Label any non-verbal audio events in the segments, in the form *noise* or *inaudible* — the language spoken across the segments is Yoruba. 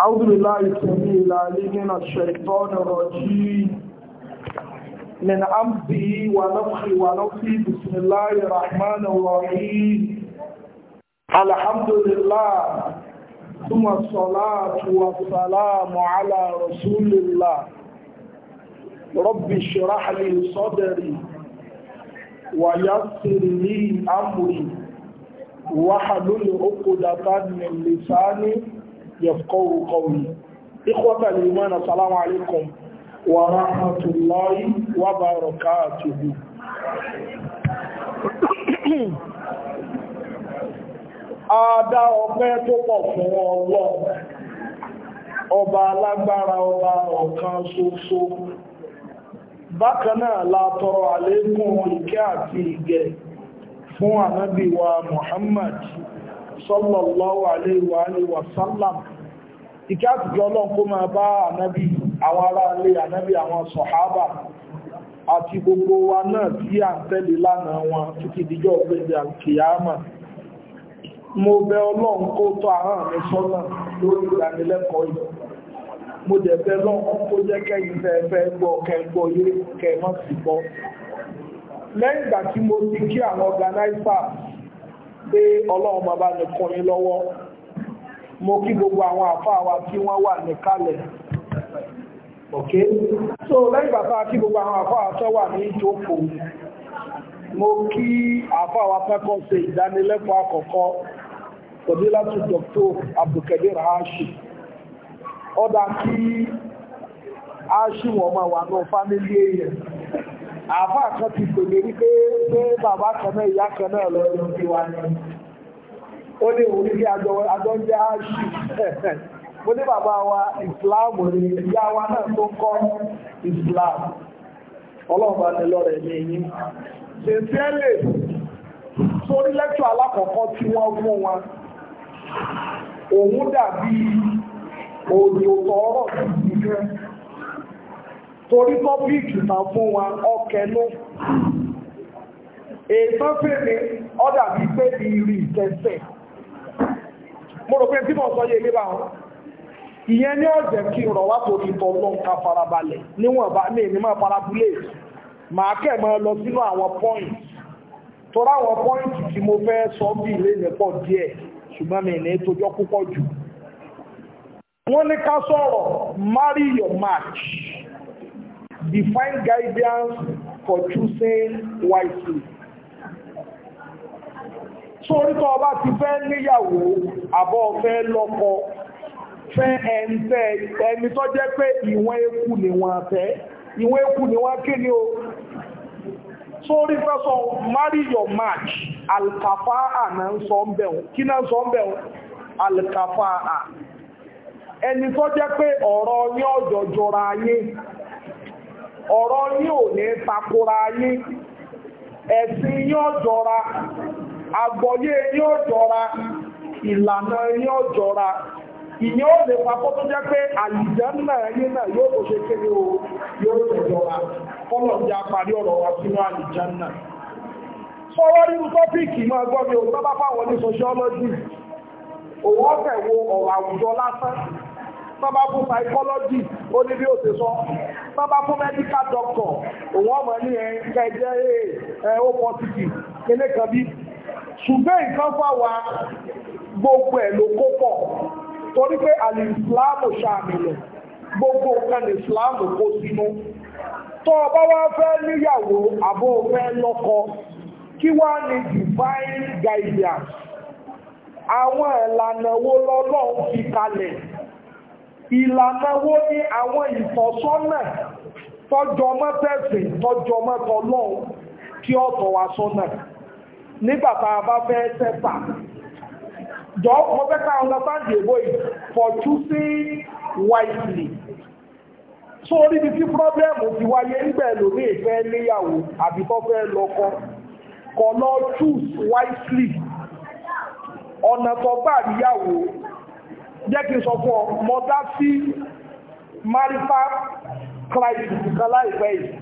أعوذ بالله السميع العليم من الشيطان الرجيم من عمده ونفخي ونفخي بسم الله الرحمن الرحيم الحمد لله ثم الصلاة والسلام على رسول الله رب اشرح لي صدري ويسر لي أمري وحلل عقدة من لساني يفقهوا قولي إخوة الإيمان السلام عليكم ورحمة الله وبركاته Adá ọpẹ́ tó pọ̀ fún Ọlọ́run, ọba alágbára ọba ọ̀kan ṣoṣo. Bákan la tọrọ àlékún ike ati Ige fun anabi wa Muhammad sallallahu alaihi wa sallam ìkẹ́ àtìjọ ọlọ́run kó máa bá ànábì àwọn ará ilé ànábì àwọn sọ̀hábà àti gbogbo wa náà tí à ń tẹ̀lé lánàá wọn títí díjọ́ ọ̀gbẹ̀dẹ̀ alkiyama mo bẹ̀ ọlọ́run kó tọ́ àrán mi sọ́nà lórí ìdánilẹ́kọ̀ọ́ pé ọlọ́run bàbá ní kún yín lọ́wọ́ mo kí gbogbo àwọn àfáà wa tí wọ́n wà ní ok so lẹ́yìn bàbá kí gbogbo àwọn àfáà tó wà ní ìjókòó mo kí àfáà wa pẹ́kọ́ ṣe ìdánilẹ́kọ̀ọ́ àkọ́kọ́ tòbí láti Dr. Abdulkadir ọ̀dà kí wọ́n máa wà àfá kan ti pèlè rí pé pé bàbá kan náà ìyá kan náà lọ lọ sí wa ni ó lè wù ní kí àjọ ń jẹ́ áṣì *laughs* mo ní bàbá wa ìsìláàmù ni ìyá wa náà tó ń kọ́ ìsìláàmù ọlọ́ọ̀bá ni lọ́rẹ̀ ní yín sincerely sórí lẹ́tọ̀ alákọ̀ọ́kọ́ tí wọ́n fún wa òun dàbí òjò tọ́rọ̀ sí ìgbẹ́ torí tọ́píìkì máa fún wa ọkẹnú èèyàn fèmí ọ́dà bí pé ìrì ìtẹ́sẹ̀ mo rò pé tí mo sọ yé ilé bá wọn ìyẹn ní ọ̀jẹ̀ kí n rọ̀ wá torí tọ́lọ́ ká farabalẹ̀ níwọ̀n bá ní èmi máa farabulé màá kẹ́ máa lọ sínú àwọn pọ́ìntì torí àwọn pọ́ìntì tí mo fẹ́ sọ bí ilé mi pọ̀ díẹ̀ ṣùgbọ́n mi ní tójọ́ púpọ̀ jù wọ́n ní ká sọ̀rọ̀ marry your match Define guidance for choosing wisely. So orítọ́ ọba ti fẹ́ níyàwó àbọ̀ fẹ́ lọ́kọ fẹ́ ẹ̀ǹtẹ́ ẹni tó jẹ́ pé ìwọ̀n eku ni wọ́n fẹ́ ìwọ̀n eku ni wọ́n kí ni o. So orítọ́ sọ marry your match alkafa àná ń sọ ń bẹ̀wọ̀n kí náà ń sọ ń bẹ̀wọ̀n alkafa à. Ẹni tó jẹ́ pé ọ̀rọ̀ yín ọ̀jọ̀jọra yín ọ̀rọ̀ yín ò ní takura yín ẹ̀sìn yín jọra jọra ìlànà yín jọra ìyẹn ó lè papọ̀ tó jẹ́ pé àlìjánà yín náà yóò tó ṣe kéré o yóò tó jọra ní apàdé ọ̀rọ̀ wa sínú àlìjánà sọ́wọ́ nínú tọ́pìkì máa gbọ́ mi ò sábà fáwọn ní sociology òun ọ̀fẹ́ bábá fún psychology ó ní bí ó ṣe sọ bábá fún medical doctor òun ọmọ ní ẹ kẹjẹ ẹ ó positive kíní kan bí ṣùgbọ́n nǹkan fà wá gbogbo ẹ̀ ló kó pọ̀ torí pé àlè ìsìláàmù ṣàmìlẹ̀ gbogbo nǹkan ìsìláàmù kó sínú tó o bá wá fẹ́ níyàwó àbó fẹ́ lọ́kọ kí wá ní divine guidance àwọn ìlànà wo lọ́lọ́run fi kalẹ̀ ìlànà wo ni àwọn ìfọ̀sọ́nà tọ́jọmọ́ tẹ̀sìn tọ́jọmọ́ tọlọ́hun kí ó tọ́ wa sọ́nà nígbà tá a bá fẹ́ tẹ́sà jọ mo fẹ́ ká understand the way for choosing wisely so níbi tí problem ti wáyé nígbà ẹlòmí ìfẹ́ níyàwó àbí tó fẹ́ lọ́kọ kọ̀ lọ choose wisely ọ̀nà tó gbà níyàwó jẹ́ kí n sọ fún ọ mọ́ dá sí marifa crisis kan láìpẹ́ yìí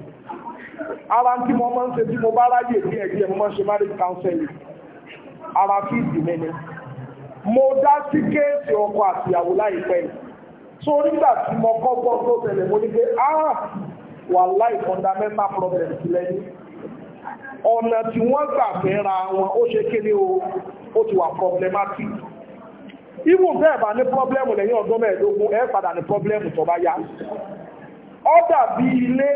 ara tí mo máa ń ṣe tí mo bá ráyè bí ẹgbẹ́ mo máa ń ṣe marriage counseling ara fi ìdìmẹ́ ni mo dá sí kéèsì ọkọ àtìyàwó láìpẹ́ yìí so nígbà tí mo kọ́ gbọ́ tó tẹ̀lẹ̀ mo ní pé ah wàláì fundamental problem lẹ́yìn ọ̀nà tí wọ́n gbà fẹ́ ra wọn ó ṣe kéde o ó ti wà problematic even bẹ́ẹ̀ bá ní pọ́blẹ́mù lẹ́yìn ọdún mẹ́ẹ̀ẹ́dógún ẹ padà ní pọ́blẹ́mù tó bá yá ó dàbí ilé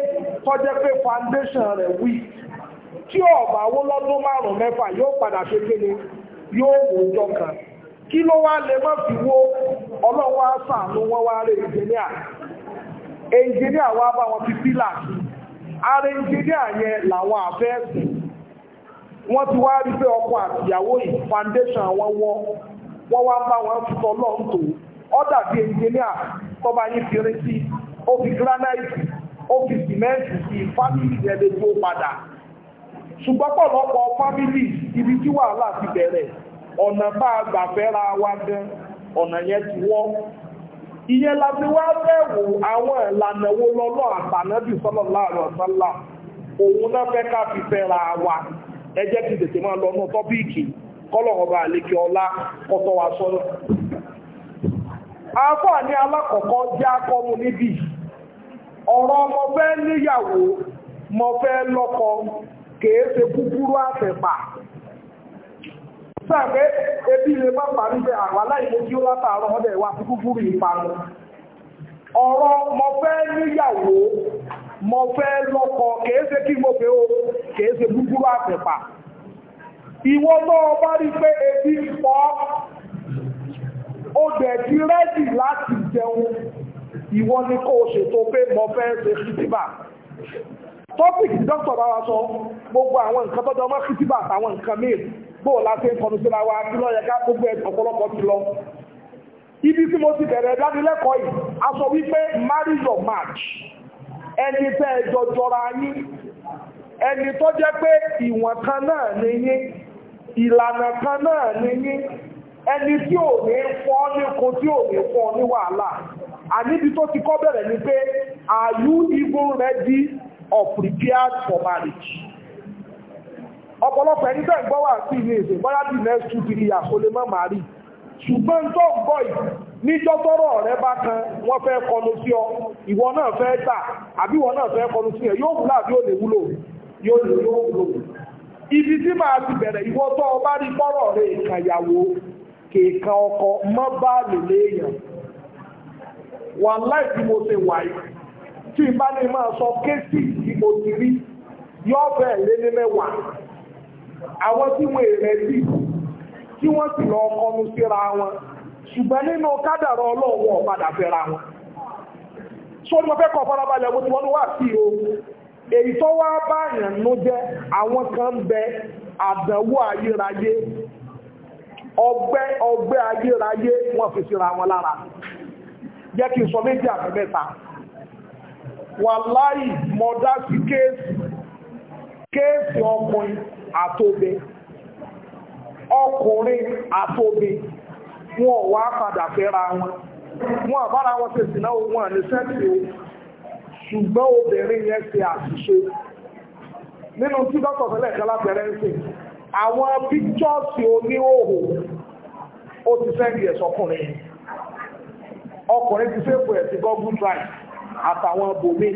tọ́jẹ́ pé foundation rẹ̀ wí tí ọ̀bà wó lọ́dún márùn-ún mẹ́fà yóò padà ṣe kéde yóò wò jọ kan kí ló wá lè má fi wó ọlọ́wọ́ àṣàánú wọ́n wá rẹ̀ ìjẹ́níà ẹnjìníà wá bá wọn fi pílà sí ara ẹnjìníà yẹn làwọn àfẹ́ẹ̀sì wọ́n ti wá rí pé ọkọ àtìyàwó yìí foundation wọn wọ́n wọ́n wá ń bá wọn sọ lọ́n tó ọ́ dàbí ẹnjìníà tó bá yín fèrè sí ó fi gíránáìtì ó fi sìmẹ́ǹtì sí fámìlì rẹ̀ tó padà ṣùgbọ́n pọ̀lọpọ̀ fámìlì ibi tí wàhálà ti bẹ̀rẹ̀ ọ̀nà bá a gbà fẹ́ra wa gan ọ̀nà yẹn ti wọ́ ìyẹn la fi wá bẹ̀wò àwọn ìlànà wo lọ́lọ́ àtànábì sallallahu alaihi wasallam òun náà fẹ́ ká fi fẹ́ra wa ẹ jẹ́ kí tètè máa lọ nú tọ́píìkì kọ́lọ̀ọ̀bá àlékẹ́ ọlá kọ́tọ́ wa sọ́nà afọ́ ní alákọ̀ọ́kọ́ jẹ́ níbi ọ̀rọ̀ mo fẹ́ níyàwó mo fẹ́ lọ́kọ kèé ṣe kúkúrú sáàpẹ́ bẹ ó látàárọ̀ ọdẹ wa ti kúkúrú ìpanu ọ̀rọ̀ fẹ́ níyàwó fẹ́ kèé ṣe kí mo fẹ́ o kèé ṣe kúkúrú ìwọ náà bá rí pé ebi ń pọ̀ ó dẹ̀ ti rẹ́dì láti jẹun ìwọ ni kó o ṣètò pé mo fẹ́ ṣe kìtìbà tọ́pìkì dókítà bá wa sọ gbogbo àwọn nǹkan tọ́jọ́ mọ́ kìtìbà àtàwọn nǹkan míì bó o láti ń kọnu sí ra wa kí ló yẹ ká gbogbo ẹ̀ ọ̀pọ̀lọpọ̀ ti lọ ibi tí mo ti bẹ̀rẹ̀ dánilẹ́kọ̀ọ́ yìí a sọ wípé marry your match ẹni tẹ́ ẹ jọjọra yín ẹni tó jẹ́ pé ìwọ̀n kan náà ni yín ìlànà kan náà ni yín ẹni tí ò ní fọ́ níkun tí ò ní fọ́ ní wàhálà àníbi tó ti kọ́ bẹ̀rẹ̀ ni pé are you even ready or prepared for marriage ọ̀pọ̀lọpọ̀ ẹni bẹ́ẹ̀ wà sí ilé ìsìn bóyá the next two three years ó lè má màárì ṣùgbọ́n tó ń bọ̀ yìí níjọ́ tọ́rọ̀ rẹ bá kan wọ́n fẹ́ kọlu sí ọ ìwọ náà fẹ́ tà àbí ìwọ náà fẹ́ kọlu sí ẹ yóò wúlò àbí ò lè wúlò yóò lè wúlò ibi tí màá ti bẹ̀rẹ̀ ìwọ tó o bá rí pọ́rọ̀ rẹ̀ ìkàyàwó kèèkan ọkọ mọ́ bá lèlé èèyàn wà láì tí mo ṣe wáyé tí ìbá ní máa sọ kéésì tí mo ti rí yọ bẹ́ẹ̀ lé ní mẹ́wàá àwọn tí wọ́n èrè sí tí wọ́n sì lọ kọnu síra wọn ṣùgbọ́n nínú kádàrọ̀ ọlọ́wọ́ padà fẹ́ra wọn. sọ́ni mo fẹ́ fọ́nrán balẹ̀ mo ti wọ́n wá sí o èyí tó wá báyàn ló jẹ́ àwọn kan bẹ àdánwò ayérayé ọgbẹ́ ọgbẹ́ ayérayé wọ́n fi síra wọn lára jẹ́ kí n sọ méjì àbẹ̀mẹ́ta wàláì mọ̀dá sí kéèsì kéèsì ọkùnrin àtòbe ọkùnrin àtòbe wọn ò wá padà fẹ́ra wọn wọn àbára wọn ṣe sìnáwó wọn ní sẹ́ẹ̀tì o ṣùgbọ́n obìnrin yẹn ṣe àṣìṣe nínú tí dọ́kọ̀ fẹ́lẹ̀ kan lápẹẹrẹ ń sìn àwọn píkṣọ́ọ̀sì oníhòhò ó ti sẹ́ndì ẹ̀ sọkùnrin ọkùnrin ti sẹ́kù ẹ̀ sí Google Drive àtàwọn bòmí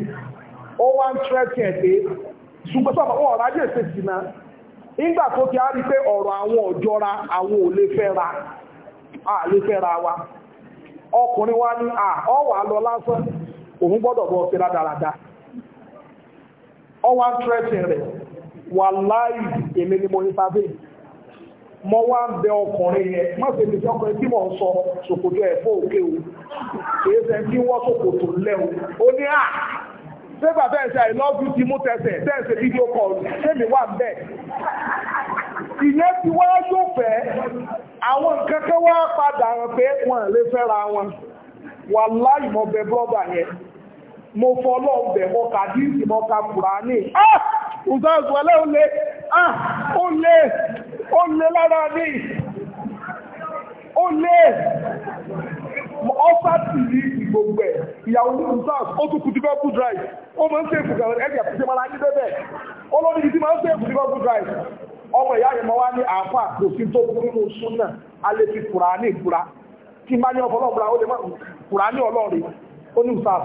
ó wá ń tírẹ́tì ẹ̀ pé ṣùgbọ́n sọ̀rọ̀ wọn ọ̀rọ̀ ajé ìṣèṣì náà nígbà tó ti á rí pé ọ̀rọ̀ àwọn ọ̀jọ́ra àwọn ò lè fẹ́ ra a lè fẹ́ ra wa ọkùnrin wa ní à ọ wà lọ lásán òun gbọ́dọ̀ bọ́ sí rádaràda ọwá tírẹ́tì rẹ̀ wà láì èmi ni mo ní sáfẹ́ mọ́ wá ń bẹ ọkùnrin yẹn má ṣe mi sí ọkùnrin tí mò ń sọ ṣòkòtò ẹ̀ fún òkè o kìí ṣe kí wọ́n ṣòkòtò lẹ́ o ó ní à ah! ṣé bàbá ṣe I love you ti mú tẹsẹ̀ tẹ́ ṣe fídíò kọ́ọ̀lù sẹ́mi wà bẹ́ẹ̀ ìyẹn ti wá yóò fẹ́ àwọn nǹkan kan padà hàn pé wọ́n lè fẹ́ra wọn wà láì mọ̀ bẹ brọ́dà yẹn mo fọlọ́ bẹ̀ mọ́ ka díìsì mọ́ ka kùránì ah ǹsọ́ọ̀sù ẹlẹ́ ó lé ah ó lé ó lé lára ní ó lé ọ́fà tì ní ìgbògbò ẹ̀ ìyàwó ní ǹsọ́ọ̀sù ó tún kùtù bẹ́ẹ̀ drive ó máa ń sèkù gàwọn ẹ̀dì àpèjẹ máa láyé bẹ́ẹ̀ olórí ti máa ń drive ọmọ ìyá yẹn mọ́ wá ní àáfà kò sí tó burú nínú súnà alẹ́ fi kùránì kura kí n bá ní ọ̀fọ̀lọ́gbọ̀ra ó lè má kùránì ọlọ́rin ó ní wà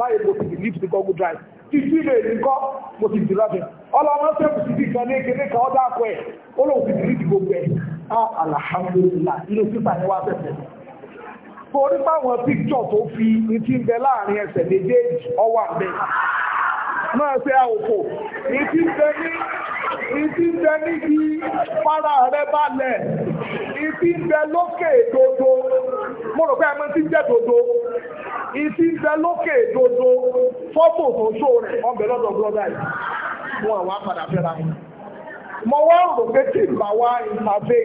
láì mo ti Google Drive ti tí ilé ìdíkọ́ mo ti dì lọ́fẹ̀ẹ́ ọlọ́mọ sẹ́kù sí ti ní kéde kan ọdá akọ ẹ̀ ó lóun ti believe gbogbo ẹ̀ ah alhamdulillah ilé sísà ni fi ti ń bẹ láàrin ẹsẹ̀ ọwọ́ ṣe ìtí ń bẹ ìtí mo rò pé ẹmọ tí ń jẹ́ dodo ìtì ń bẹ lókè dodo fọ́tò tó ṣó rẹ̀ ọbẹ̀ lọ́dọ̀ brọ́dà yìí wọn àwọn apàdà fẹ́ra wọn. mo wá rò pé tí ìgbà wá ìtàvé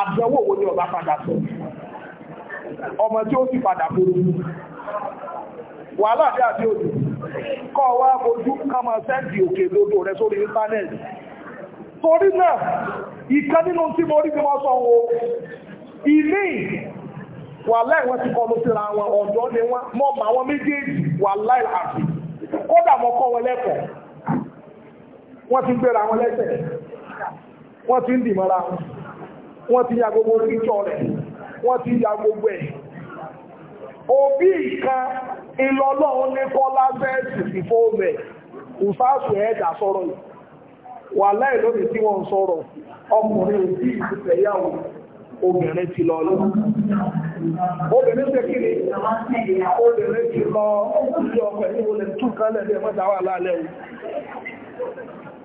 àbẹ̀wò wo ni ọba padà sọ ọmọ tí ó sì padà burú wàhálà àti àti òdì kọ́ wá ojú kama sẹ́ǹtì òkè dodo rẹ̀ sórí íńtánẹ́ẹ̀tì torí náà ìkan nínú tí mo rí bí wọ́n sọ wo ìní wàláì wọ́n ti kọlu ra wọn ọ̀dọ́ ni wọ́n mọ̀ mọ́ àwọn méjèèjì wàláì àti kódà mọ́ kọ́ wọn lẹ́kọ̀ọ́ wọ́n ti gbéra wọn lẹ́sẹ̀ wọ́n ti ń dìmọ́ra wọ́n ti ya gbogbo oríṣọ́ rẹ̀ wọ́n ti ya gbogbo ẹ̀ òbí kan ìlọ́lọ́run ní kọ́lá bẹ́ẹ̀sì ìfọ́ rẹ̀ ìfáàsù ẹ̀dà sọ̀rọ̀ wàláì lónìí tí wọ́n sọ̀rọ̀ ọkùnrin òbí ìfẹ̀yàwó obìnrin ti lọ lọ. Obìnrin ṣe kí ni? Obìnrin ti lọ ilé ọkọ̀ ẹ̀yìn olè tún kan lẹ́lẹ́ wà lálẹ́ o.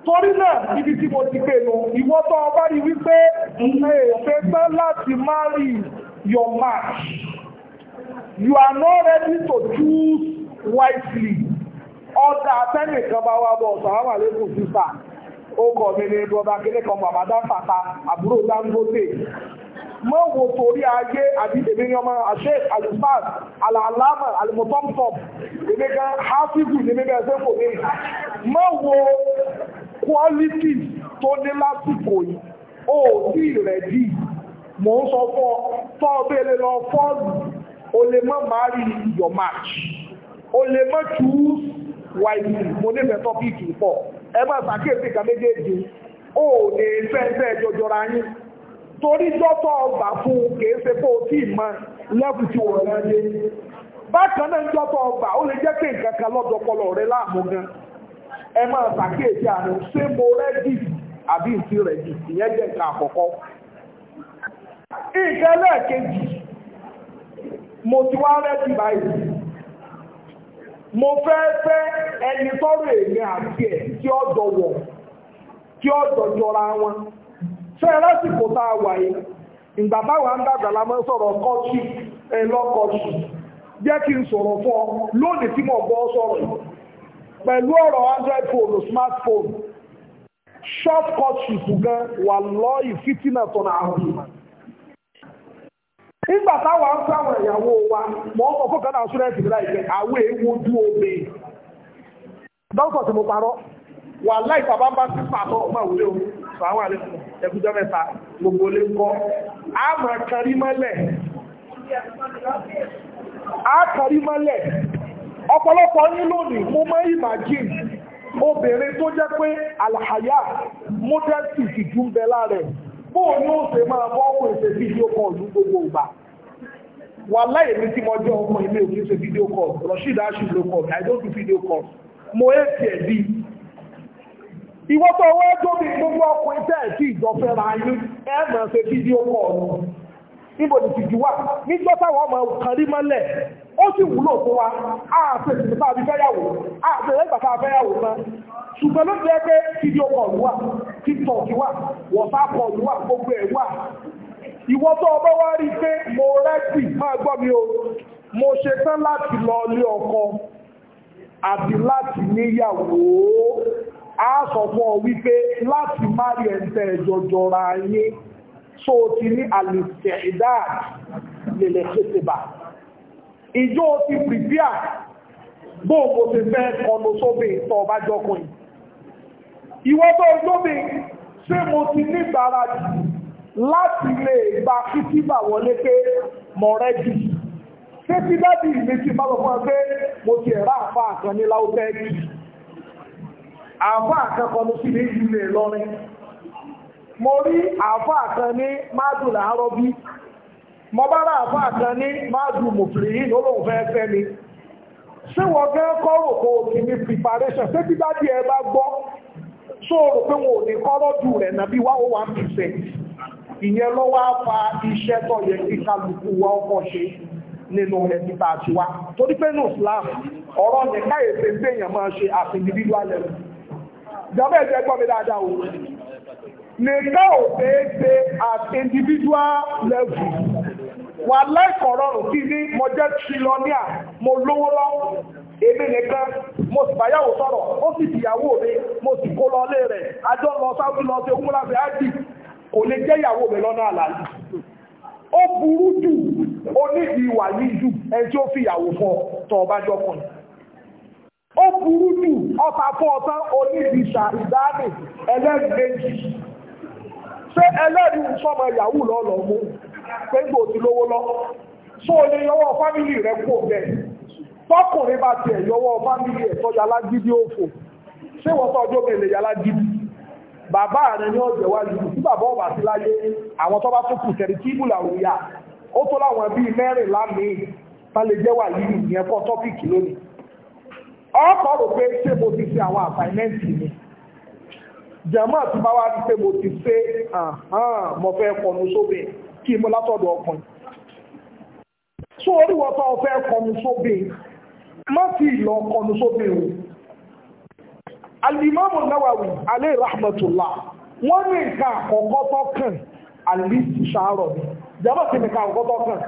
Torí náà, ibi tí mo ti pè nù, ìwọ tó rí wípé ẹ̀ẹ̀fẹ́ gbá láti marry your match. You are not ready to choose wisely. Ọ̀dà àtẹ́nìkan bá wá bọ̀ sàwámà lẹ́kùn sísà ó kọ̀ mi ní bọ́dá kílé kan bàbá dáfàtà àbúrò Dangote mọ́ wo torí ayé àbí èmi ní ọmọ àṣẹ alifas alàlámà alimọ̀tọ́mtọ̀m èmi gan hafizu ní mímẹ́ ẹsẹ́ kò ní mọ́ wo quality tó ní lásìkò yìí ó sì rẹ̀ dì mò ń sọ fún tọ́ ọ bẹ́ẹ̀ lọ fọ́ọ̀lù o lè má marry your match o lè má choose wisely mo nífẹ̀ẹ́ tọ́pìkì pọ̀. ẹgbẹ́ àtàkìyèsí kan méjèèjì ó lè fẹ́ẹ́fẹ́ jọjọra yín torí dọ́tọ̀ ọgbà fún kìí ṣe pé ó tí ì mọ lẹ́bù tí wọ́n rán lé bákan náà dọ́tọ̀ ọgbà ó lè jẹ́ pé nǹkan kan lọ́dọ̀kọlọ rẹ láàmú gan ẹ máa ṣàkíyèsí àrùn ṣé mo rẹ́dì àbí ìtì rẹ̀dì ìyẹn jẹ́ nǹkan àkọ́kọ́ mo ti wá báyìí mo fẹ́ fẹ́ ẹni tọ́rọ èmi àti ẹ̀ tí ó jọwọ̀ tí ó jọjọra wọn fẹ́ lásìkò tá a wà yìí ìgbà báwa ń dàgbà la máa ń sọ̀rọ̀ kọ́ọ̀tù ẹ lọ́kọ̀ọ̀tù jẹ́ kí n sọ̀rọ̀ fún ọ lónìí tí mo bọ́ sọ̀rọ̀ pẹ̀lú ọ̀rọ̀ android phone o phone short kọ́ọ̀tù gan wà lọ́ọ̀yì fìtínà tọ̀nà àrùn nígbà wa ń sáwọn ìyàwó wa mọ̀ ọ́ kọ́ kọ́nà ṣúrẹ́ǹtì mi láìpẹ́ àwọ̀ ewu ojú omi dókítà tí wà láì si bá sí pàtó ọmọ ìwúlé omi sàwọn àlejò gbogbo ole kọ́ mo obìnrin tó pé ti bóò ní ó ṣe máa bọ́ ọkùnrin ṣe fídíò kan ìlú gbogbo ìgbà wà láyé mi tí mo jẹ́ ọmọ ilé òkè ṣe fídíò call rashid ashif ló call i don't do video call mo é tiẹ̀ bí. ìwọ́n tó wọ́n tó bí gbogbo ọkùnrin tẹ́ ẹ̀ tí ìjọfẹ́ ra yín ẹ̀ máa ṣe fídíò call níbo ni tìjú wà nígbà táwọn ọmọ kan rí mọ́lẹ̀ ó sì wúlò fún wa ààfẹ́ ìsìnkà àbí fẹ́yàwó ààfẹ́ ìgbàta fẹ́yàwó náà ṣùgbọ́n ló jẹ́ pé fídíò kọ̀ọ̀lù wà tiktok wà whatsapp kọ̀ọ̀lù wà gbogbo ẹ̀ wà ìwọ tó ọbẹ̀ wá rí pé mo rẹ́sì máa gbọ́ mi o mo ṣe tán láti lọ ilé ọkọ àbí láti níyàwó a sọ fún ọ wípé láti má rí ẹ̀ǹtẹ̀ jọjọra yín so ti ní àlè tẹ̀dáàdì lè lè ṣe tẹ̀bà ìjọ ti pìpíà bóòbò ti fẹ́ ọ̀nà sóbè tọ́ ọba jọkùn ìwọ́ tó gbóbi ṣé mo ti ní gbáradì láti lè gba kìtìbà wọlé pé mọ̀rẹ́dì ṣé ti dábì ìlú ti bá lọ fún ẹ pé mo ti ẹ̀rá àfa àkan ní láwùtẹ́ẹ̀kì àfa àkan kan ló sì ní ìlú lè lọrin mo rí àfa àkan ní mádùlá àrọ́bí mo bá rà àfáà kan ní máàdù mùfìlì lólóhùn fẹ́ fẹ́ mi ṣé wọ́n gẹ́ kọ́rò kó o ti ní preparation ṣé bíbá díẹ̀ bá gbọ́ sóòrò pé wọn ò ní kọ́rọ́ jù rẹ̀ nàbí wá ó one percent ìyẹn ló wá fa iṣẹ́ tó yẹ kí kálukú wa ọkọ̀ ṣe nínú ẹni bá ti wá torí pé ní Islam ọ̀rọ̀ ní káyèsè ń gbèyàn máa ṣe àfi individual level ìjọba ẹ̀jẹ̀ gbọ́ mi dáadáa o nìkan ò fẹ́ ṣe àti individual level wà láìkọ̀ rọrùn kí ní mo jẹ́ trilọ́níà mo lówó lọ èmi nìkan mo sì báyàwó sọ̀rọ̀ ó sì tìyàwó mi mo sì kó lọ lé rẹ̀ àjọ lọ sáwọ́dí lọ sí okúnlá fẹ́ ájì kò lè jẹ́ ìyàwó mi lọ́nà àlàyé ó burú jù ó ní ìwà yìí jù ẹni tí ó fi ìyàwó fún ọ tọ́ ọba jọkùnrin ó burú jù ọta fún ọtán oníbìsà ìdáàbò ẹlẹ́rìí méjì ṣé ẹlẹ́rìí sọmọ ìyàwó lọ́lọ́ mú pé gbò ti lówó lọ tó o lè yọwọ́ fámìlì rẹ kú òbẹ̀ tọkùnrin bá tiẹ̀ yọwọ́ fámìlì ẹ̀ tọ́jà lágídí òfò ṣé wọ́n tọ́ ọjọ́ bẹ̀rẹ̀ yà lágídí bàbá rẹ ní ọjọ́ wájú tí bàbá ọba sí láyé àwọn tó bá tó kù tẹ̀rí kí ìbùlà ó tó láwọn bíi mẹ́rìnlá míì tá lè jẹ́ wà yìí ìyẹn fọ́ tọ́pìkì lónìí ọkọ̀ rò pé ṣé mo ti ṣe àwọn àfàìmẹ́ǹtì mi jẹ̀mọ́ àti bá wá ti ṣe mo ti ṣe mo fẹ́ sóbẹ̀ kí mo látọ̀dọ̀ ọkùnrin so oríwọ́ta ọ̀fẹ́ kọnu sóbè má fi ìlọ kọnu sóbè o alimami nawawi alẹ́ rahmatullah wọ́n ní nǹkan àkọ́kọ́ tó kàn àlìsí sàárọ̀ ni jàmbá sí nǹkan àkọ́kọ́ tó kàn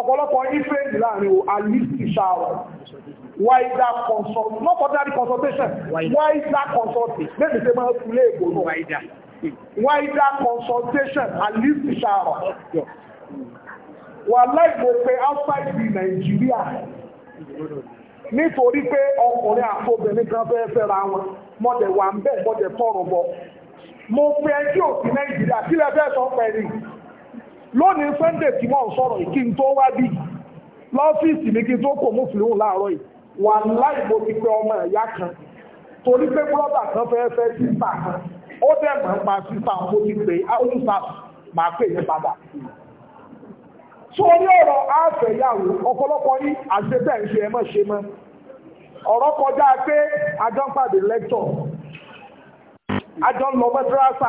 ọ̀pọ̀lọpọ̀ ifeanyi láàrin o àlìsí sàárọ̀ wider consult not ordinary consultation wider consulting bẹ́ẹ̀ ni ṣe máa ń kulé ègbò náà wider consultation At least shower. Wàhálà ìgbò pay outside the Nàìjíríà nítorí pé ọkùnrin àtobìnrin kan fẹ́ fẹ́ra wọn mọ̀dẹ̀ wà ń bẹ̀ mọ̀dẹ̀ tọrọ bọ̀. Mo pe ẹjí òsì Nàìjíríà kí lẹ fẹ́ sọ pẹ̀lú. Lónìí Sunday tí wọ́n sọ̀rọ̀ kí n tó wá bí lọ́fíìsì mi kí n tó kò mú fìlú láàárọ̀ yìí. Wàhálà ìgbò ti pé ọmọ ẹ̀yà kan torí pé bọ́lọ́bà kan fẹ́ fẹ́ sísà kan. ó dẹ̀mọ̀ ń pa sísà ó ti pé áwùsà máa pè ní padà sórí ọ̀rọ̀ àfẹ̀yàwó ọ̀pọ̀lọpọ̀ ní àṣetẹ̀ ń ṣe ẹmọ́ ṣe mọ́ Ọrọ kọjá pé àjọ ń pàdé lẹ́tọ̀ àjọ ń lọ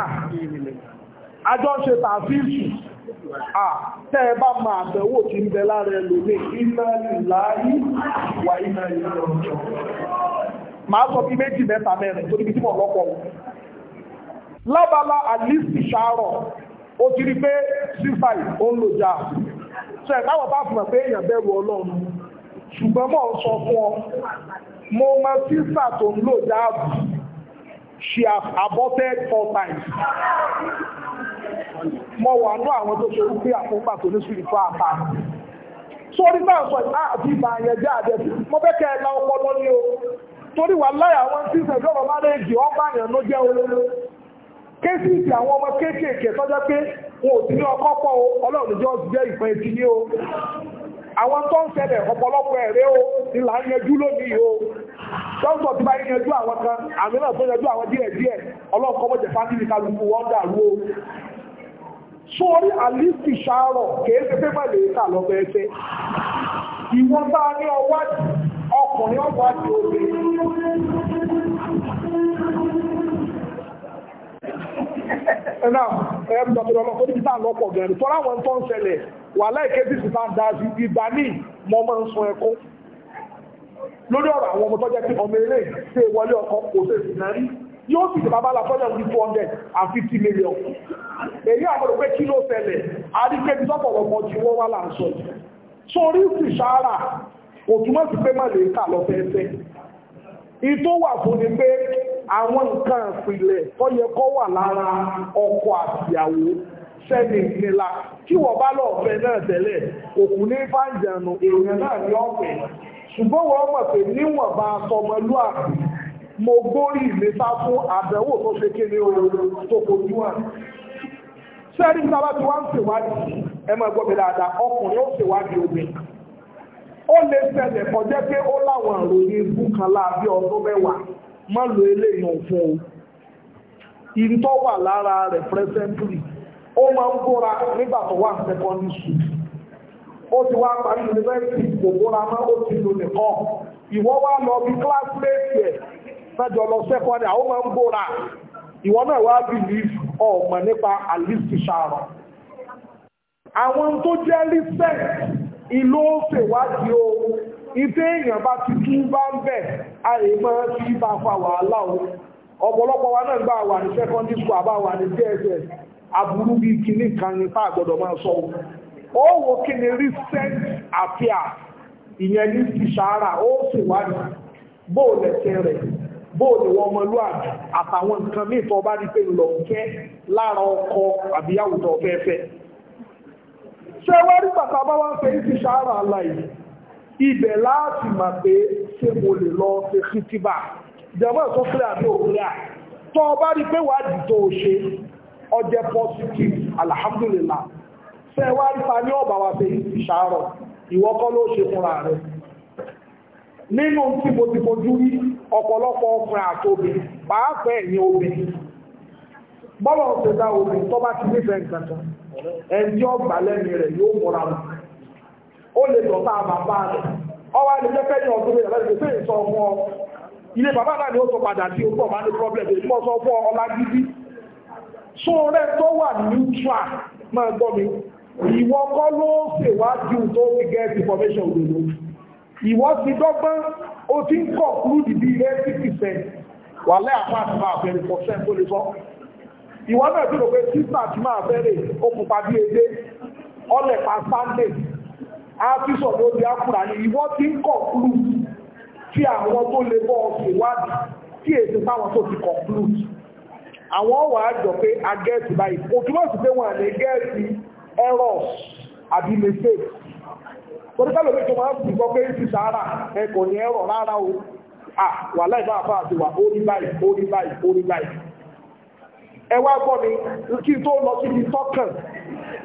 a àjọ ń ṣe tàfíìsì tẹ́ ẹ bá máa bẹ̀wò tí ń bẹ lára ẹlòmí iná láyé wà iná ìlú ọjọ́ máa sọ bí méjì tí mo lábala àlìsì ṣàárọ̀ ó ti rí pé sífàì ó ń lò já so ẹ̀ táwọn bá fún pé èèyàn bẹ̀rù ọlọ́run ṣùgbọ́n mọ̀ ń sọ fún ọ mo mọ sísà tó ń lò já bù she has aborted four times mo wà ní àwọn tó ṣe wípé àfúnpà tó ní sùn ìfọ́ àpá sórí náà sọ ìta ah, àti ìbà yẹn jẹ́ àjẹ́ mo fẹ́ kẹ́ ẹ la ọpọlọ ní o torí wà láyà àwọn tí ìṣẹ̀jọ́ bàbá lè jì ọ́ bá yẹn ló jẹ́ olóró kéfìsì àwọn ọmọ kéékèèké tọ́jọ́ pé wọn ò sí ní ọkọ́ pọ̀ o ọlọ́run ti jẹ́ ìpín etí ní o àwọn tó ń ṣẹlẹ̀ ọ̀pọ̀lọpọ̀ ẹ̀rẹ́ o ìlà ń yanjú lónìí o tọ́sọ̀ tí bá ń àwọn kan àmì náà tó yanjú àwọn díẹ̀ díẹ̀ ọlọ́run ẹ̀nà ẹ̀m dọ̀tọ̀rọ̀ lọ fún ìbítà lọ́pọ̀ gẹ̀rẹ̀ tọ́lá wọn tó ń ṣẹlẹ̀ wà láìké tí sì máa dáa sí ìgbà ní mọ́ máa ń sun ẹkún lórí ọ̀rọ̀ àwọn ọmọ tó jẹ́ pé ọmọ eré ṣe wọlé ọkọ̀ kò ṣe sì náà rí yóò sì ti bàbá làtọ́jà ní two hundred and fifty million èyí àwọn òpé kí ló ṣẹlẹ̀ àríkébí sọ́pọ̀lọpọ̀ tí wọ́n wá là ń sọ sórí ìsìṣàrà kò túmọ̀ sí pé má lè kà lọ fẹ́ẹ́fẹ́ ìtó wà fún ni pé àwọn nǹkan ìpìlẹ̀ tó yẹ kó wà lára ọkọ àtìyàwó sẹ́ni ìnira tí wọ́n bá lọ ọ̀fẹ́ náà tẹ́lẹ̀ òkú ní fàǹjànù èèyàn náà ní ọ̀fẹ́ ṣùgbọ́n wọ́n mọ̀ pé níwọ̀n bá tọmọlúàbí mo gbórí ìlẹ́sà fún àbẹ̀wò tó ṣe kéde ooru tó kojú hàn sẹ́ni sábà tí wọ́n ń ó lè ṣẹlẹ̀ kọjá pé ó láwọn àròyìn ibú kan láàbí ọdún mẹ́wàá má lo eléyàn fún o ìtọ́ wà lára rẹ̀ presently ó máa ń bóra nígbà tó wà secondary school ó ti wá parí university kò bóra mọ́ ó ti lò nìkan ìwọ wá lọ bí classmate yẹ sájọ lọ secondary àwọn máa ń bóra ìwọ náà wá believe ọ̀mọ̀ nípa alice sharon àwọn tó jẹ́ recent ìlú ó ṣèwádìí o ìpé èèyàn bá ti tú bá ń bẹ̀ a lè fa wàhálà o ọ̀pọ̀lọpọ̀ wa náà gbà wà ní secondary school àbá wà ní dss aburú bíi kìíní kan ní pa máa sọ o ó wo kí ni recent affairs ìyẹn ní ìṣàárà ó sì wá ní bóòlù ẹsẹ̀ rẹ̀ bóòlù wọn ọmọlúwàbí àtàwọn nǹkan míì tó bá ọkọ ṣé rí ibẹ̀ láti mà pé ṣé mo lè lọ ṣe kìtìbà jẹ́mọ́ ẹ̀kọ́ sílẹ̀ àbí òkúlẹ̀ tó o bá rí pé wàá dì tó o ṣe ọjẹ́ positive alhamdulillah ṣe wá rí pa ní ọ̀bà wa ṣe ìṣàárọ̀ ìwọ kọ́ ló ṣe fúnra rẹ̀ nínú tí mo ti fojú rí ọ̀pọ̀lọpọ̀ ọkùnrin àtòbí pàápàá ẹ̀yìn obìnrin bọ́lọ̀ ṣe dá obìnrin tó bá ti nífẹ̀ẹ́ nǹkan kan ẹni tí ọgbà lẹ́nu rẹ̀ yóò múra wọn ó lè dọ̀tá bàbá rẹ̀ ọwọ́ ẹni jẹ́ fẹ́yìn ọdún rẹ̀ lẹ́yìn pé ìsọ ọmọ ilé bàbá náà ni ó sọ padà sí ọgbọ́n bá ní problem èyí mọ́ sọ fún ọlá gidi so rẹ̀ tó wà neutral máa gbọ́ mi ìwọ kọ́ ló ṣèwádìí tó fi get information òdodo ìwọ ti dọ́gbọ́n ó ti ń conclude bí eighty percent wà lẹ́yìn apá àti máa for percent tó lè sọ ìwọ náà tó rò pé sísà ti máa bẹ̀rẹ̀ ó pupa bí edé ọlẹ̀ pa sunday áfíṣọ̀ ló di ákùrà ní ìwọ́ tí ń kọ̀kúrù tí àwọn tó lè bọ́ ṣèwádìí tí èsì táwọn tó ti kọ̀kúrù àwọn wà á jọ pé a gẹ́ẹ̀tì báyìí kò túmọ̀ sí pé wọ́n lè gẹ́ẹ̀tì errors àbí mistakes torí ká lóbi tó máa ń sọ pé ti sàárà ẹ kò ní error rárá o à wà láì bá àfáà ti wà orí báyìí orí báyìí orí báyìí ẹ wá gbọ́ mi kí n tó lọ síbi tọ́kàn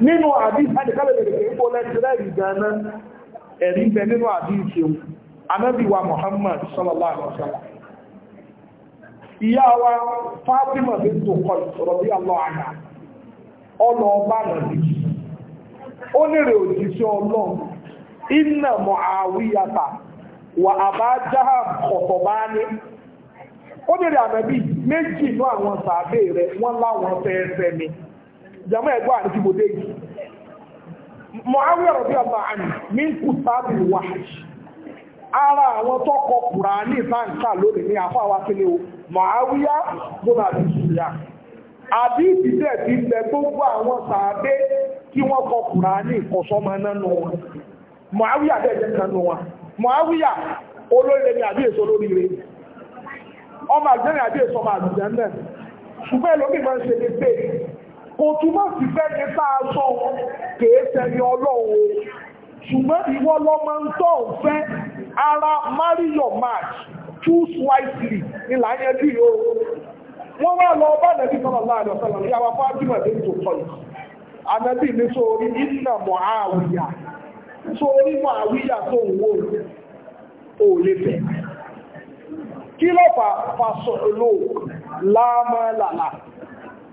nínú àdí àdìkálẹ̀lẹ̀ ìpò Muhammad sallallahu wa Fatima ọba ó nírè òjíṣẹ́ Ọlọ́run inna Muawiyata wa Aba Jaham kọ̀tọ̀bání ó nírè ànábì méjì inú àwọn sàábé rẹ̀ wọ́n láwọn fẹ́ẹ́fẹ́ jama ẹgbọ́ àti tìbòdé yìí Muawiya radiyallahu anhu ní kùtàbí wàhálì ara àwọn tó kọ Kùránì ìtànkà lónìí ní afáwa kílé o Muawiya gbọ́nà àti sùúrà àbí ìdílé ti bẹ gbogbo àwọn sàádé kí wọ́n kọ Kùránì ìkọ̀sọ́mọ nánú wọn bẹ́ẹ̀ jẹ́ nánú wọn ni àbí èso ọmọ àgbẹ̀rẹ̀ àbí èso ọmọ àgbẹ̀rẹ̀ ṣùgbọ́n ẹlòmíì máa otu túmọ̀ sí fẹ́ni tá a sọ kèé sẹ́ni o ṣùgbọ́n ìwọ lọ́mọ ń tọ́ fẹ́ ara marry your match choose wisely ni là ń yẹn bí o wọ́n wá lọ bá nàbí sọ̀rọ̀ láàrin ọ̀sán lọ́wọ́ yàrá fún ájúmọ̀ tó yìí ànábì ní ìnà mọ̀ àwùyà mọ̀ àwùyà tó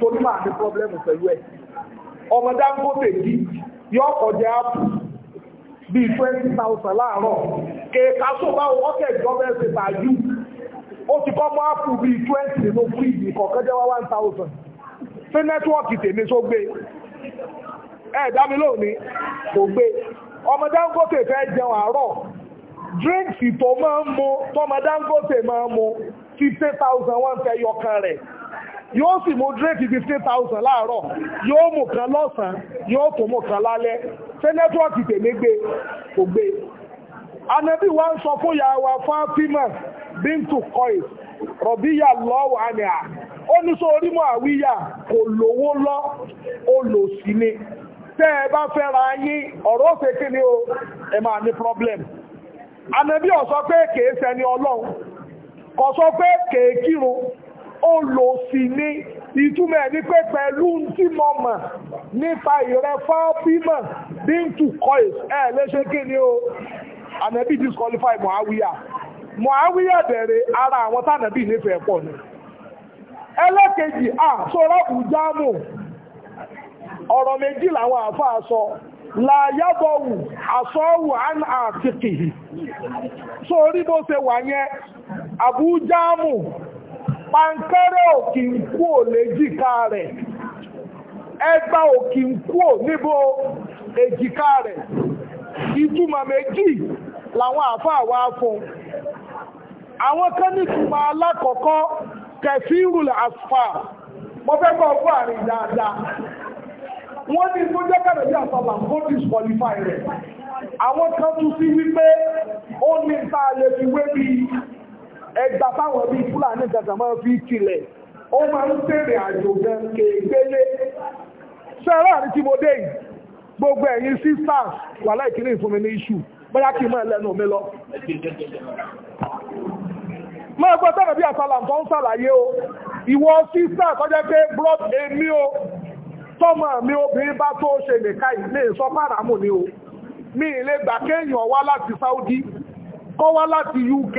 torí máa ní pọ́blẹ́mù pẹ̀lú ẹ̀ ọmọ Dangote bí yọ ọkọ̀jẹ́ áàpù bíi twenty thousand láàárọ̀ kéka tó bá ọkẹ́ gọ́ọ̀mẹ̀ntì tààjú ó ti kọ́ mọ́ áàpù bíi twenty nínú fíìdì kọ̀ọ̀kan jẹ́ one thousand fún nẹ́tíwọ́ọ̀kì tèmi tó gbé ẹ̀ dámi lónìí kò gbé ọmọ Dangote fẹ́ jẹun àárọ̀ drinks tó máa ń mu tọmọ Dangote máa ń mu fifty thousand fẹ́ yọkan rẹ̀ yóò sì mú drake fifteen thousand láàárọ̀ yóò mú kan lọ́sàn-án yóò tó mú kan lálẹ́ ṣé nẹ́tíwọ́ọ̀kì tèmi gbé kò gbé anabi wa ń sọ fún yàwá Fatima bintu koi, rọ̀bíyà lọ́wọ́ àníà ó ní sọ orímọ̀ àwíyà kò lówó lọ olòṣì ni tẹ́ ẹ bá fẹ́ra yín ọ̀rọ̀ òfin kí ni o ẹ máa ní problem anabi ó sọ pé kèé sẹni ọlọ́run kò sọ pé kèé kírun ó lò sí ní ìtumọ̀ ẹ̀ ní pé pẹ̀lú tí mo mọ̀ nípa ìrẹ́fọ́ bímọ̀ bí n tù kọ́ ẹ̀ léṣe kí ni o ànẹ́bí disqualify Muawiya Muawiya bẹ̀rẹ̀ ara àwọn tànàbí nífẹ̀ẹ́ pọ̀ ni ẹlẹ́kejì à sọ́rọ́ àbújámù ọ̀rọ̀ méjì làwọn àáfàá sọ láyábọ̀wù àsọ́wù àtìkì sórí bó ṣe wà yẹn àbújámù pankẹ́rẹ́ òkì ń kú ò lè jìká rẹ̀ ẹgbà òkì ń kú ò níbo èjìká rẹ̀ ìtumọ̀ méjì làwọn àfáà wá fún àwọn kan nítumọ̀ alákọ̀ọ́kọ́ kẹfìrù àfà mo fẹ́ kọ́ ọgbọ́ àrìn dáadáa wọ́n ní tó jẹ́ kẹ̀rẹ̀ bí àtàlà kó disqualify rẹ̀ àwọn kan tún sí wípé ó ní ta lè fi wé bíi ẹgbà fáwọn bíi fúlàní kankan máa fi tilẹ̀ ó máa ń tèrè àjò gan kéègbélé sẹ́rà ní tí mo dé yìí gbogbo ẹ̀yin sisters wà láìkíní ìfúnmi ní iṣu bóyá kí n máa lẹ́nu mi lọ. máa gbọ́ sọ́nà bí àtàlàm tó ń ṣàlàyé o ìwọ sisters tọ́jẹ́ pé blood èmi o tọ́mọ mi obìnrin bá tó ṣe nìka ìlé sọ fáramù ni o mi ìlé gbà kéèyàn wá láti Saudi kọ́ wá láti UK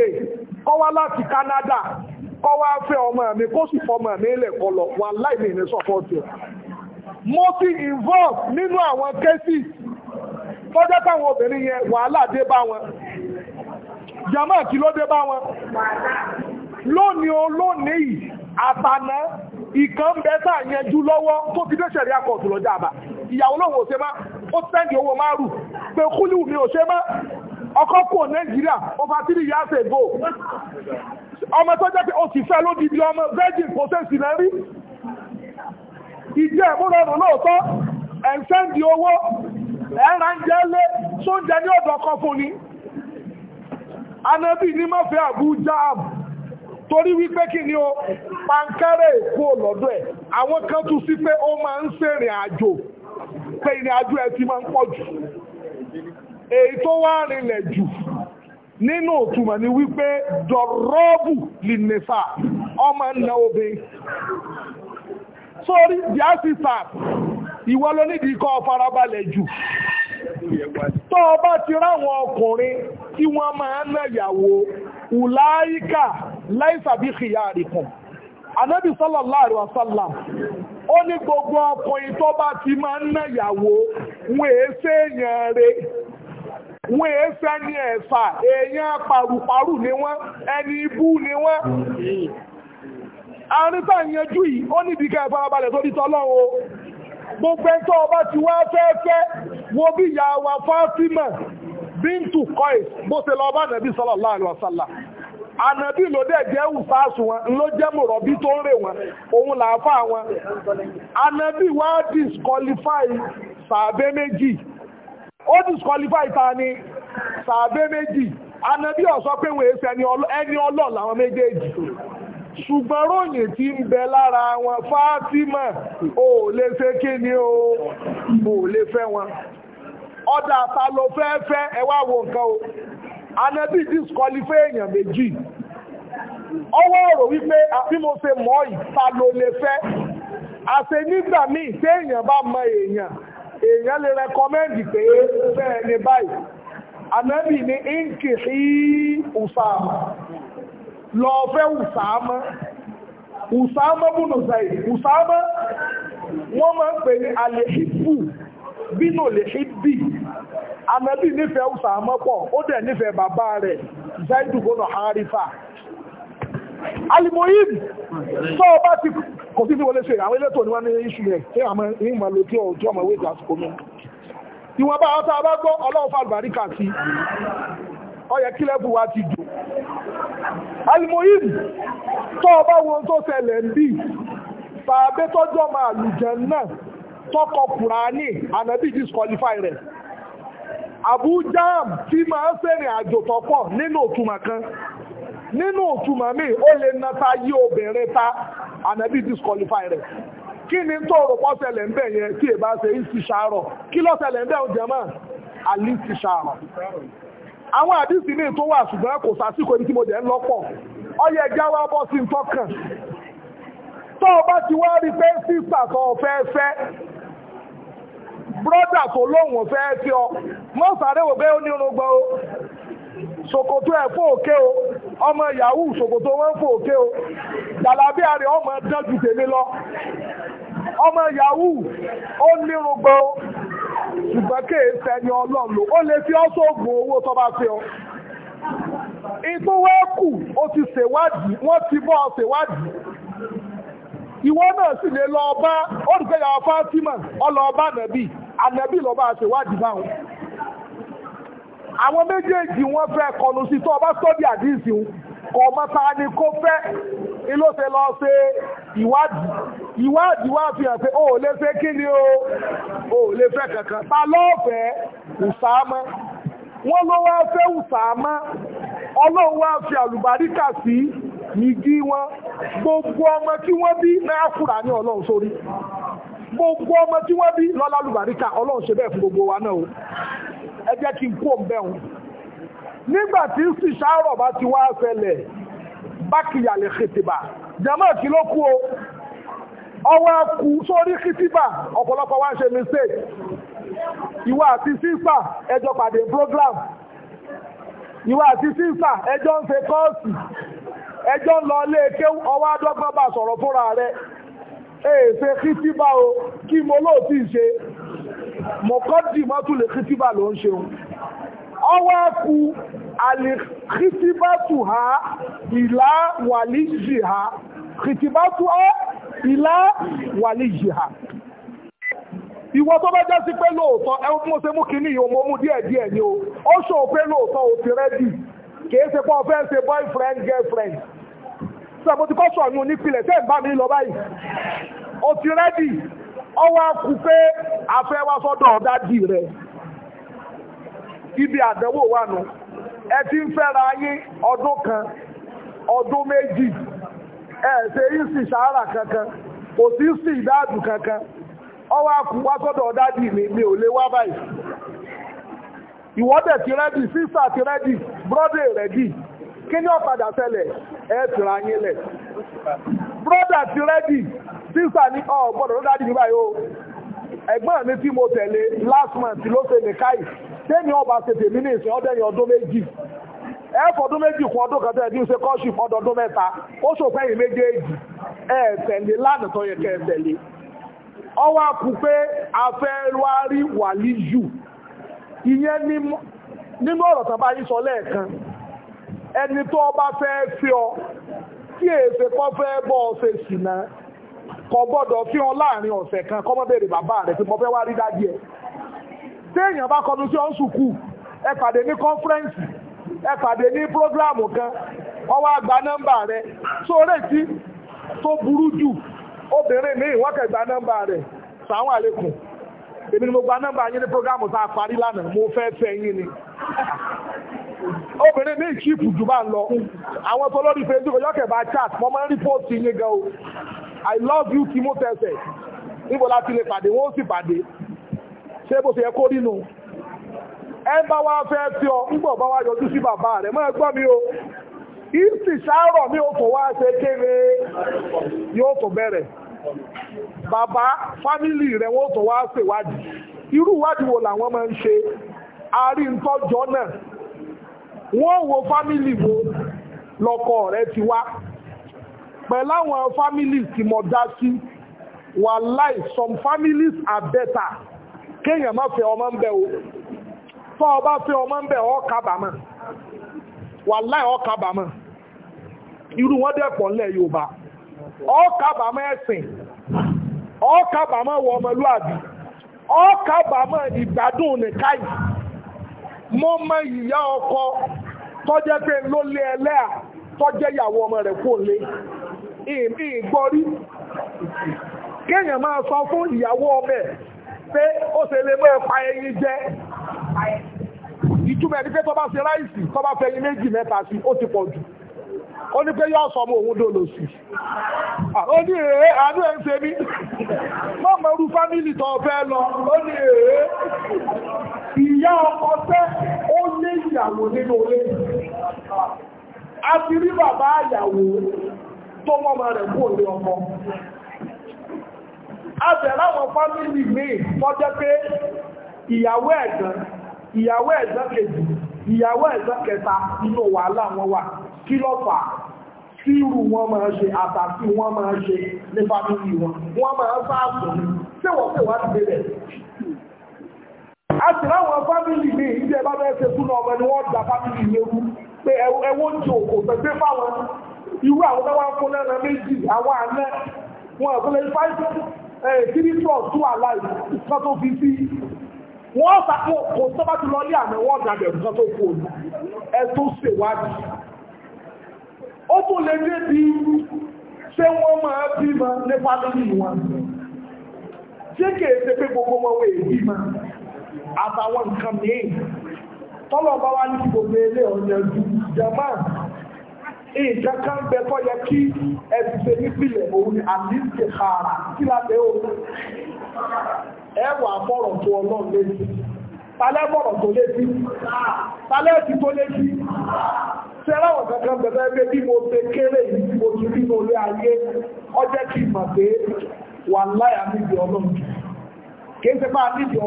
kọ́ wá láti Canada kọ́ wá fẹ́ ọmọ mi kó sì fọmọ mi lẹ̀ kọ́ lọ wà láìmí ní sọ́pọ́ọ̀tì ẹ̀ mo ti involve nínú àwọn cases tọ́jọ́ táwọn obìnrin yẹn wàhálà dé bá wọn jama kí ló dé bá wọn lónìí o lónìí yìí àtànà ìkan bẹ tá à yẹn jú lọ́wọ́ tó ti dé sẹ̀rí akọ̀ọ̀tù lọ́jà àbá ìyàwó lòun ò ṣe má ó sẹ́ndì owó márùn-ún pé kúlù mi ò ṣe má ọkọ̀ kò nàìjíríà over three years ago ọmọ tó jẹ́ pé o sì fẹ́ lódìdí ọmọ virgin potency náà rí ìjẹ́ ìmúrọ̀rùn lóòótọ́ ẹ̀ńsẹ́ndì owó ẹ̀rà ń jẹ́ lé sóúnjẹ ní ọ̀dọ̀ ọkọ̀ fún ni anábì ní mọ́fẹ́ àbújá torí wípé kí ni o pankẹ́rẹ́ èkó lọ́dọ̀ ẹ̀ àwọn kan tún sí pé ó máa ń ṣèrìn àjò pé ìrìn àjò ẹ̀ ti máa ń pọ̀ jù èyí tó wá rinlẹ̀ jù nínú òtùmọ̀ ni wípé dọ̀rọ́bù lè nìfà ọmọ ńlá obe sórí jásísà ìwọ ló nídìí kọ́ farabalẹ̀ jù tó o bá ti ráwọn ọkùnrin tí wọ́n máa ń náyàwó ùláíkà láìsàbí kìyà àríkùn anábì sallallahu alaihi wasallam ó ní gbogbo ọkùnrin tó bá ti máa ń náyàwó wọn èé séèyàn rẹ̀ wọn èé fẹ́ ní ẹ̀fà èèyàn pàrùpàrù ni wọ́n ẹni ibú ni wọ́n àárín tá ìyanjú yìí ó níbi ká ìfarabalẹ̀ tó ní tọ́lọ́run o gbogbo ẹ̀tọ́ ọba ti wá fẹ́ẹ́fẹ́ wo bí ìyá wa Fátímà bíntù kọ́ì bó ṣe lọ bá nàbí sallallahu alaihi ànàbí dẹ̀ jẹ́ wọn ló tó ń rè wọn òun làáfà wọn ànàbí wá méjì ó disqualify ta ni sàbẹ́ méjì anabi ọ̀sọ́ pé wọ́n èsì ẹni ọlọ́ làwọn méjèèjì ṣùgbọ́n ròyìn tí ń bẹ lára wọn Fátímà ò lè fẹ́ kí ni o ò lè fẹ́ wọn ọ̀dà ta ló fẹ́ fẹ́ ẹ wá wo nǹkan o anabi disqualify èèyàn méjì ọwọ́ ọ̀rọ̀ wípé bí mo ṣe mọ̀ yìí ta ló lè fẹ́ àṣẹ nígbà míì téèyàn bá mọ èèyàn èèyàn lè rẹkọmẹ́ndì pé bẹ́ẹ̀ ni báyìí anábì ní ínkì sí Usama lọ fẹ́ Usama Usama bùnú zaid Usama wọ́n máa ń pè ní alèhìbù bínú lèhìbì anábì nífẹ̀ẹ́ Usama pọ̀ ó dẹ̀ nífẹ̀ẹ́ bàbá rẹ̀ zaidu bùnú harifa alimoyim tó o bá ti kò sí ti wọlé ṣe àwọn elétò ni wọ́n ní iṣu rẹ̀ tí àmọ́ ìmọ̀ lò tí ọ̀tí ọmọ ìwé ìdásíkò mi ìwọ̀n bá ọta bá gbọ́ ọlọ́ọ̀fà àlùbáríkà sí ọyẹ kílẹ̀bù wa ti dùn alimoyim tó o bá wo tó ṣẹlẹ̀ ń bì fàábé tọ́jọ́ máa lùjẹ̀ náà tọkọ kùránì ànábì disqualify rẹ̀ Abu Jam tí máa ń ṣèrìn àjò tọ́pọ̀ nínú òtúmọ̀ kan nínú òtù mi ó lè nata yí obìnrin ta ànábì disqualify rẹ kí ni tó rò pọ́ ṣẹlẹ̀ ń yẹn tí èbá ṣe ìsìṣàrọ̀ kí ló ṣẹlẹ̀ ń bẹ̀ ọ̀jẹ̀ mọ́ àlì ìsìṣàrọ̀ àwọn àdìsí ní tó wà ṣùgbọ́n kò sásìkò ibi tí mo jẹ́ ń lọ́pọ̀ ọyẹ jáwá bọ́ sí ń tọ́kàn tó o bá ti wá rí pé sísà tó o fẹ́ brọ́dà tó lóhùn fẹ́ fi ọ mọ́ sàrẹ́wò bẹ́ẹ̀ ó ní orun gbọ́ ṣòkòtò ẹ̀ fò òkè o ọmọ yahoo ṣòkòtò wọn fò òkè o jàlábí àrẹ ọmọ dájú tèmi lọ ọmọ yahoo ó nírun gbọ́ ṣùgbọ́n kéè fẹ́ni ọlọ́run lò ó lè fi ọ́ sóògùn owó tó bá fi ọ́ ìtò wá kù ó ti ṣèwádìí wọ́n ti bọ́ ọ ṣèwádìí ìwọ náà sì lè lọ ọba ó dùkẹ́ yàrá Fátímà ọlọ́ọ̀bá ànàbì ànàbì lọ́ba ṣèwádìí báwọn àwọn méjèèjì wọ́n fẹ́ kọlu sí tó ọba sọ́dí àdíìsì kọ mọ́ta ni kó fẹ́ ilóṣe lọ ṣe ìwádìí ìwádìí wá fi hàn pé o ò lè fẹ́ kí ni o ò lè fẹ́ kankan ta lọ́ọ̀fẹ́ ùsàámọ́ wọ́n ló wá fẹ́ ùsàámọ́ ọlọ́run wá fi àlùbáríkà sí igi wọn gbogbo ọmọ kí wọ́n bí náà kúrà ní ọlọ́run sórí gbogbo ọmọ tí wọ́n bí lọ́lá lùbàríkà ọlọ́run ṣe bẹ́ẹ̀ fún gbogbo wa náà o ẹ jẹ́ kí n kó ń bẹ̀rùn nígbà tí sísáárọ̀ bá ti wá ṣẹlẹ̀ bákìyàlẹ̀ kìtìbà jẹ́mọ́ kí ló kú o ọwọ́ kú sórí kìtìbà ọ̀pọ̀lọpọ̀ wá ń ṣe mistake ìwà àti sísà ẹjọ́ pàdé program ìwà àti sísà ẹjọ́ ń ṣe kọ́ọ̀sì ẹjọ́ ń lọ ilé kéwú ọwọ́ adọ́gbọ́n bá sọ̀rọ̀ fúnra rẹ̀ èèfé kìtìbà o kí mo lóòtí ṣe mọ̀kọ́dì mọ́tò lè kìtìbà ló ń ṣeun ọwọ́ ku alìkìtìbàtù ha ìlà wàlíjì ha kìtìbàtù ha ìlà wàlíjì ha ìwọ tó bá jásí pé lóòótọ́ ẹ mú ṣe mú kínní ìyọ̀ mọ́ mú díẹ̀ díẹ̀ ni o ó ṣòó pé lóòótọ́ òfin rẹ́dì kì í ṣe pé ọ fẹ́ ṣe boyfriend girlfriend sọ mo ti kọ́ àwọn onípìlẹ̀ tẹ́ bá mi lọ báyìí o ti rẹ́dì ọwọ́ kù pé afẹ́ rẹ̀ ibi àdánwò wà nù ẹ ti ń fẹ́ra yín ọdún kan ọdún méjì ẹ isi sahara kankan kò sí sí ìdáàdù kankan ọwọ́ kù wá sọ́dọ̀ dádì mi mi ò lè wá báyìí ìwọ́dẹ̀ ti rẹ́dì sísà ti rẹ́dì brọ́dẹ̀ rẹ́dì kí ọ̀padà ṣẹlẹ̀ ẹ tìrà yín lẹ̀ brọ́dà ti rẹ́dì sísà ní ọ̀ gbọ́dọ̀ ló dádì nígbà yóò ẹ̀gbọ́n mi tí mo tẹ̀lé last month ló ṣe nìkáì tẹ́mi ọba tètè mí ní ìsìn ọdẹ́yìn ọdún méjì ẹ fọdún méjì fún ọdún kan tẹ́lẹ̀ bí ó ṣe fọdọọdún mẹ́ta ó ṣòfẹ́ yìí méjèèjì ẹ tẹ̀lé tó yẹ ẹni tó ọba fẹ́ fi ọ tí èsè kọ́ fẹ́ bọ́ ọ̀sẹ̀ sì gbọ́dọ̀ fi hàn láàrin ọ̀sẹ̀ kan kọ́ mọ́ bèrè bàbá rẹ̀ tí mo fẹ́ wá rí dájú ẹ̀ téèyàn bá kọdún sí ọ̀sùn kù ẹ pàdé ní kọ́nfẹ́rẹ́ǹsì ẹ pàdé ní prógráàmù kan ọwọ́ àgbà nọ́mbà rẹ̀ sóòrè tí tó burú jù obìnrin mi nọ́mbà rẹ̀ sàwọn àlékún èmi ni mo gba nọmba yín ní programu tá lánàá mo fẹ́ ni obìnrin ní ìchíìpù jù bá ń lọ àwọn tó lórí facebook chat mo máa ń o i love you timo tẹsẹ̀ níbo láti lè pàdé sì pàdé ṣé bó ṣe yẹ kó nínú ẹ bá fẹ́ fi ọ ńgbọ̀ bá yọjú sí o ìsì sáárọ̀ mi ò wá ṣe kéré yóò bẹ̀rẹ̀ bàbá fámìlì rẹ̀ wọ́n tó wá ṣèwádìí irú ìwádìí wo làwọn máa ń ṣe àárí ntọ́jọ́ náà wọ́n wo fámìlì wo lọ́kọ rẹ̀ ti wá pẹ̀láwọn fámìlì tí mo dá sí wàláì some families are better kéèyàn má fẹ́ ọmọ ń bẹ o fọ́ ọba fẹ́ ọmọ ń bẹ ọ kábàámọ̀ wàláì ọ kábàámọ̀ irú wọn dẹ̀ pọ̀ nílẹ̀ Yorùbá ọkàbàmọ́ ẹ̀sìn ọkàbàmọ́ wọ ọmọlúàbí ọkàbàmọ́ ìgbádùn nìkáyì mọ́ mọ́ ìyá ọkọ tọ́jẹ́ pé ló lé ẹlẹ́à tọ́jẹ́ ìyàwó ọmọ rẹ̀ kò lé ìgbọ́rí kéèyàn máa sọ fún ìyàwó ọmọ pé ó ṣe lè mọ ẹpa ẹyin pé bá ṣe ráìsì bá méjì mẹ́ta sí ó ti pọ̀ ó ní pé yóò sọ ọmọ òun dòlò sí ó ní èé àánú ẹ̀ ń ṣe mí mọ́mọ́ orú fámìlì tó fẹ́ lọ ó ní èé ìyá ọkọ fẹ́ ó lé ìyàwó nínú ilé a ti rí bàbá ìyàwó tó ma rẹ̀ kú òlé ọkọ a bẹ̀rẹ̀ àwọn fámìlì míì tọ́jẹ́ pé ìyàwó ẹ̀gbọ́n ìyàwó ẹ̀gbọ́n kejì ìyàwó ẹ̀gbọ́n kẹta nínú wàhálà wọn wà kí ló fà síru wọn máa ṣe àtàkì wọn máa ṣe ní fámìlì wọn wọn máa sáàbù ní ṣé wọ́n ti bẹ̀rẹ̀ a sì láwọn fámìlì mi ìdí ẹ bá bẹ́ẹ̀ ṣe fún ọmọ ni wọ́n da fámìlì léwu pé ẹwọ́ ń jò kò fẹ́ gbé fáwọn irú àwọn tó wá fún náà méjì àwọn àná wọn ọ̀pọ̀lọpọ̀ ìfáìsì three plus two alive nǹkan tó fi sí wọ́n sàkó kò tó bá ti lọ ní àná wọ́n dàbẹ̀ nǹkan tó kù ẹ̀tọ́ ṣèwádìí ó tún lè dé bí ṣé wọ́n máa bímọ ní fámílì wọn ṣé kèé ṣe pé gbogbo wọn wé bímọ àtàwọn nǹkan mìíràn tọ́lọ̀ bá wá ní gbogbo ilé ọ̀nà ju jama ìjà kan bẹ tó yẹ kí ẹ̀sìn ṣe nípìnlẹ̀ òun ni àmì ìṣèkàrà kí lábẹ́ òun ẹ̀wà fọ̀rọ̀ tó ọlọ́run talẹ́ bọ̀rọ̀ tó lé sí talẹ́ ti tó lé sí sẹ́ráwọ̀ kankan bẹ̀rẹ̀ pé bí mo ṣe kéré yìí mo ti bí mo lé ayé ọjẹ́ kí mà pé wà láyà níbi ọlọ́run ni wọ́n lọ sí títà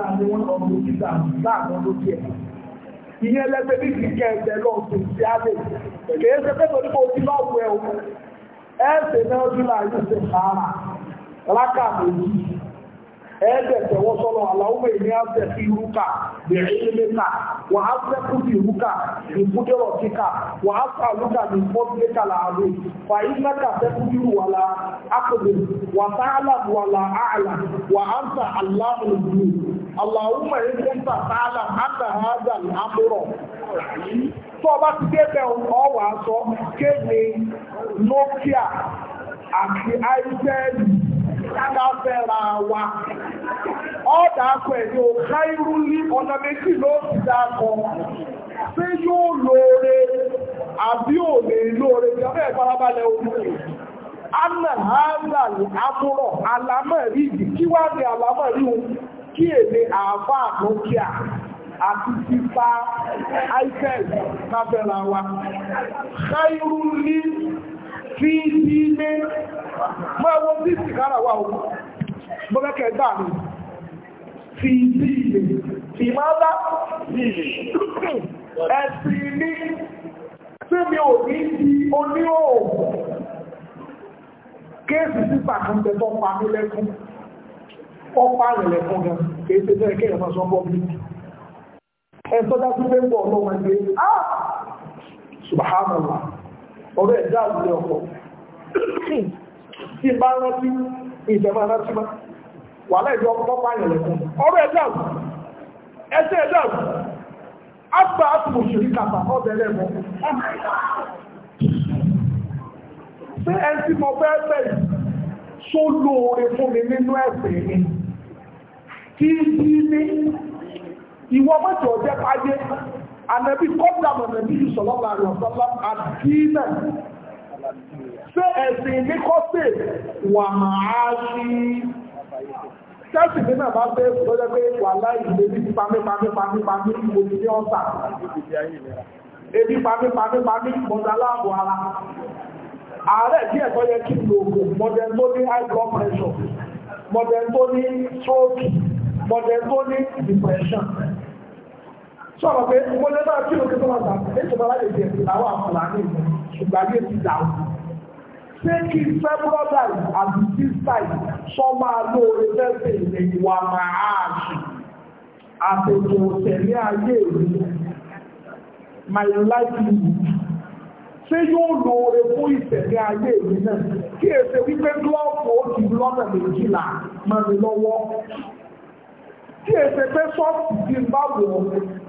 láàrín ọdún díẹ̀ ìyẹn lẹ́gbẹ́ bí kì í kẹ́ ẹ̀jẹ̀ lọ sí sí alẹ́ kìí ṣe pé torí mo ti lọ́ọ̀pù ẹ̀ ẹ̀ẹ́sẹ̀ náà dúró àyè fàárà rákà méjì ẹ̀ẹ́dẹ̀ẹ̀tẹ̀ wọ́n sọ́lọ́ aláwọ̀ èmi afẹ́ fi rúkà bẹ̀rẹ̀ lẹ́ka wà á fẹ́ kú fi rúkà ní kúdọ̀rọ̀ kíkà wà á fà rúkà ní fọ́dúlẹ́kà láàrú wà á mẹ́ta fẹ́ kú fi wà lá akọ̀dọ̀ ti débẹ̀ ọwà sọ kéde nokia àti àìsẹ́ẹ̀lì ká fẹ́ra wa ọ̀dà akọ ẹ̀yọ káírú ní ọ̀nà méjì ló ti dákọ ṣé yóò lóore àbí ò lè lóore jọba ẹ̀ farabalẹ̀ ogun anna hàlà àmúrọ̀ alámọ̀rí ìdí kí wá ní alámọ̀rí ohun kí èlé àáfà àmókíà àti fífa àìsẹ̀ káfẹ́ra wa káírú ní fi ti ilé mọ́ ẹwọ́ sí ìsìnkára wà ọmọ mọ́lẹ́kẹ̀ gbà mí fi ti ilé fi máa bá ẹ̀sìn ní tí mi ò ní ti oní òògùn kéèsì sípà kan tẹ́ tó pa mí lẹ́kún ọpá rẹ̀lẹ̀ fún gan kìí ṣe jẹ́ kéèyàn máa sọ bọ́ọ̀bí ẹ̀ tọ́já sí pé ọlọ́wọ́ ẹgbẹ́ ah subhanallah ọ̀rọ̀ ẹ̀dá àlùlẹ̀ ọ̀pọ̀ tí bá rántí ìjọba rántí má wà láìjọ pọ́pá yẹn lẹ́kùn ọ̀rọ̀ ẹ̀dá ẹ̀sẹ̀ ẹ̀dá àgbà àtùmù ṣèlú kàfà ọ̀bẹ̀ lẹ́mọ oh ṣé ẹ tí mo fẹ́ fẹ́ só lóore fún mi nínú ẹ̀sẹ̀ mi kí bí ní ìwọ mọ́tò ọ̀jẹ́ páyé ànàbí kọ́dàmù ànàbí ìṣọ̀lọ́gbà rẹ̀ ọ̀sọ́lá àdínà ṣé ẹ̀sìn ní kọ́sẹ̀ wà máa ṣí tẹ́sì nínú àbá pé lọ́jọ́ pé wà láì lè ní pamí pamí pamí pamí mo ti ní ọ̀sà ebi pamí pamí pamí mọ̀dá láàbò ara ààrẹ díẹ̀ tó yẹ kí n lo oògùn mọ̀dẹ̀ tó ní high blood pressure mọ̀dẹ̀ tó ní stroke mọ̀dẹ̀ tó ní depression sọ̀rọ̀ pé mo lè máa kílò kíkọ́ wọn sàn ètò bàbá lè jẹ àwọn àfúlàní ìlú ṣùgbọ́n ayé ti dà wọ́n. ṣé kí fẹ́ brọ́dà àti sísá yìí sọ máa lo orílẹ̀-èdè ilẹ̀ ìwà máa ṣe àtẹ̀tò òṣèlú ayé rẹ̀ my livelihood ṣé yóò lo oore fún ìṣẹ̀lẹ̀ ayé mi náà kí èsè wípé glọ́ọ̀fù ó lọ́nà méjìlá mọ́ mi lọ́wọ́ kí èsè pé sọ́ọ̀tì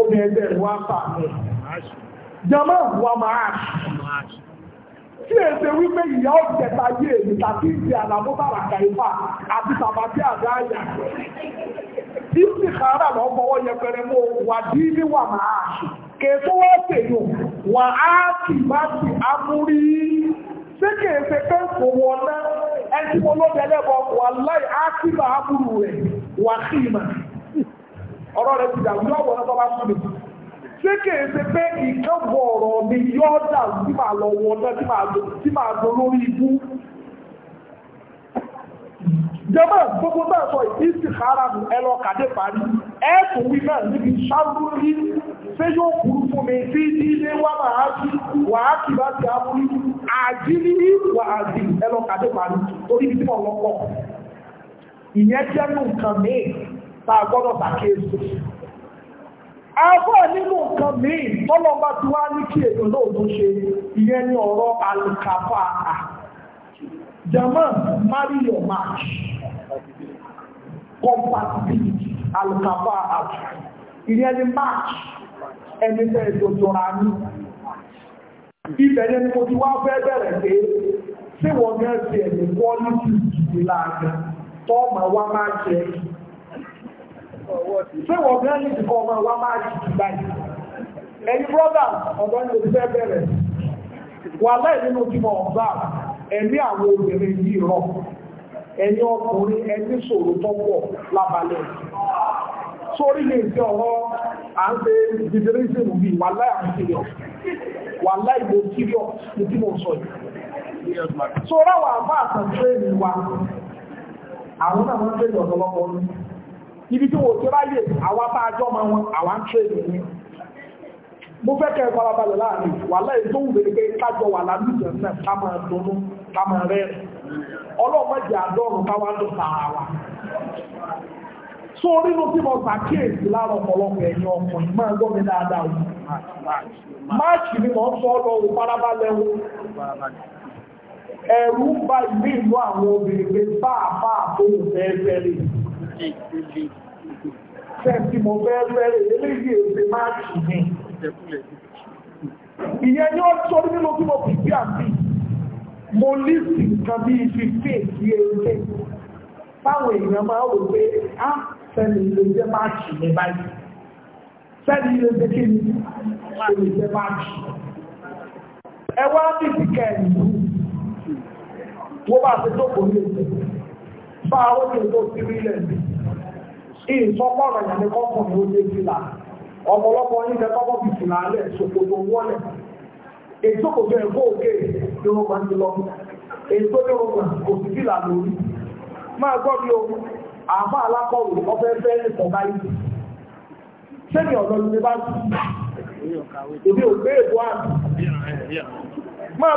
omi ẹgbẹ́ wá pàmì jama wa máa tí è ṣe wípé ìyá ọ̀jẹ̀ta yé èyí tàbí ìdí àlàmúbàrà kàìfà àti tàbátí àdáyà ìsì kàárà lọ fọwọ́ yẹpẹrẹ mọ́ wà dí ní wà máa kèèkó wá tèyò wà á kì má sì amúrí ṣé kèèfẹ́ pé kò wọ́n náà ẹni tí mo lọ́bẹ̀ẹ́lẹ́bọ̀ wà láì á kì má amúrú rẹ̀ wà kì má ọ̀rọ̀ rẹ̀ ti dàrú yọ wọ̀nà tó bá sùn mi. ṣé kèé ṣe pé ìkẹ́wọ̀ ọ̀rọ̀ mi yọ dàrú tí màá lọ wọ náà tí màá lọ lórí ibú. jẹ́mọ̀ gbogbo náà sọ ìdísì kára mi ẹ lọ kàdé parí ẹ tó wí náà níbi ṣáájú rí ṣé yóò kúrú fún mi tí ilé wa máa ṣí wàá kì bá ti àbúrí àjílí wàá di ẹ lọ kàdé parí torí ibi tí mo lọ pọ̀ ìyẹn jẹ́ nǹkan mìíràn tá a gbọ́dọ̀ sàkíyèsí. Àbọ̀ nínú nǹkan míì tọ́lọ́mbà tí wá ní kí èdè náà tún ṣe ìyẹn ní ọ̀rọ̀ àlùkàfà àà. German marry your match. Compatibility àlùkàfà àà. Ìyẹn ní match ẹni fẹ́ ìdòjọra ní. Ibẹ̀ ni mo ti wá fẹ́ bẹ̀rẹ̀ pé ṣé wọ́n gẹ́gẹ́ ẹ̀mí quality ìdílé láàárín tọ́ọ̀mù wa máa jẹ́ kí ṣé wọ́n bí wọ́n ní ìdìbò ọmọ wa máa rí ìgbà yìí ẹ̀yin brọ́dà ọ̀dọ́ ní òbí fẹ́ bẹ̀rẹ̀ wà láì nínú ojúmọ̀ ọ̀gbà ẹ̀mí àwọn obìnrin yìí rọ̀ ẹ̀yin ọkùnrin ẹni ṣòro tó pọ̀ lábalẹ̀ sórí lè fi ọ̀rọ̀ à ń ṣe ìdíjerísìmù bíi wà láì àwọn sílẹ̀ wà láì mo sílẹ̀ ní tí mo sọ yìí sọ ráwà àbá àtàkùn ẹ̀mí wa àwọn náà máa ń ibi tí wọ́n tó ráyè àwọn bá ajọ́ ma wọn àwọn tírèdì ní mo fẹ́ kẹ́ farabalẹ̀ láàrin wà láì tó wùdé pé kájọ wà lálùjọ náà ká máa dùnnú ká ni mo ń sọ lọ o farabalẹ̀ o ẹ̀rù ń ba ìlú ìlú àwọn obìnrin pé bá àbá àbóhùn fẹ́ẹ́ fẹ́ẹ́ Tẹ́ẹ̀tì mo fẹ́ fẹ́rẹ̀ eléyìí èdè máa kì ní. Ìyẹn ni ó tó nínú tí mo pìpì àmì. Mo lísì nǹkan bí fífẹ́ sí ẹgbẹ́. Báwọn èèyàn máa wò pé á sẹ́ni ilé jẹ́ máa kì ní báyìí. Sẹ́ni ilé jẹ́ kí ni ilé jẹ́ máa kì. Ẹ wá ní ti kẹ́ẹ̀lú. Wọ́n bá ti tó kò ní ẹgbẹ́. bá oúnjẹ tó ti rí lẹ̀ bí ìsọpọ̀rọ̀ ni kọ́kùnrin ó dé onye ọ̀pọ̀lọpọ̀ yín tẹ́ fi fìlà alẹ̀ ṣòkòtò wọlẹ̀ èso kò fẹ́ òkè lọ èso ní ọgbà kò sí fìlà lórí máa gbọ́ bí o àbá alákọ̀wé ọfẹ́ fẹ́ ẹ̀kọ́ báyìí ọ̀dọ́ bá èmi ò gbé máa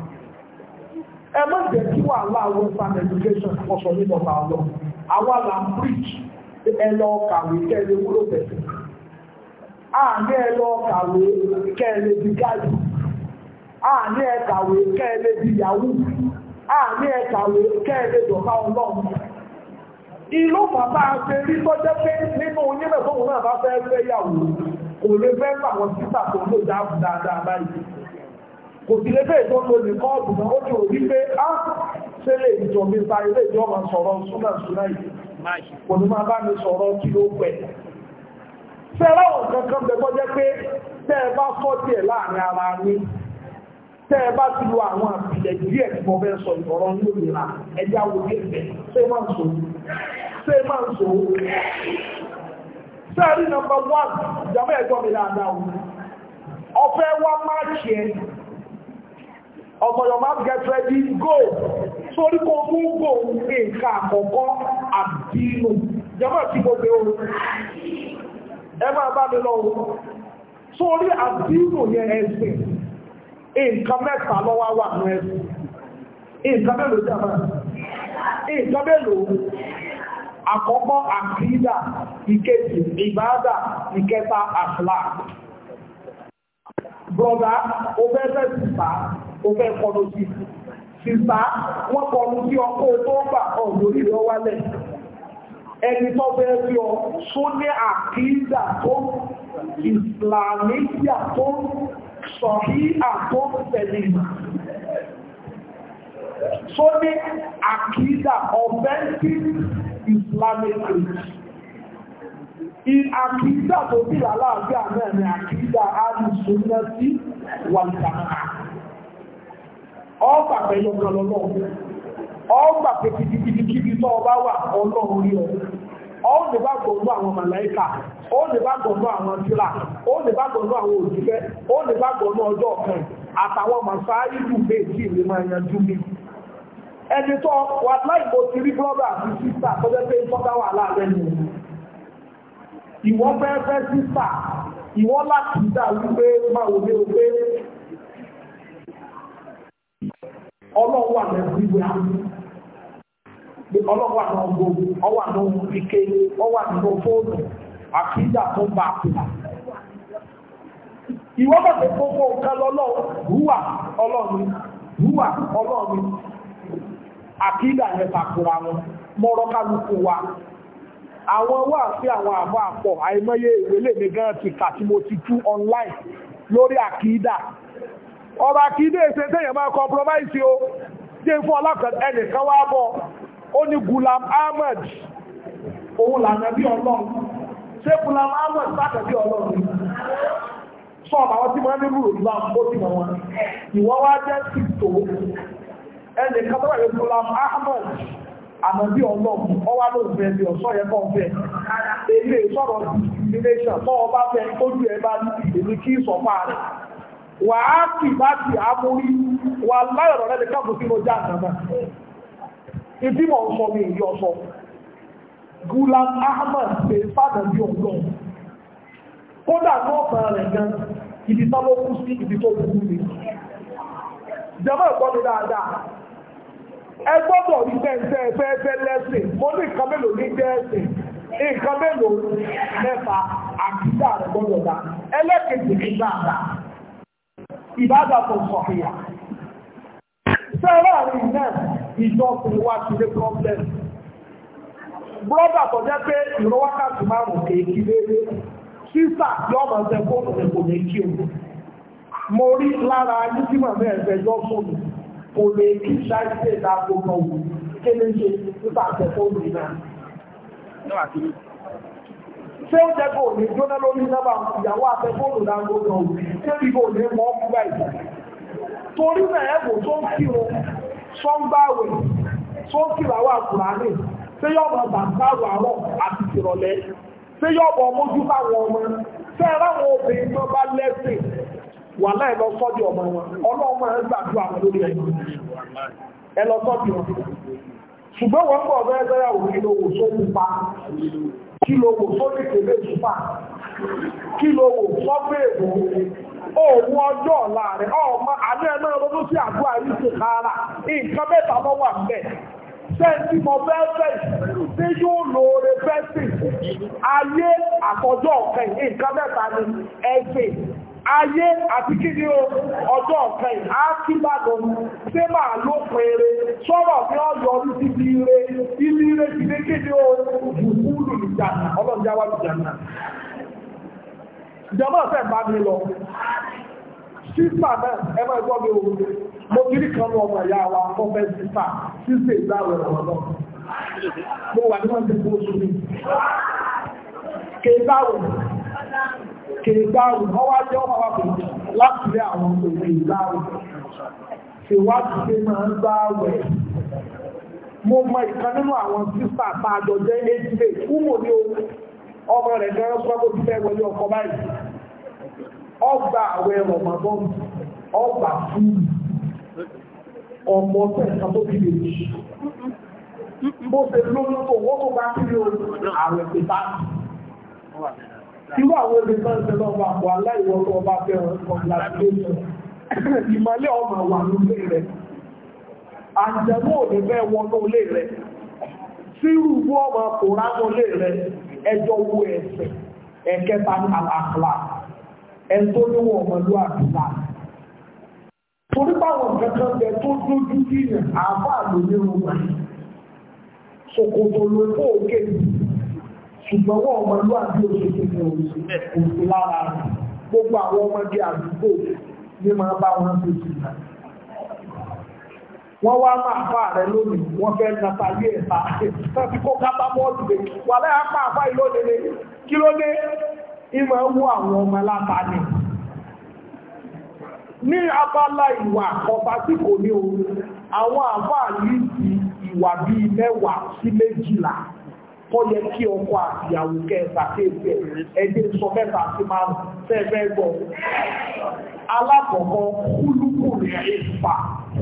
ẹ má jẹ́ kí wàhálà àwọn education ọ̀sọ̀ nínú ọ̀tà ọ̀lọ́ àwa là ń preach ẹ lọ kàwé kẹ́lẹ́ wúlò bẹ̀rẹ̀ àní ẹ lọ kàwé di gáàdì àní ẹ kàwé di ụlọ àní ẹ kàwé kẹ́lẹ́ dọ̀ká ìlú bàbá tó jẹ́ pé nínú náà bá fẹ́ yàwó kò lè fẹ́ lò dáàbò dáadáa báyìí kò sí lébè tó lo ní kọ́ọ̀bù náà ó ti rò wípé á ah, ṣe lè jọ mi sa ilé ìjọ máa sọ̀rọ̀ súnà súnà yìí kò ní máa bá mi sọ̀rọ̀ kí ló pẹ̀. ṣé ẹlọ́wọ̀n kankan bẹ gbọ́jẹ́ pé tẹ́ ẹ bá fọ́ tiẹ̀ láàrin ara ní tẹ́ ẹ bá ti lo àwọn àpilẹ̀ díẹ̀ tí mo fẹ́ sọ ìfọ̀rọ̀ ní òmìnira ẹjẹ́ àwọn òbí ẹ̀fẹ́ ṣé máa ń sọ ṣé máa ń sọ sẹ́ẹ̀rí nọmba wán ìjàmbá ẹ̀gbọ́n mi dáadáa ọ̀fẹ́ wá máàkì ẹ̀ ọmọ yọmọ get ready go sórí kò mú go nǹkan àkọ́kọ́ àbínú jẹ́mọ̀ tí mo bẹ̀ oòrùn ẹ máa bá mi lọ oòrùn sórí àbínú yẹn ẹ̀sìn nǹkan mẹ́ta lọ́wọ́ wà ní ẹ̀sìn nǹkan mẹ́lòó jẹ́mọ̀ nǹkan mẹ́lòó àkọ́kọ́ àkídà ìkejì ìbádà ìkẹta àfìlà brother over there, sísá ó fẹ́ kọlu sí sísá wọ́n kọlu sí ọkọ̀ tó gbà ọ̀ lórí lọ wálẹ̀ ẹni tó fẹ́ fi ọ só ní àkídà tó ìsìlámíyà tó sọ̀rí àtọ́sẹ̀lìmà tó ní àkídà authentic Islamic faith àkídà tó bí làláàbí àmẹ́ ni àkídà alùsùn náà sí wàlùkàkà ọgbà pẹ̀lú kan ọgbà pé kìbìkìbì tó ọba wà ọlọ́run rí ọ ó lè bá gbọ̀ngbọ̀ àwọn màláìkà ó lè bá gbọ̀ngbọ̀ àwọn tíra ó lè bá gbọ̀ngbọ̀ àwọn òṣìṣẹ́ ó lè bá gbọ̀ngbọ̀ ọjọ́ kan àtàwọn màsáyì tí máa mi ẹni tó wà rí àti sísà tó jẹ́ pé wà nù fẹ́ fẹ́ sísà láti dà wípé máa wò ní o ọlọ́run wà lẹ́nu ìwé àmì ọlọ́run wà náà gbogbo ọwà náà ike tó bá àpìlà. bá ti gbogbo nǹkan wa àwọn àwọn àbọ̀ àpọ̀ àìmọye ìwé gan ti kà tí online lórí ọba kì í dé ṣe máa compromise o jẹ́ fún ọlọ́kan ẹnìkan wá bọ̀ ó ní Gulam Ahmed òun lànà bí ọlọ́run ṣé Gulam Ahmed sáàkà bí ọlọ́run sọ ọ̀bà wọn tí máa ní rúrò ìlú àpò tí wọn ìwọ́n wá jẹ́ sí tó ẹnìkan tó wà ní Gulam Ahmed àmọ́ bí ọlọ́run ọwá ló fẹ́ bí ọ̀sọ́ yẹ fẹ́ èlé sọ̀rọ̀ ilé iṣẹ́ ọba fẹ́ ojú ẹ bá ní èmi kí sọ rẹ̀ wà á kì bá ti amúrí wà láyọ̀rọ̀ rẹ̀ lè káàkùn sínú ọjà àtàmà ìdí mọ̀ sọ mi èyí ọ̀sọ̀ Gulam Ahmad ṣe fàdà bí ọ̀gbọ́n kódà náà fara rẹ̀ gan ibi tá ló kú sí ibi tó kú ni jẹ́mọ́ ẹ̀kọ́ mi dáadáa ẹ gbọ́dọ̀ rí pẹ́ńtẹ́ ẹ̀fẹ́ẹ́fẹ́ lẹ́sìn mo ní nǹkan mélòó ní jẹ́ ẹ̀sìn nǹkan mélòó mẹ́fà àkídà rẹ̀ gbọ́dọ̀ dá ẹlẹ́kẹ̀ẹ́ ìbádà tó sọ̀hìyà. Sẹ́rọ̀ àrí náà ìjọsìn wá sí lé problem. Brọ́dà tó jẹ́ pé ìró wákàtí márùn-ún kéèkì léèrè. Sísà yóò máa ṣe fóònù ní kò ní kí o. Mo rí lára ayé tí màmá ẹ̀fẹ́ yọ fóònù. Kò lè kí ṣáìsì ìdáàbò kan wò. Kí ni ṣe nípa àtẹ̀fóònù náà? ṣé ó jẹ́ kó ní jóná lórí sábà ìyàwó àtẹ́fóònù dáńgó lọ débi kò ní mọ́ gbà ìgbà torí náà ẹ̀wò tó ń kírun sọ́ńgbàwẹ̀ tó ń kíràwó àkùránì ṣé yóò mọ̀ bàbáwò àárọ̀ àti ìrọ̀lẹ́ ṣé yóò mọ̀ mójú báwọn ọmọ ṣé ẹ ráwọn obìnrin tó bá lẹ́sìn wà láì lọ sọ́dí ọmọ wọn ọlọ́mọ ẹ gbàdúrà wọn lórí ẹ̀yìn ẹ lọ sọ́dí wọn ṣùgbọ́n wọ́n pọ̀ bẹ́ẹ̀ bẹ́ẹ̀ òun ló wò sókùpa kí ló wò sórí ìpele ìṣúpà kí ló wò sọ́gbẹ́ èbò òun ọjọ́ ọ̀la rẹ̀ ọmọ àní ẹ̀nà ronú sí àgọ́ àríṣe kára nǹkan mẹ́ta ló wà ńbẹ̀ sẹ́ńtì mọ fẹ́ fẹ́ tí yóò lo oore fẹ́ sí ayé àtọjọ́ ọ̀kẹ́ nǹkan mẹ́ta ni ẹ̀sìn ayé àti kíni ọjọ́ ọ̀fẹ́ àkíbàdàn ṣé máa ló pèrè sọ́rọ̀ ní ọ̀yọ́ orí ti di ire ilé ire ti dé kíni o bùkúlù ìjànà ọlọ́jáwá ìjànà ìjọba ọ̀fẹ́ bá mi lọ sísà náà ẹ máa gbọ́ mi mo kiri kan ọmọ ìyá wa sísà sísè ọ̀rọ̀ náà mo wà kèègbàrù wọ́n wá jẹ́ ọmọ wàbò láti rí àwọn òkè ìgbàrù ṣe wá ti ṣe máa ń gbá wẹ̀ mo mọ ìkan nínú àwọn sísà tá a jọ jẹ́ éjìlè kúmò ní ọmọ rẹ̀ gẹ́rẹ́ sọ́kò tí fẹ́ wọlé ọkọ̀ báyìí ọgbà àwẹ̀ rọ̀mọ̀bọ́n ọgbà fún ṣe lóyún tó wọ́n tó bá kí ni àwẹ̀ pẹ̀sán Irú àwọn obìnrin tán ṣe lọ́wọ́ àpò aláìwọ́ tó ọba fẹ́ congratulation. Ìmọ̀lẹ́ ọmọ wà nílé rẹ̀. Àjẹ̀mú òde fẹ́ wọnú ilé rẹ̀. Sírù bú ọmọ kò ránú ilé rẹ̀. Ẹjọ́ wo ẹ̀sẹ̀. Ẹ̀kẹta ní àlàkùlà. Ẹn tó níwọ̀ ọmọlúwàbí náà. Torí báwọn kankan bẹ tó dójú sí àbá àlòyé wọn. Ṣòkòtò lóko òkè yìí ṣùgbọ́n wọ́n ọmọlúwàbí òṣèṣe ní òṣèṣe òṣèṣe lára rẹ̀ gbogbo àwọn ọmọdé àdúgbò ní máa bá wọn tó sì náà. wọ́n wá máa fà rẹ̀ lónìí wọ́n fẹ́ nàta ilé ẹ̀ta tó ti kó kápá bọ́ọ̀lù dé wà láyà pa àfà ìlónìí kí ló dé ìmọ̀ ń wú àwọn ọmọ láta ni. ní abala ìwà ọba tí kò ní o àwọn àfà yìí ti ìwà bíi mẹ́wàá sí méjìlá kọ́ yẹ kí ọkọ àtìyàwó kẹta kéèkì ẹgbẹ́ sọ mẹ́ta sí máa ń fẹ́ẹ̀fẹ́ gbọ́. alákọ̀ọ́kọ́ kúlùkù rẹ̀ ìfà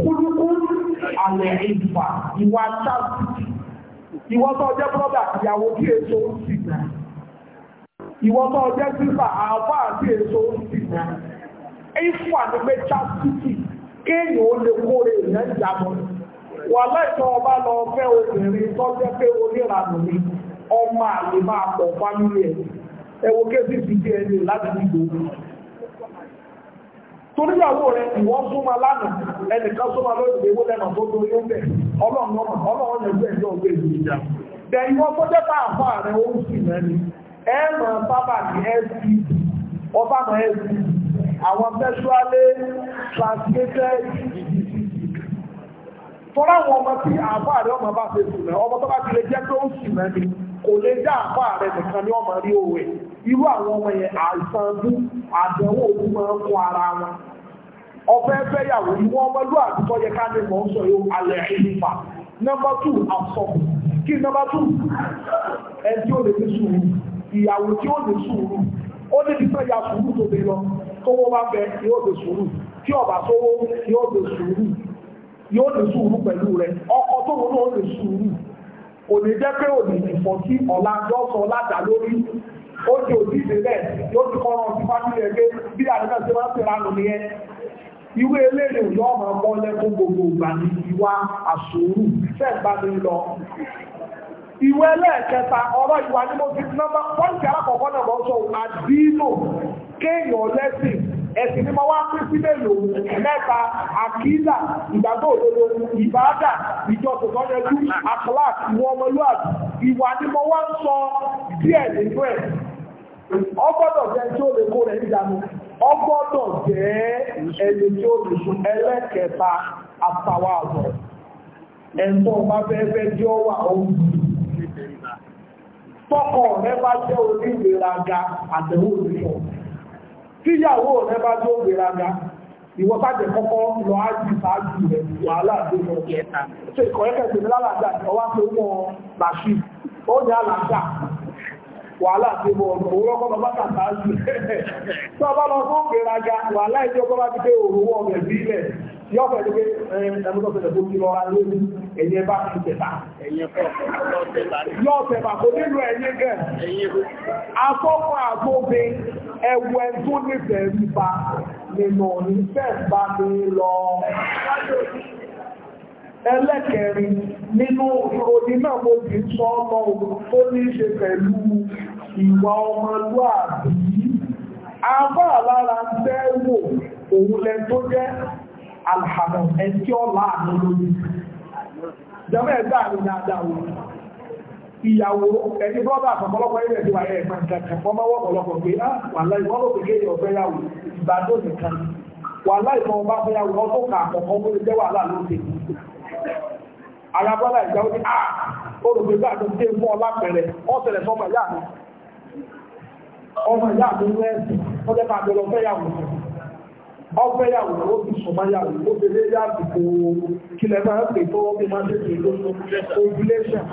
kúlùkù àlẹ̀ ìfà ìwà chásìtì ìwọ tó jẹ́ brọ́dà ìyàwó tí èso ń sì náà ìwọ tó jẹ́ sísà àáfà àti èso ń sì náà ìfà ni pé chásìtì kéèyàn ó lè kórè ìyẹn ìjàmọ́ wà láìsọ ọba lọ fẹ́ obìnrin tó jẹ́ pé oníranù ni ọmọ àlè máa pọ̀ fámílì ẹ̀ ẹwọ kéèsì ti dé ẹni láti dìbò toríyàwó rẹ ìwọ́n lánàá ẹnìkan súnmọ́ lórí ìwé tó tó yóò ọmọ ìlú ìjà tó ó sábà ní àwọn transmitted disease tọ́lá àwọn ọmọ tí àáfà rẹ ọmọ bá ṣe sùn náà ọmọ tó bá ti lè jẹ́ pé ó sì náà ni kò lè dá àáfà rẹ nìkan ní ọmọ rí òwe irú àwọn ọmọ yẹn àìsàn bú àdánwò òkú máa ń kó ara wọn ọfẹ fẹyàwó ìwọ ọmọlúwàbí tó yẹ ká ní mọ sọ yóò alẹ ìlífà nọmba tù àsọ kí nọmba tù ẹ tí ó lè ní sùúrù ìyàwó tí ó lè sùúrù ó lè lọ tó wọ́n sùúrù tó yóò lè sùúrù pẹ̀lú rẹ̀ ọkọ tó wọn náà lè sùúrù kò ní jẹ́ pé òní ìfọ̀tí ọ̀la jọ́sọ̀ ládà lórí ó ti òdìdè rẹ̀ yóò ti kọ́ ọ̀rọ̀ sí fásitì ẹgbẹ́ bí àdúgbò ṣe máa ń ṣe lánàá nìyẹn ìwé eléyìí ò yọ́ máa bọ́ lẹ́kún gbogbo ìgbà ní ìwà àsòrù fẹ́ẹ̀gbá mi lọ ìwé ẹlẹ́ẹ̀kẹta ọ̀rọ̀ ìwà ni mo ti nọ́mbà pọ́ǹtì alákọ̀ọ́kọ́ náà mọ́ sọ àdínò kéèyàn lẹ́sìn ẹ̀sìn ni mo wá pín sí mélòó mẹ́ta àkídà ìgbàgbọ́ òdodo ìbáàdà ìjọsìn tó yẹjú àkàlàk ìwọ ọmọlúwàbí ìwà ni mo wá ń sọ díẹ̀ nínú ẹ̀ ọgbọ́dọ̀ jẹ́ tí ó lè kó rẹ̀ níjànú ọgbọ́dọ̀ jẹ́ ẹni tí ó lè sùn ẹlẹ́kẹta àtàwà àbọ̀ ẹ̀tọ́ bá fẹ́fẹ́ tí ó wà ohun tọkọ rẹ bá jẹ́ onígbèraga àtẹ̀wò ìfọ̀ tíyàwó rẹ bá tó gbéraga ìwọ sáàjẹ kọ́kọ́ lọ ájì sáájú rẹ wàhálà tó mọ́ làṣì wàhálà tí mo òwúrọ̀ kọ́ bàbá tàbá sí tí a bá lọ fún ìraga wàhálà ìjọ kọ́ bá ti pé òwúrọ̀ ọ̀rẹ́ sílẹ̀ yọ fẹ́ tó pé ẹmọ́tọ́ fẹ́ tó kí lọ ra lórí ẹ̀yẹ bá ti tẹ̀ta yọ tẹ̀bà kò nílò ẹ̀yẹ gẹ̀ afọ́kọ́ àgbóbe ẹwẹ́ tó nífẹ̀ẹ́ rípa nínú nífẹ̀ẹ́ bá mi lọ ẹlẹ́kẹ̀rin nínú ìròyìn náà mo sì sọ ọmọ tó ní ṣe pẹ̀lú ìwà ọmọlúàbí afọ́ àlára ń tẹ́ wò òun lẹ tó jẹ́ alhàmọ̀ ẹ̀tí ọ̀la àmì lórí jẹ́mọ́ ẹ̀dá àmì dáadáa wò ìyàwó ẹni bọ́dà àpapọ̀lọpọ̀ ilẹ̀ ti wà ẹ̀ ẹ̀pẹ̀ kẹ̀kẹ́ fọ́mọ́wọ́ ọ̀pọ̀lọpọ̀ pé ah, wà láì wọ́n ló kéke ọ̀fẹ́ yàwó ìbàdó nìkan wà láì fọ́n bá fẹ́ yàwó ọdún kà àkọ́kọ́ ó lè jẹ́ wàhálà lóde alábọ́dà ìgbà ó ní à ó rò pé bá àdó dé fún ọlápẹ̀rẹ̀ ọ̀sẹ̀lẹ̀ fọ́mọ ìyá mi ọmọ ìyá mi ń rẹ́ẹ̀sì ó lẹ́ máa lọ fẹ́yàwó ọfẹ́yàwó ó ti sọmáyàwó ó ti lé yàtìkò kílẹ̀ máa ń pè tó wọ́n bí máa ṣe pè lóṣù ovulation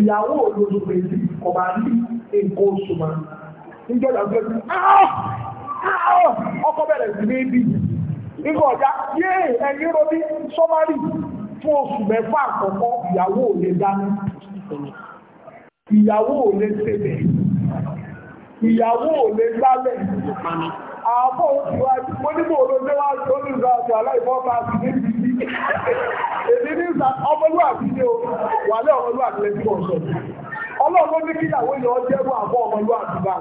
ìyàwó olóṣù pè sí ọba ní nǹkan oṣù máa níjọba pé ọkọ bẹ̀rẹ̀ sí ní ibi nígbà ọjà yéè ẹ̀yìn romi sọ́márì fún oṣù mẹ́fà àkọ́kọ́ ìyàwó ò lè dání ìyàwó ò lè ṣe bẹ́ẹ̀ ìyàwó ò lè gbálẹ̀ àbọ̀ òṣìwájú mo nígbò olóńgbéwájú olùgbàjọ aláìfọ́ta sí ní bíbí èdè ní ìsà ọmọlúwàbí ní o wà ní ọmọlúwàbí lẹ́sí ọ̀sọ̀ ọlọ́run ní kí ìyàwó yọ jẹ́rú àbọ̀ ọmọlúwàbí bá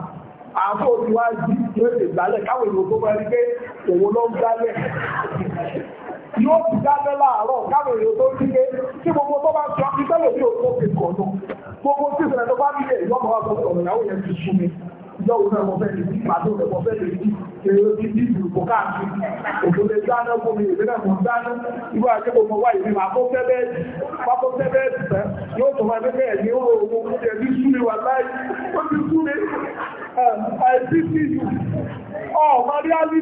àbọ̀ òṣìwájú ló lè gbálẹ̀ káwọn èèyàn tó máa rí pé òun ló ń gbálẹ̀ yóò ti dábẹ́ láàárọ̀ káwọn èèyàn tó rí pé kí gbogbo tó bá sọ ìtẹ́lẹ̀ bí òun ó fi kọ̀ọ̀nù gbogbo tí ìṣẹ̀lẹ̀ tó bá rí ìjọ òun náà mo lè ní ìpàdé rẹ̀ mo lè ní èrò tí tí ìlú kò káàkiri òṣèlè dáná fún mi ìwé náà dáná ìwé àti ọmọ wa ìwé máa kó fẹ́fẹ́ yóò tó máa fẹ́fẹ́ ẹ̀ ní owó owó oúnjẹ ní súnmi wà láì ó ti súnmi àìsí sí ìlú ọ̀ máa rí álítì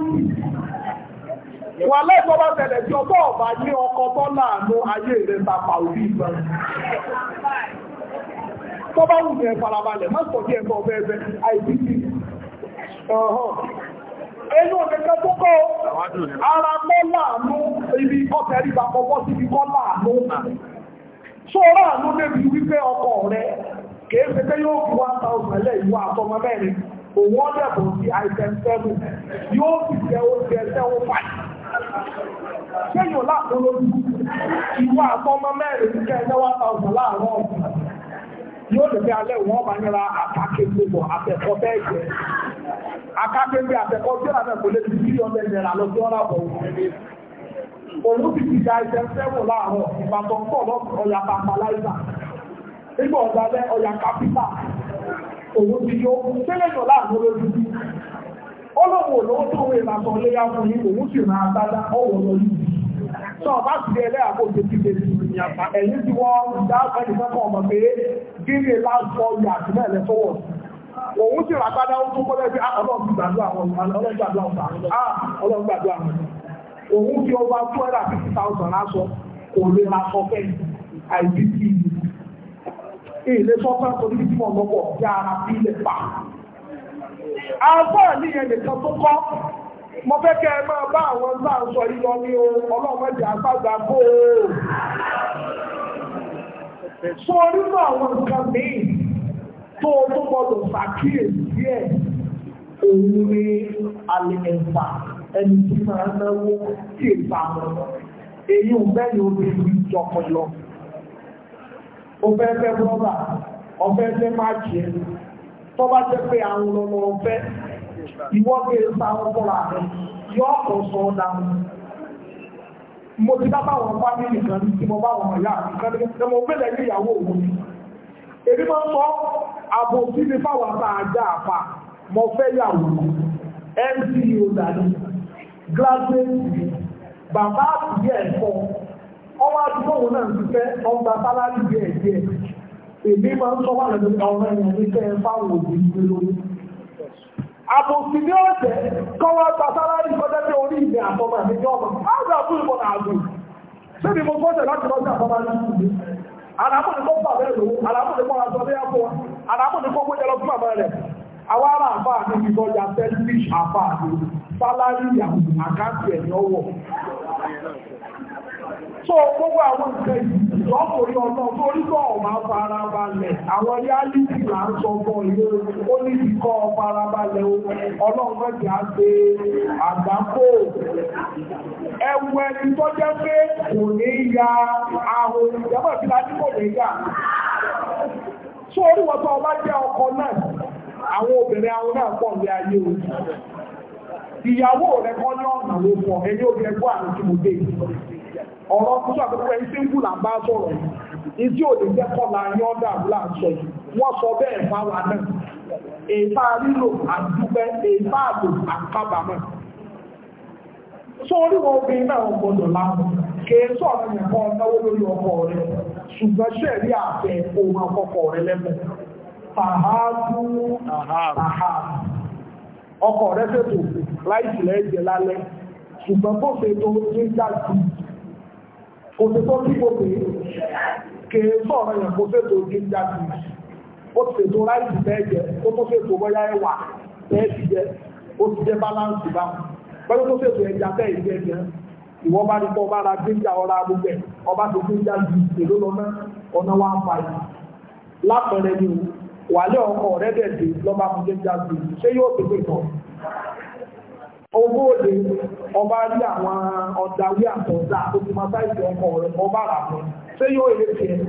wà lẹ́gbọ́n bá tẹ̀lẹ̀ tí ọgbọ́n ọ̀bá ní ọkọ̀ tọ́lá àánú ayé rẹ̀ tàpà òbí ìgbà tó bá wù ẹ farabalẹ̀ má sọ bí ẹ̀kọ́ ọ̀fẹ́ ẹ̀fẹ́ àìsíkì ẹnu ọ̀kẹ́kẹ́ tó kọ́ ara mọ́ láàánú ibi ọkẹ̀ rípa si síbi kọ́ láàánú sọ́rọ̀ àánú débi wípé ọkọ̀ rẹ̀ kìí ṣe yóò fi 1000 ẹlẹ́ ìwọ àtọmọ mẹ́rin òun ọ̀dẹ̀bọ̀ sí item 7 yóò fi oúnjẹ 1000 yóò lè fi alẹ́ wọn máa nira àkàkégbé bọ̀ àtẹ̀kọ́ bẹ́ẹ̀ jẹ́ àkàkégbé àtẹ̀kọ́ tí ọ̀nà kò lè fi bí ọ̀nà ìlera lọ sí ọ̀nà bọ̀ òun ti ti da ẹsẹ̀ sẹ́wọ̀n láàárọ̀ ìbàdàn ń bọ̀ lọ́sùn ọ̀yà pampaláìsà nígbà ọ̀dàlẹ̀ ọ̀yà kápítà òun ti yó sẹ́lẹ̀dọ̀ láàárọ̀ lójú ọlọ́wọ̀ lọ́wọ́ tó wọ ìlànà léyà fún yín òun sì ràn agbádá ọ̀wọ̀ lọ yìí tó bá ti dé ẹlẹ́yàwó tó ti dé ẹ̀yìn tí wọ́n dáàbẹ̀ ìfẹ́kọ̀ọ́ mọ̀ pé gírí láàpọ̀ yà sí mẹ́lẹ̀ tó wọ̀ òun sì ràgbádá ó tó kọ́lẹ́ bí ọlọ́run gbàdúrà àwọn ah, ọlọ́run gbàdúrà ọlọ́run gbàdúrà òun fi ọba two hundred and fifty thousand lásọ kò lè ra sọ fẹ́ àìbíkì ilé sọ́kàn tó ní fún ọ̀nà pọ̀ bí ara bí ilẹ̀ pa. àwọn àníyàn nìkan tó kọ́ mo fẹ́ kẹ́ ẹ máa bá àwọn bá ń sọ yíyọ ní o ọlọ́run ẹ̀jẹ̀ àgbàgbà bó o. sọ nínú àwọn nǹkan míì tó o tó gbọdọ̀ ṣàkíyèsí ẹ̀ òun ni alẹ́ ẹ̀fà ẹni tí máa ń náwó sí ìpamọ́ èyí ò bẹ́ẹ̀ ni obìnrin jọpọ̀ lọ. o fẹ́ fẹ́ bọ́bà ọ̀fẹ́ fẹ́ máàkì ẹ̀ tọ́ba jẹ́ pé àwọn ọmọ ọ̀fẹ́ ìwọ́gbé e sáwọn fúnra rẹ̀ yóò kò sọ dáhùn mo ti dábà wọn fámìlì kan tí mo bá wọn yá kan ní mo gbélé ní ìyàwó òun ni èmi máa ń sọ àbò tí mi fáwọn àbá àjà àpá mo fẹ́ yàwó mco dání graduate bàbá àtúnyẹ ẹ̀kọ́ ọmọ àdúgbò òun náà ti fẹ́ ọgbà sálárì díẹ̀ díẹ̀ èmi máa ń sọ wà lẹ́nu ọ̀rọ̀ ẹ̀yàn ní kẹ́ ẹ fáwọn òbí gbé lórí àbòsí ní ọ̀jẹ̀ kọwa gba sálárí kọjá pé orí ìgbẹ́ àtọ́mọ̀ àti ọmọ áàbò àbú na àgbò ṣé ni mo gbọ́dọ̀ láti lọ sí àtọ́mọ̀ àti ìgbẹ́ alámọ̀nìkọ́ bà bẹ́ẹ̀ ya tó gbogbo àwọn nǹkan yìí ọ̀nà tó nígbà fara farabalẹ̀ àwọn yálìtì là ń sọ fún ó ní ìkọ́ fara ọlọ́run ti á ṣe àgbákò ẹwù ẹni tó jẹ́ pé kò ní ya ahun ìjọba tí ọba jẹ́ ọkọ náà àwọn obìnrin àwọn náà pọ̀ ní ayé o ìyàwó rẹ̀ kọ́ ní ọ̀nà ló pọ̀ ẹni ó ọ̀rọ̀ tó ṣàkóso ẹni tí ń kú là ń bá sọ̀rọ̀ yìí tí ò lè jẹ́ kọ́ la yọ́ dàbí là ń sọ yìí wọ́n sọ bẹ́ẹ̀ fáwa náà èèfà lílò àdúgbẹ́ èèfà àlò àkábàmọ́ sórí wọn obìnrin náà wọn gbọdọ̀ láwọn kèé sọ̀rọ̀ nìkan náwó lórí ọkọ rẹ̀ ṣùgbọ́n ṣẹ̀rí àfẹ́ ohun ọkọ̀ rẹ̀ lẹ́mọ̀ tàhádú tàhádú ọkọ̀ rẹ̀ fẹ́tò láìsìlẹ̀ ẹ̀jẹ̀ lálẹ́ ṣùgbọ́n kó fẹ́ tó ń kò sí tó kí gbogbo kèé sọ̀rọ̀ yẹn kò ṣètò ginger beans ó ti ṣètò ráìsì bẹ́ẹ̀ jẹ ó tó ṣètò bóyá ẹ̀wà bẹ́ẹ̀ ti jẹ ó ti jẹ balance báwọn pẹ̀lú tó ṣètò ẹja bẹ́ẹ̀ jẹ jẹ ìwọ bá ní kọ́ ọba ara ginger ọ̀ra gbogbo ẹ̀ ọba tó ginger beans èló lọ ná ọ̀nà wa ń fa yìí lápẹ̀rẹ̀ ni wàlẹ́ ọkọ̀ rẹ̀ dẹ̀ dé lọ́ba fún ginger beans ṣé yóò tó pè owó òde ọba rí àwọn ọ̀dàwí àtọ̀dá tó ti máa sáìsì ọkọ̀ rẹ̀ ọba rà fún ṣé yóò lè tiẹ̀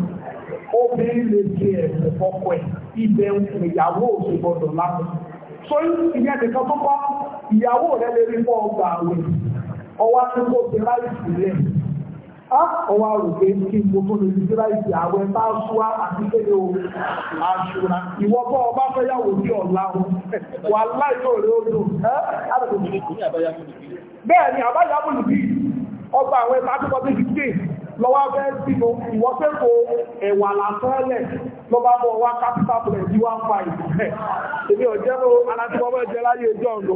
obìnrin lè tiẹ̀ ọkọ̀ ẹ̀ ibẹ̀ ìyàwó gbọdọ̀ so ìyẹn nìkan tó kọ́ ìyàwó lè rí fọ́ ọgbà àwẹ̀ kò ti ọwọ́ ah, àrùgbé kí n gbogbo lè ní síláìsì àwẹ̀ bá ṣúwá àti kéde o àṣùrà ìwọ́pọ̀ ọba fẹ́ yàwó bí ọ̀la o wà láìpẹ́ òré odò bẹ́ẹ̀ ni àbáyá mùlùbí ọgbà àwẹ̀ tàbíkọ́ bí i dé lọ́wọ́ fẹ́ sínú ìwọ́fẹ́ kò ẹ̀wà làtọ́ẹ̀lẹ̀ lọ́bá bọ̀ wá capital blẹ̀ bí wá ń fa ìfẹ́ èmi ọ̀jẹ́ ló alátíwọ́fẹ́ jẹ́ láyé ẹjọ́ ọ̀nà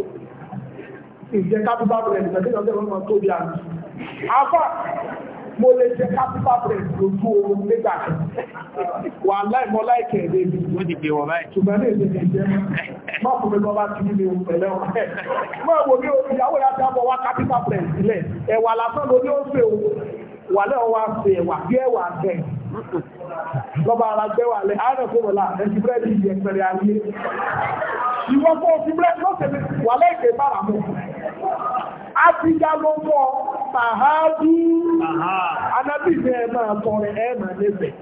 ìjẹ́ capital blẹ̀ ìfẹ́ mo lè jẹ capital bread lójú oorun nígbà kan wà láì mọ́ láìkẹ̀ èdè mi. ó ti dè wọ̀ báyìí. ṣùgbọ́n ní èdè mi jẹ́ má fún mi lọ́ba tí mi ò pẹ̀lẹ́ wọn. mọ èwo ni ìyàwó yà sábọ̀ wá capital bread sílẹ̀ ẹ̀wà lásán lórí lọ́ba ara gbẹ́wà lẹ́ àárẹ̀ fún ọ̀la ìdí ẹ̀pẹ̀rẹ̀ ayé ìwọ fún òfin búrẹ́dì lọ́sẹ̀ mi wà lẹ́ẹ̀kẹ́ bára mọ́ a ti já ló mọ́ tàhádú anábì ní ẹ máa tọrẹ ẹ máa lébẹ̀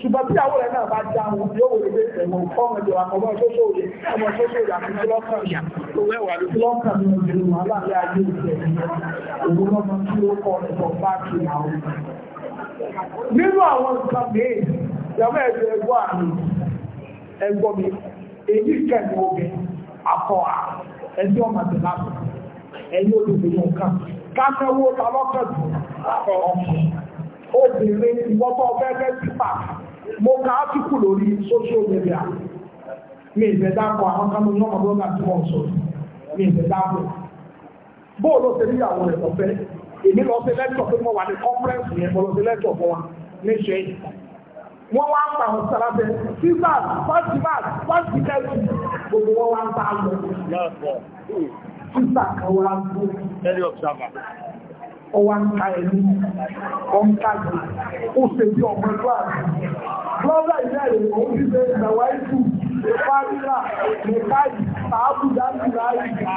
ṣùgbọ́n tí àwọn rẹ̀ náà bá já wọn yóò wọlé dé ẹ̀wọ̀n fọ́ọ̀mù ẹ̀jọ̀ àkọ́bọ̀ ṣoṣo òye ọmọ ṣoṣo òye àti lọ́kàn ìyá lọ́kàn ní ọjọ́ ìwà láàrin ayé ìjẹ̀ òun lọ́mọ tí ó kọ́ ẹ̀kọ́ bá kiri àwọn nínú àwọn nǹkan mìí ìyàwó ẹ̀jẹ̀ ẹgbọ́ àmì ẹgbọ́ mi èyí kẹ́ẹ̀mù omi àpọ̀ ẹ̀jẹ̀ ọmọ àti láàbù ẹ̀yìn olùdókòwò nǹkan káfẹ́wó ta lọ́kẹ̀tù ọkùnrin obìnrin ìwọ́tọ̀ ọ̀fẹ́fẹ́ sípà mo ka átíkù lórí social media mi ìfẹ́ dápọ̀ àwọn kan ní ọmọdé ọ̀gá tí wọ́n sọ mi ìfẹ́ dápọ̀ bóòlù ó ti rí ìyàwó rẹ̀ lọ́fẹ́ èmi lọ sí lẹ́tọ̀ pé mo wà ní conference yẹn mo lọ sí lẹ́tọ̀ fún wa ní ṣe wọ́n wá ń pa àwọn sàlàbẹ̀ sísàs fásitìmás fásitìkẹ́sì gbogbo wọn wá ń pa àlọ́ sísà kan wá ń bú ọwá ń ka ẹni ọ̀nkàgbé ó ṣe bí ọmọ ẹgbẹ́ àti lọ́dọ̀ ìbẹ̀rẹ̀ òun ti ṣe ìgbàwá ìtù ìfárílà nìkáyì àábùdá nìláyì ààlà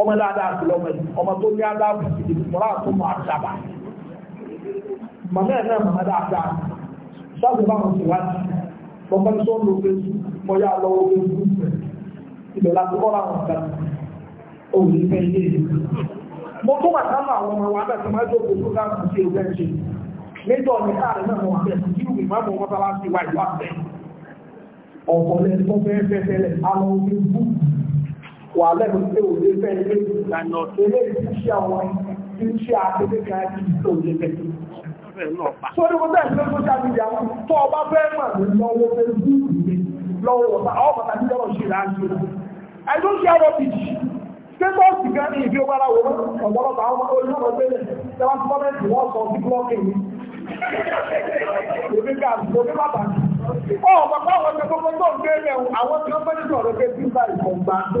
ọmọ dáadáa sí lọ́mọ yìí ọmọ tó ní adáàbò ìdí mọ́ra tó mọ́ àdàbà màmá ẹ̀ náà màmá dáadáa sáàbù bá wọn síwájú bọ́kọ́ ní sọ́ọ́ ló fẹ́sù mọ́yá lọ́wọ́ fẹ́sù ibẹ̀ láti kọ́ ra wọn kan òun ìfẹ́ ilé yìí mo tó wà sáàbù àwọn ọmọ wa bẹ́ẹ̀ máa jókòó tó ká kù sí ẹgbẹ́ ṣe méjọ ní káàrin náà wọn bẹ́ẹ̀ kí ìwé má mọ̀ wọn bá wá sí wáyé ọ̀pọ̀ lẹ́nu wà lẹ́nu pé òde fẹ́ ilé ìlànà tẹ́lẹ̀ ìṣiṣẹ́ àwọn iṣẹ́ akéde kan kì í tó lé bẹ́ẹ̀. sórí mo bẹ́ẹ̀ ṣe social media wọn tó o bá fẹ́ mọ̀ ní lọ́wọ́ Facebook mi lọ́wọ́ ọ̀tá ọ̀ pàtàkì lọ́wọ́ ṣe ìrántí rẹ̀. I don't share rubbish. Stétọ́ọ̀sì gan ni ìfi ọgbà láwọ̀ ọ̀pọ̀lọpọ̀ àwọn olùdókòwò tẹ́lá ti kọ́mẹ́ntì wọ́n sọ sí blọ́ọ̀kì mi. Èmi ká àbùkù bàbá. Ọ̀ bàbá àwọn ọ̀sẹ̀ gbogbo tó ń gbé rẹ̀ àwọn tí wọ́n fẹ́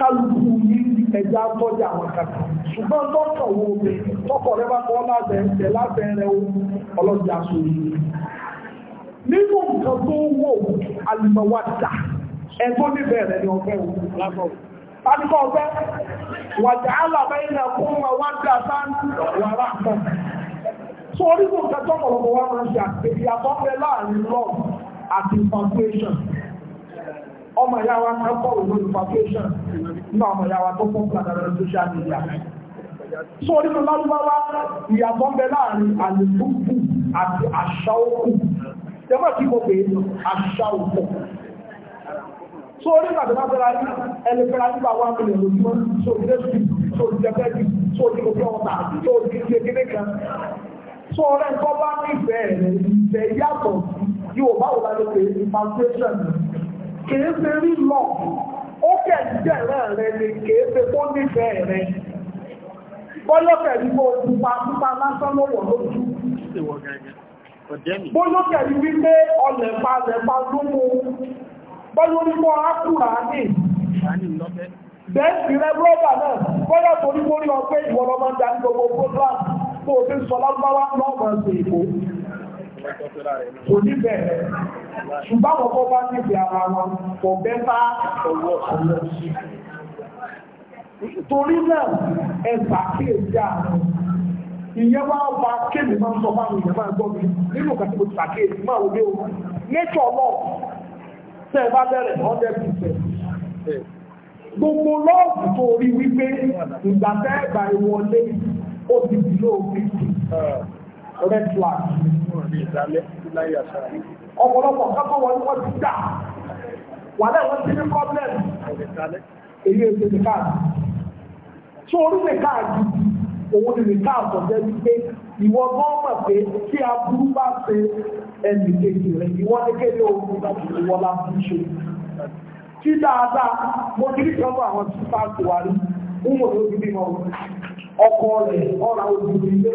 kálukú ní ẹja tọ́jú àwọn kàkà ṣùgbọ́n tọ́kọ̀ wo omi tọ́kọ̀ rẹ bá kọ́ lábẹ́ ẹ̀ lábẹ́ rẹ o ọlọ́jà sọ yìí nínú nǹkan tó wò alìmọ̀wájà ẹ̀tọ́ níbẹ̀ rẹ̀ ni ọ̀fẹ́ o lábọ̀ tàbíkọ́ ọ̀fẹ́ wàjà alàbẹ́yìn ẹ̀kún wàjà sáńtì wàrà kan so orígun nǹkan tọ́kọ̀lọ́kọ̀ wá máa ń ṣe àpèjì àtọ́fẹ́ ọmọ ìyá wa kan kọ̀ òun lórí vacation nínú ọmọ ìyá wa tó fún fúlàdà lórí social media so nínú lárúbáwá ìyàtọ̀ ń bẹ láàrin àlùkùkù àti àṣà òkú jẹ́mọ̀ tí mo pè àṣà òkú so orí ìgbà tó bá fẹ́ra yí ẹni fẹ́ra yí bá wà mí lè lójúmọ́ so ilé sùn so ìjẹ́fẹ́ jù so ìjẹ́fẹ́ ọ̀tà so ìjẹ́fẹ́ kéde kan so ọ̀rẹ́ nǹkan bá nífẹ̀ẹ́ rẹ̀ ìfẹ́ yàtọ̀ yóò báwo la lè pè é infatuation kìí ṣe rí lọ ó kẹ̀ jẹ̀rẹ̀ rẹ ni kìí ṣe kó nífẹ̀ẹ́ rẹ bọ́lọ́kẹ̀ ní kó pupa pupa lásán ló wọ̀ lójú bọ́lọ́kẹ̀ ní wípé ọlẹ̀pa lẹ̀pa lómú bọ́lọ́kẹ̀ ápùrà ní bẹ́ẹ̀sì rẹ bọ́lọ́kà náà bọ́lọ́ torí mórí ọgbẹ́ ìwọ̀lọ́mọ́ dání gbogbo program tó o ti sọ lágbáwá lọ́mọ kò ní bẹ̀rẹ̀ ṣùgbọ́n ọkọ̀ bá níbi ara wọn kò bẹ́ bá ọ̀wọ̀ ọ̀wọ̀ torí náà ẹ ṣàkíyèsí àrùn ìyẹn wá ọba kéèmì máa ń sọ fáwọn èèyàn máa gbọ́ mi nínú kàtí mo ti ṣàkíyèsí máa wọlé o nature love tẹ́ ẹ bá bẹ̀rẹ̀ hundred percent gbogbo lọ́ọ̀bù tó rí wípé ìgbà tẹ́ ẹ̀ bá wọlé ó ti dìlọ́ òfin red flag. ọ̀pọ̀lọpọ̀ kápọ̀ wọn ni wọ́n ti dà wà náà wọ́n ti ní problem. èyí èso ní káàdì. tó orí ní káàdì òun ni ní káàdì ọ̀jẹ́ wípé ìwọ gan mọ̀ pé kí aburú bá ṣe ẹnì kejì rẹ̀ ìwọ ní kéde ogun láti ìwọ láti ṣe. kí dáadáa mo kiri kan bọ àwọn tí fáàkì wa rí ń wò lójú bímọ ọkọ rẹ̀ ọ̀rà ojú ilé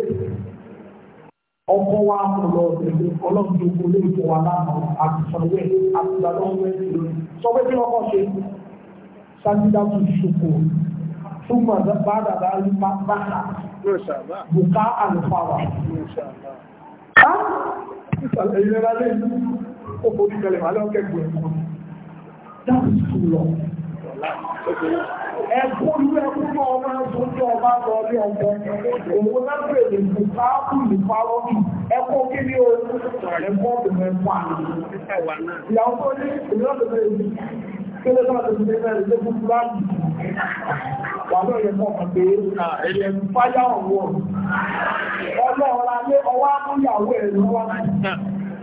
ọkọ wa mú lọ ìlú ọlọ́run tó kó lóòótọ́ wa lánàá àtìsọ̀wé àtìgbàlọ́wọ́ ẹ̀sìn sọ pé kí lọ́kọ̀ ṣe sájídá tó ṣòkò túmọ̀ bá dàda yípa báta bùká àlùfáwà. ìrẹ́lá lẹ́yìn ó forí kalẹ̀ wà lọ́kẹ́gbẹ̀ẹ́ kan dáhùn sí lọ. Ẹ̀kún ní ẹkún mọ́ ọmọ ẹ̀sùn tí ọba sọ ní ọgbọ́. Òun lábẹ́ èdè kò káàkù ní párọ́bì. Ẹkọ́ kí ní o, ẹ̀kọ́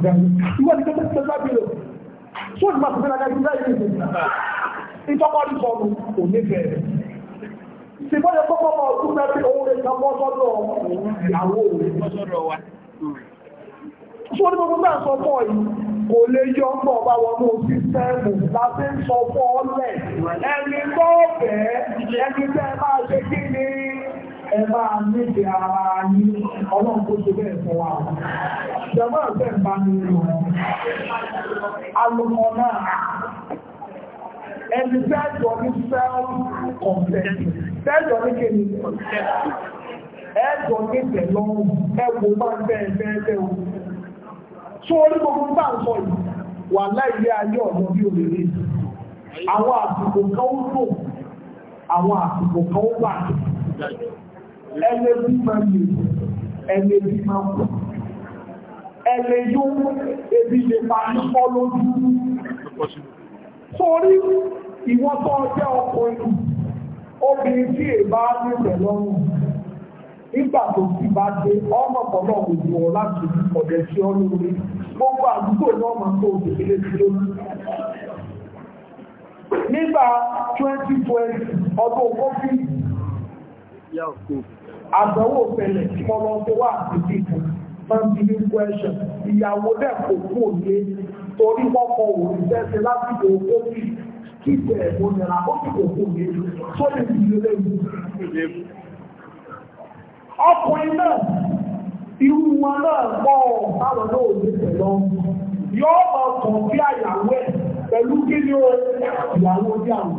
ìwọ ni kẹ́kẹ́ tẹ́lá bí lò tí ó ti máa tẹ́lá gájú láì ní ìtọ́kọ́ ní sọ́nù kò ní bẹ̀rẹ̀ sì bọ́dẹ̀ kọ́kọ́ ọdún náà owó rẹ̀ kan bọ́ sọ́dọ̀ ìyàwó rẹ̀ tí kò lè yọ ọgbọ́n ọba wọnú sísẹ́ẹ̀mù láti sọ fọ́ ọ́lẹ̀ ẹni tó bẹ̀ẹ́ ẹni tẹ́ máa ṣe kí ni ẹ bá méje ara yín ọlọ́run tó ṣe bẹ́ẹ̀ fún wa. Ìjọba ọ̀sẹ̀ ń bá mi lò. Alùpùpù náà ẹni tẹ́jọ ní self-confess. Tẹ́jọ ní kéde ẹ̀jọ ní tẹ̀lọ́rùn Àwọn àsìkò kan ó lò, àwọn àsìkò kan ó bàjẹ́ ẹlẹ́ bí ma lè ẹlẹ́ bí ma kù ẹlẹ́ yóò ebi lè pa nípọ́ lójú torí ìwọ́n tó ọjọ́ ọkùnrin obìnrin tí èbá ní ìrẹ̀lọ́rùn nígbà tó ti bá dé ọmọ pọ̀lọ́ òjò láti ọ̀dẹ̀ sí ọ lórí gbogbo àdúgbò náà máa tó òṣèlé sí lórí nígbà 2020 ọdún covid àdánwò fẹlẹ̀ mọ̀lọ́ tó wà àti kan máa ń bí ní question ìyàwó dẹ̀ kò kú òye torí wọ́pọ̀ òun tẹ́sí lásìkò òkókì kí ìbẹ̀ ẹ̀mọ́ nira ó sì kò kú òye tó lè fi lélẹ̀ yìí. ọkùnrin náà irú wọn náà pọ̀ táwọn náà ò lè tẹ̀lọ́ yóò máa bí àyàwó ẹ̀ pẹ̀lú kí ni ó ìyàwó bí àwọn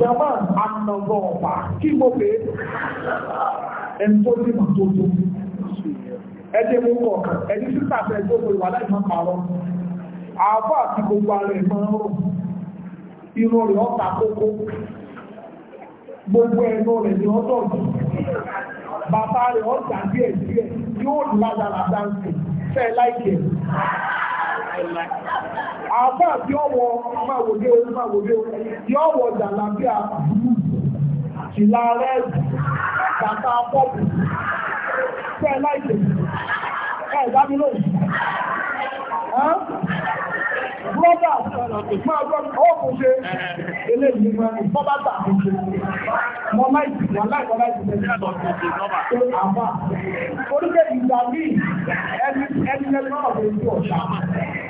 jama anọ̀gbọ̀ ọ̀pá kí mo pè é ẹni tó ní mà tó tó ẹni mú kọ̀ ọ̀kan ẹni sísà fẹ́ tó pè wà láì máa parọ́ àbọ̀ àti gbogbo ara ẹ̀ máa ń rọ̀ irun rẹ̀ ọ̀tà kókó gbogbo ẹnu rẹ̀ ní ọ̀dọ̀ bàbá rẹ̀ ọ̀tà díẹ̀ díẹ̀ yóò lágbára dáńsì fẹ́ láìkẹ̀ àbá àti ọwọ́ máwòdé o máwòdé o yọ wọ dàlàbíà búlù ìlà rẹ̀ bàtà pọ́pù fẹ́ láìkẹ̀ ẹ̀ dábìlò máa gbọ́ ọkùn ṣe ilé ìgbìmọ̀ ìfọ́bá tàbí ṣe mọ́ láìsí wà láìsí láìsí ṣe àbá orílẹ̀ ìgbà míì ẹni ẹni lẹ́gbọ́n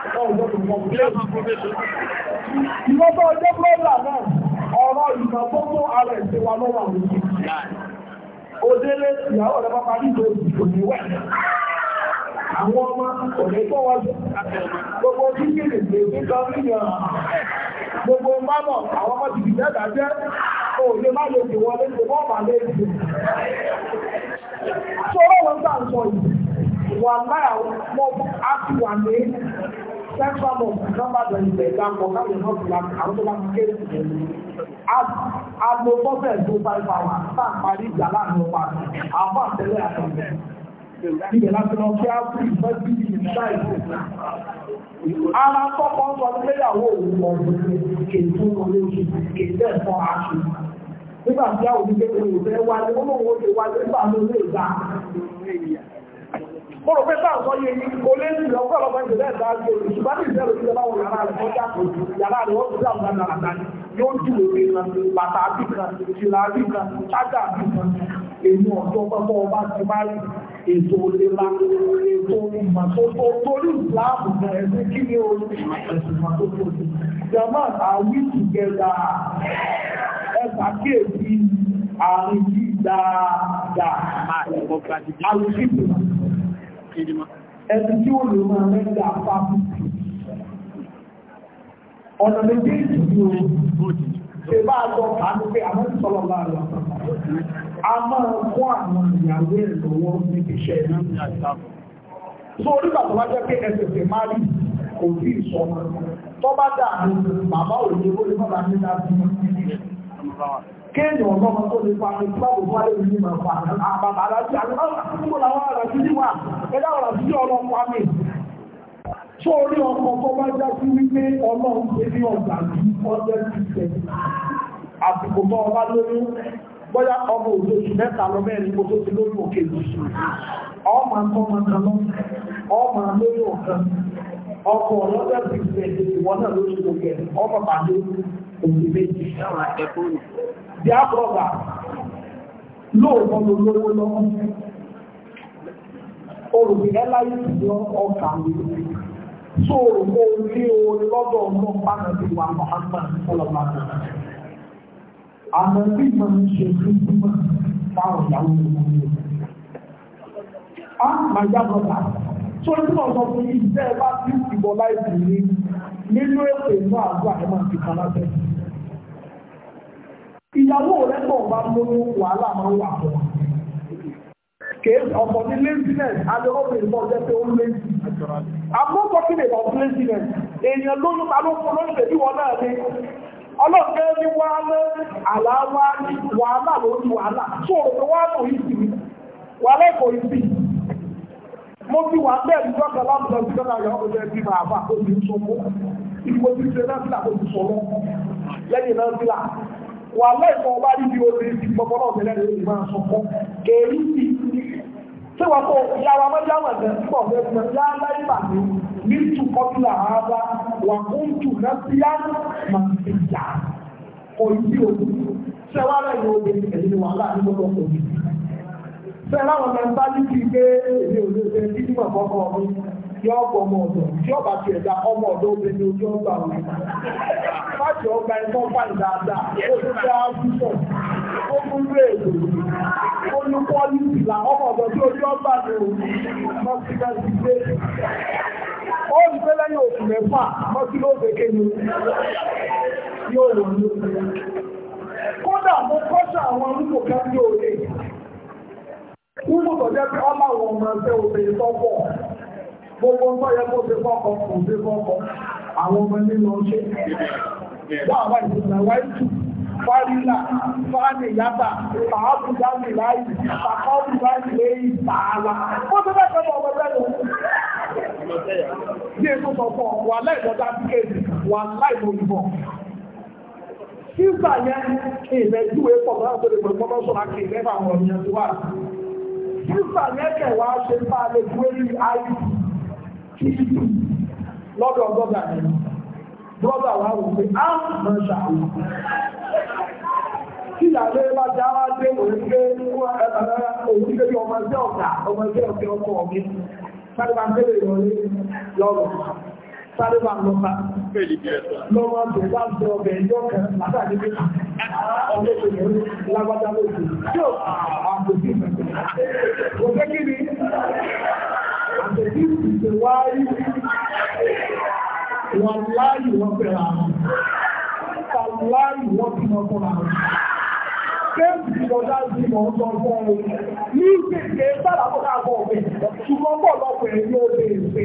Ìwọ́pọ̀ ọjọ́ pẹ́lá náà, ọ̀rọ̀ ìmọ̀ gbogbo ara ẹ̀sẹ̀ wa lọ́wọ́ àwọn ìjì. Òdélé ìyàwó rẹ̀ bá parí tó òníwẹ̀. Àwọn ọmọ òníkọ́ wọ́n gbogbo kíkìrì lè fi kan níyàn. Gbogbo mámọ̀ àwọn ọmọ ti fìdá dájẹ́, ó lè má lè fi wọlé tó mọ́ bà lè fi. Sọ́rọ̀ wọn gbà ń sọ yìí, wà láyà mọ́ á ti wà ní central mosque kan bá bẹ̀rẹ̀ ìgbẹ̀ ìdáǹkọ̀ káwọn èèyàn ti láti àwọn tó bá ti kéré sí ẹ̀mí. Aago bọ́sẹ̀ tó bá ipa wà tá à ń parí ìjà láàrin ọpa àbọ̀ àtẹ́lẹ̀ àtẹ̀lẹ̀. Ibẹ̀ láti lọ kí á fún ìfẹ́ bí ìgbà ìgbà. Ara tọ́kọ sọ nígbéyàwó òun ọ̀dùn kèétú olé oṣù kèétú ẹ̀fọ́ aṣọ. Nígbà tí àwọn onígbé mo rò pé sáà sọ yé ní kò lé ní ọkọ ọlọ́pàá ìjọba ẹ̀dá ayé òní ṣùgbọ́n ní ìṣẹ́ òní ìjọba wọn yàrá rẹ̀ kọjá kojú yàrá ètò ìlera ètò ìmọ̀tótó torí ìsìláàmù náà ẹ̀sìn kí ni o ẹ̀sìn ìmọ̀tótó ti àwí tìgẹ̀dà ẹ̀sà kéèkì àrùn yìí dáadáa àlùfíìsì ẹni tí ó lè máa rẹ́gbẹ̀ àpapọ̀ ọ̀nà méjèèjì ní orí ṣe bá a lọ kàánú pé àwọn ìsọ̀lọ̀ bá lọ a máa kó àwọn ìyàwó ẹ̀ níbi iṣẹ́ náà so nígbà tó bá jẹ́ pé ẹsẹ̀ máa rí kò sí ìsọ̀mọ̀ tó bá dà ní bàbá òye ó lè má bàa ní láti kéèyàn ọlọ́mọ tó lè pàṣẹ ìgbàgbọ́ wà lè ní ìmọ̀ pa àbàbà àti àgbàgbọ́ làwọn àràtí níwà ẹ̀dá àràtí ọlọ́mọ àmì tó orí ọkọ̀ tó bá já sí wípé ọlọ́run pé ní ọgbà ní ọjọ́ ìfẹ́ àsìkò tó ọba lóyún bóyá ọmọ òṣooṣù mẹ́ta lọ mẹ́rin kó tó ti lóyún òkè lóṣù ọmọ àtọmọ kan lọ ọmọ lóyún ọ̀kan ọkọ̀ lọ́dọ̀ ti fẹ̀ ìwọ náà ló ṣe gbogbo ẹ̀ ọmọ pàdé òbí méjì. Bí a kọ́ bà lóòótọ́ ló lówó lọ́wọ́. Olùgbé láyé ti lọ ọkà mi. Tó o kó o ní orin lọ́dọ̀ ọmọ pàdé ti wà Mọ̀hámà ọlọ́pàá náà. Àmọ́ bí mo ń ṣe fúnfúnmọ́ fáwọn ìyàwó mi. Á màá yá bọ́dà tó ní mọ̀ sọ fún yìí bẹ́ẹ̀ bá ti ìbọn láìsí ní nínú ètò inú àgbo àìmọ̀ àti kalábẹ́. ìyàwó rẹ pọ̀ bá lóyún wàhálà máa ń wà fún wa. kèé ọ̀pọ̀ ní laziness adọ́rọ́bì ìbọn jẹ́ pé ó ń lazy. àmọ́ talking about laziness èèyàn lóyún ta ló fún lóyún tẹ̀lé wọn náà ní. ọlọ́ọ̀kẹ́ ní wàhálà àlàáwá wàhálà lórí wàhálà tó o wàhálà ìsìn wàhálà ìkọ̀ ìsìn mo fi wà bẹ́ẹ̀ ní dọ́kítà láwùjọ ti dọ́kítà yọ ọ́ jẹ́ bí màá bá ó ti ń sọmọ́ ìgbò ti ṣe náà sílà ó ti sọmọ́ lẹ́yìn náà sílà wà lẹ́ẹ̀kan bá rí bí obìnrin ti gbọ́ bọ́lá ọ̀tẹ̀lẹ́ rẹ̀ lè máa sọkọ́ kèérí sí tí wọ́n kọ́ yàrá mọ́jà wọn jẹ́ pọ̀ mẹ́fún yàrá ìbàdí ní tùkọ́tùlà ààbá tù náà sí yàrá màá ti yà kọ́ fẹ́ràn àwọn mẹ́ńtálítì pé èmi ò lè ṣe títí mọ̀ fọ́kọ́ mi yọ ọgbọ̀n ọmọ ọ̀dọ̀ tí ọba ti ẹ̀dá ọmọ ọ̀dọ̀ obìnrin ojú ọgbà wọn. Fáàtì ọgbà ẹ̀kọ́ fàìn dáadáa, ó ti ó èdè, ó ní ọmọ ọ̀dọ̀ tí ojú ọgbà ni mọ́sílẹ́sì gbé. Ó ń gbé lẹ́yìn Nígbà tó jẹ́ pé ọmọ àwọn ọmọ ẹgbẹ́ obìnrin tó gbogbo ń tọ́yẹ kó fi fọ́kọ kò fi fọ́kọ, àwọn ọmọ ní ṣe. Wọ́n àwọn ìsinmi wáìtù, fárílà, fáàlì yàtà, pàápù dáàbì láì, pàápù dáàbì lẹ́yìn tààlà. Wọ́n tó bẹ́ẹ̀ kọ́ ọmọ ẹgbẹ́ lọ. Bí èso sọ fún ọ, wà láìlọ́dá sí wà láìlọ́dúnbọ̀. Sísà yẹn, ìrẹ́jú èpọ̀ mọ́ sísà mẹ́kẹ̀ wá ṣe ń bá lè gbé ní ayé títí lọ́dọ̀ bọ́dà ni bọ́dà wà wò pé á mọ̀ ṣàwọn. Kí ìyàlẹ́ bá ti ara dé òun gbé òun gbé ọmọ ẹgbẹ́ ọ̀gá ọmọ ẹgbẹ́ ọ̀gá ọkọ̀ mi. Sáré máa ń gbé lè lọ lọ́rọ̀ sáré bá lọ́pàá lọ́wọ́ bẹ̀ bá ń sọ ọbẹ̀ ẹjọ́ kan látàrí pé ọdún ìṣẹ̀lẹ̀ lágbádá lóṣù yóò àpòsí ìfẹ̀kọ́ òfẹ́ kí ni àpòsí ìṣèwárí wọn láàyè wọn fẹ́ra wọn láàyè wọn bí wọn fọ́ra wọn Kéèkì ìjọdá sí mọ̀ ń sọ fún ọmọ ní ìpèsè sára fọ́nà àbọ̀ ọ̀fẹ́ ṣùgbọ́n bọ̀ lọ́pẹ̀ ní ó lè ṣe.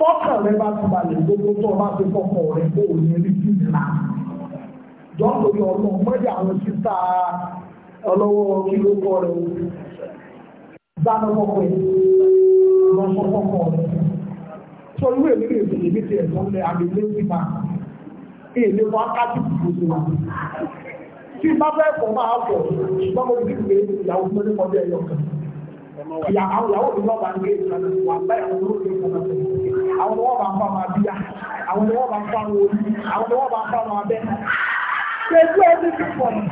tọ́kàn rẹ bá ti balẹ̀ gbogbo tó o bá ti fọkàn rẹ kó o ní rí sí ìlà jọ́n lórí ọlọ́run mọ́jà àwọn sísá ọlọ́wọ́ kí ló kọ́ rẹ o dáná fọkàn rẹ lọ́sọ fọkàn rẹ sọ irú èmi rè fèrè mi ti ẹ̀sán lẹ àmì lẹ́sìn máa èlé wọn kájú gbogbo wa tí bá fẹ́ fọ́ máa fọ̀ ṣùgbọ́n mo ti pè é ìyàwó tó ní kọjá ẹ̀yọ̀ kan ìyàwó ìyàwó mi lọ́ba ń gé ìlànà wà báyàwó lórí ìlànà tẹ̀lé. àwọn ni wọ́n bá ń fa àwọn abíyá àwọn ni bá ń fa àwọn orí àwọn bá ń ẹni pọ̀ ní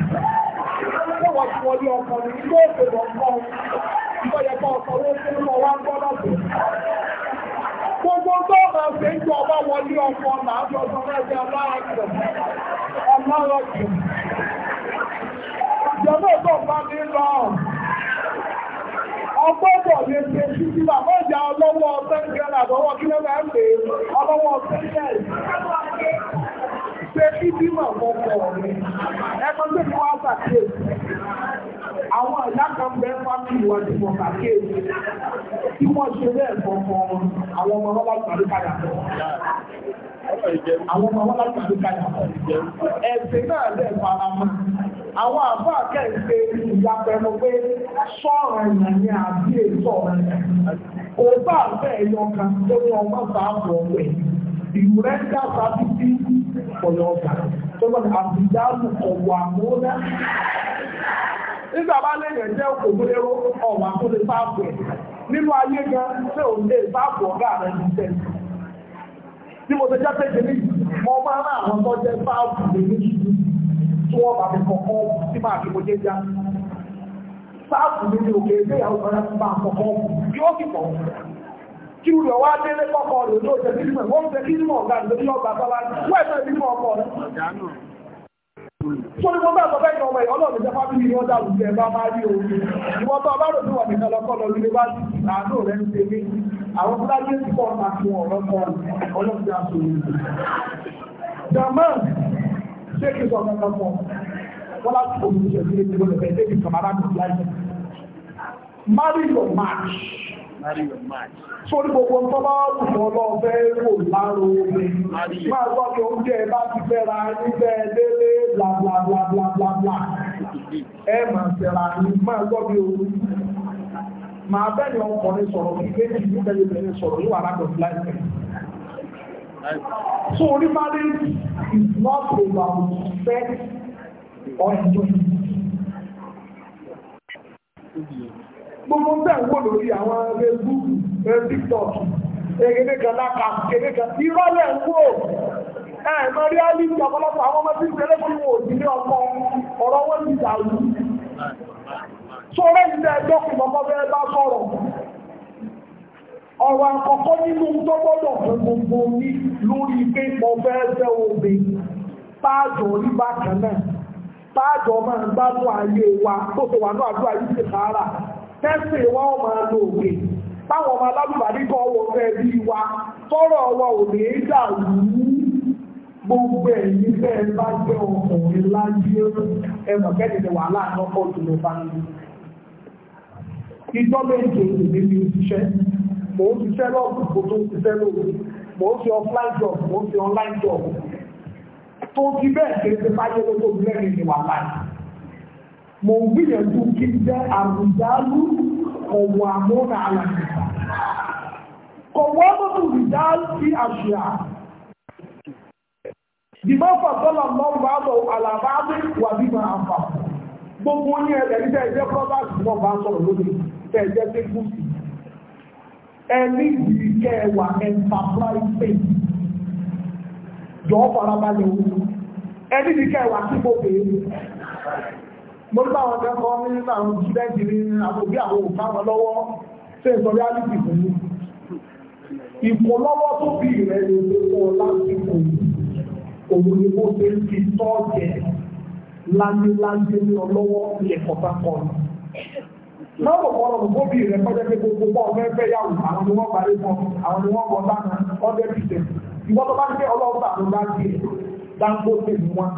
ṣé wọ́n ti wọlé ọkọ ní ilé èdè kọ́ ìgbọ́ yẹ kọ́ ọkọ owó tó ń bọ̀ wá ń gbọ́ lọ́sẹ̀ gbogbo tó ọmọ ṣe ń jọ ọba wọlé ọkọ sọ ọmọ ìjọba ọgbọ́dọ̀ lè ṣe títí bà mọ́ ìjà ọlọ́wọ́ ọ̀tẹ́gẹ̀rẹ̀ àbọ̀wọ́ kí lọ́gbà ń pè ọlọ́wọ́ ọ̀tẹ́gẹ̀rẹ̀ ṣe títí mà mọ́kọ̀ mi ẹgbẹ́ tó ti wá sàkíyèsí àwọn ìyá kan bẹ́ẹ̀ fámìlì wọn ti mọ̀ sàkíyèsí tí wọ́n ṣe bẹ́ẹ̀ kọ̀ọ̀kan àwọn ọmọ wọn bá tàbí padà bọ̀ àwọn ọmọ wọn láti àdúgbò ẹ̀sìn náà lẹ̀ fara mọ́ àwọn àbọ̀ àkẹ́ẹ̀ṣe ìyapẹnu pé sọ̀rọ̀ ìyàn àbí èso ọ̀rẹ́ òbá àfẹ́ tó ní ọmọ sáàbù ọ̀gá tó bá ní ọ̀wọ̀ nígbà bá sáàbù ẹ̀ nínú ayé gan òun lè sáàbù ọ̀gá rẹ̀ bí mo ṣe jáde tèmi mo máa àwọn tó tí wọ́n bá mi kọ̀kọ́ máa fi mo jẹ já báàbù mi ni òkè ilé ìyàwó kan láti máa kọ̀kọ́ yóò sì pọ̀ kí wùdọ̀ wá délé kọ́kọ́ rẹ̀ ló jẹ kí mọ̀ wọ́n fẹ́ kí mọ̀ Sọ́ni mo bá sọ fẹ́ yan ọmọ yìí, ọlọ́run jẹ́ fábílì ni wọ́n dàrú sí ẹ bá máa rí omi. Ìwọ́n bá bá rò bí wọ́n nìkan lọ́kọ́ lọ lórí bá ti sì àánú rẹ̀ ń ṣe mí. Àwọn Fúlàní ti pọ̀ máa fi wọn lọ́kọ́ ọlọ́run ti aṣọ òun. Jamal ṣé kí n sọ kankan fún ọ? Wọ́n láti omi ṣe sí ebi lọ́lẹ̀ bẹ́ẹ̀ débi kàmárà mi láyé. Marry your match. Marry your match. Sórí gbogbo nǹkan bá wùdọ̀ lọ fẹ́ kò omi. Máa gbọ́ pé oúnjẹ bla bla bla bla bla bla ẹ máa tẹ̀ra ní máa gbọ́ bí ooru máa bẹ́ẹ̀ ni ọkùnrin sọ̀rọ̀ kí kéjì ní bẹ́ẹ̀ bẹ́ẹ̀ sọ̀rọ̀ yóò wà lábẹ́ láìpẹ́. So remarriage is not about sex or enjoyment. Gbogbo ń bẹ́ẹ̀ wò lórí àwọn Facebook, eh, TikTok, èkéde eh, kan láka, èkéde kan, ń wò. ẹ̀mọ́ rí alìsí ọ̀pọ̀lọpọ̀ àwọn ọmọ tí ń tẹ́lẹ̀ fún ìwò òdí ní ọkọ̀ ọ̀rọ̀ wọ́n ti tó rẹ̀ ẹjọ́ kù mọ́kọ́ gbogbo ní lórí pé orí náà máa gbádùn ayé wa tó wà àdúrà yìí tẹ́sì máa lo táwọn ọmọ alábùbàdí kan wọ fẹ́ bí wa tọ́rọ̀ gbogbo ẹ̀yin fẹ́ ẹ bá jẹ́ ọkùnrin láyé ẹ̀mọ̀ kẹ́ni ni wàhálà àtọ́kọ̀ tó ló bá ní. ìjọba ètò ìdílé mi ò ṣiṣẹ́ mò ń ṣiṣẹ́ lọ́ọ̀bù kó tó ń ṣiṣẹ́ lóru mò ń ṣe offline job mò ń ṣe online job tó ti bẹ́ẹ̀ ṣe ṣe fáyé lóko lẹ́rìn ni wàhálà yìí. mò ń gbìyànjú kí n jẹ́ àrùjálù ọ̀wọ̀ àmúna àlàyé kọ̀wọ́ mọ́tò rìdá sí àṣìá bíbá fàtọ́là mọ́mbà àbọ̀ àlàbáàbí wà bíbá àfà gbogbo ní ẹ̀rẹ̀ níta ẹ̀jẹ̀ product mọ́mbà sọ̀rọ̀ lónìí tẹ̀ ẹ̀jẹ̀ tẹ̀ gúúsì ẹni yìí kẹwà enterprise jọ farabalẹ̀ wù ẹni yìí kẹwà tí mo pè é mo ní báwọn akẹ́kọ̀ọ́ ní àwọn student ní àbòbí àwọn òfáwọn lọ́wọ́ ṣe ìsọ reality fún mi ìkọlọ́wọ́ tó bí ìrẹ́lẹ̀ ló kọ́ lásìkò yìí òun ni wọ́n ti ń fi tọ́ọ̀jẹ̀ láńdéláńdé ní ọlọ́wọ́ ní ẹ̀kọ́ bá kọ́ ọ. Lọ́wọ́ kan ọ̀rọ̀ tó bí rẹ̀ kọjá pé gbogbo bọ́ ọ̀fẹ́ fẹ́ yàwó àwọn ni wọ́n parí kan àwọn ni wọ́n bọ̀ dáná ọdẹ pìtẹ́. Ìwọ́n tó bá ń gbé ọlọ́run bá àwọn bá gbé Dangote ní wọn.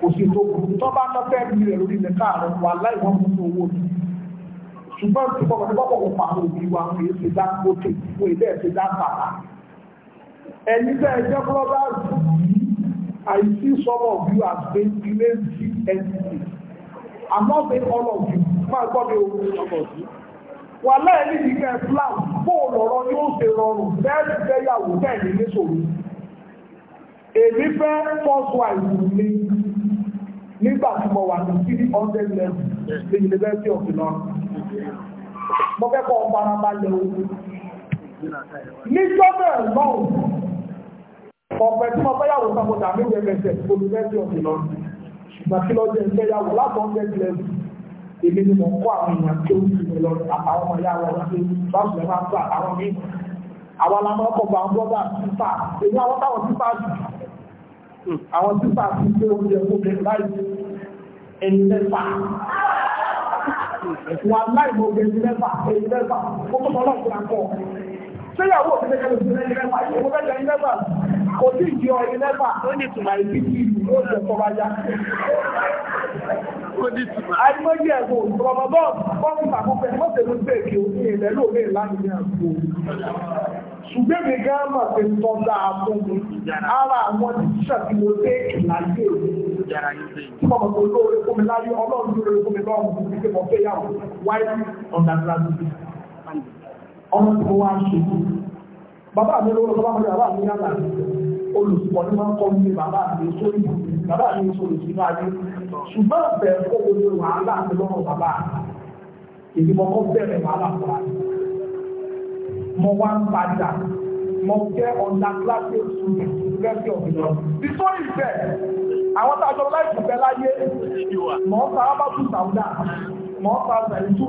Kò sì tó kù tó bá ná fẹ́ bí rẹ̀ lórí ilẹ̀ káàrọ̀ wà láì wọ́n mú owó ni. Ṣùgbọ́n tí bọ́bọ̀ tí bọ́bọ̀ kò òbí wa ń lè ṣe Dangote fún ilé ẹ̀ ṣe dá bàbá. I see some of you as being lazy entities. I'm not saying all of you. My God, mi o, some of you. Wà lẹ́yìn ní ìgbà plan bóòlù ọ̀rọ̀ ni ó ṣe rọrùn bẹ́ẹ̀ni fẹ́yàwó bẹ́ẹ̀ni níṣòro. Èmi fẹ́ first wife mi nígbà tí mo wà ní three hundred level ní University of Ilorin. Mo fẹ́ kọ́ ọ farabalẹ̀ o. Níjọ́ bẹ́ẹ̀ náà ọ̀pẹ tí mo fẹ́ yàwó sọ mo dà mí wẹ̀ mẹsẹ̀ olùfẹ́sì ọ̀sìn lọ ṣùgbọ́n kí lọ́jọ́ ìfẹ́ yàwó látọ̀ ń bẹ́ẹ̀ tilẹ̀ èmi ni mo kọ́ àwọn èèyàn tó ń sinmi lọ àtàwọn ọmọ yàwó láti báṣu lẹ́ máa ń tó àtàwọn míì àwọn alámọ́kọ̀ bá ń bọ́dà sísà èmi àwọn táwọn sísà jù àwọn sísà ti gbé oúnjẹ fún mi láì ẹni mẹ́fà wà láì mo gbé ẹni mẹ́fà ẹni mẹ́fà ó tó mọ́ lọ́ọ̀kì àkọ́ ṣé ìyàwó òfin lẹ́kẹ́ lè fi ẹni mẹ́fà ìṣòwò fẹ́ kò sí ìdí ọ̀rẹ́ mẹ́fà ó ní ìtumọ̀ ìdíjì ó jẹ́ tọba ya. àìmọye ẹ̀gbọ́n rọmọbọ́n fọ́ọ̀mù ìpàkókò ẹ̀mọ́ tẹ̀lé ń bèèrè kí o ní ilẹ̀ lóore láti ní àgbo. ṣùgbọ́n mi gan mọ̀ pé tọ́jà àfọ́nù ara àwọn tíṣà tí mo dé ìlàyé tí mo mọ̀ pé olóore fún mi láyé ọlọ́run lóore fún mi lọ́run tí mo fẹ́ yàwó wáyé ọ̀dà ọmọ tí mo wá ń ṣe bàbá mi lówó lọ́wọ́ mi bàbá mi yàrá olùkọ́ ní wọ́n kọ́ mi bàbá mi sórí bàbá mi sórí sínú ayé ṣùgbọ́n bẹ̀rẹ̀ kó gbogbo wàhálà mi lọ́wọ́ bàbá èyí mo kọ́ bẹ̀rẹ̀ wàhálà fún wa mo wá ń padà mo jẹ́ ọ̀nà kíláàsì oṣù rẹ́sì ọ̀gbìnà bí sórí ìfẹ́ àwọn tá a jọ láì láyé mọ̀ ọ́n ta abájú sàúdà mọ̀ ọ́n ta sàìtúù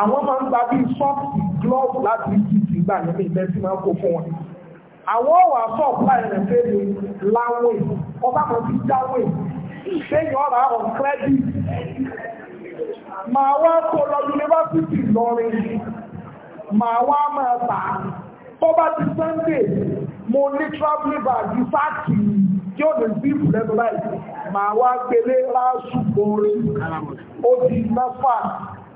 àwọn máa ń gba bí sọ́ọ̀tì glove láti egypt gbà nínú ìbẹ́ tí máa ń kó fún wọn àwọn ọ̀wà sọ́ọ̀pù láì rẹ̀ fẹ́ ni láwìn ọba kan ti dáwìn on credit màá wá kó lọ yunifásitì lọrin màá wá máa tà á tó sunday mo ní travelling bag ju sáàkì tí ó lè bí ìbùdó lẹ́nu láì màá wá gbélé ráṣù borí ó di mẹ́fà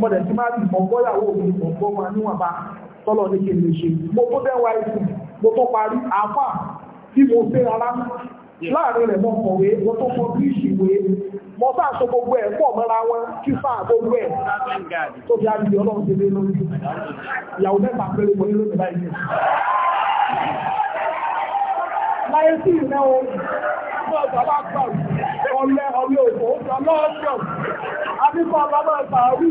mo dẹ̀ ti máa rí ọgbọ́yàwó mi ọgbọ́ máa níwọ̀nba tọ́lọ̀ ní kí n lè ṣe mo tó dẹ́wà ìsìn mo tó parí àfà tí mo fẹ́ rárá láàrin rẹ̀ mọ́ kọ̀wé mo tó fọ́ bí ìṣìwé mo sáà so gbogbo ẹ̀ pọ̀ mọ́ra wọn kí sáà gbogbo ẹ̀ tó fi àbí ọlọ́run ti lé ìyàwó mẹ́ta péré mo ní lónìí láyé sí ìrẹ́ ọlẹ́ ọlẹ́ òkú ọlọ́ọ̀pọ̀ àbíkọ́ ọlọ́mọ ìtàrí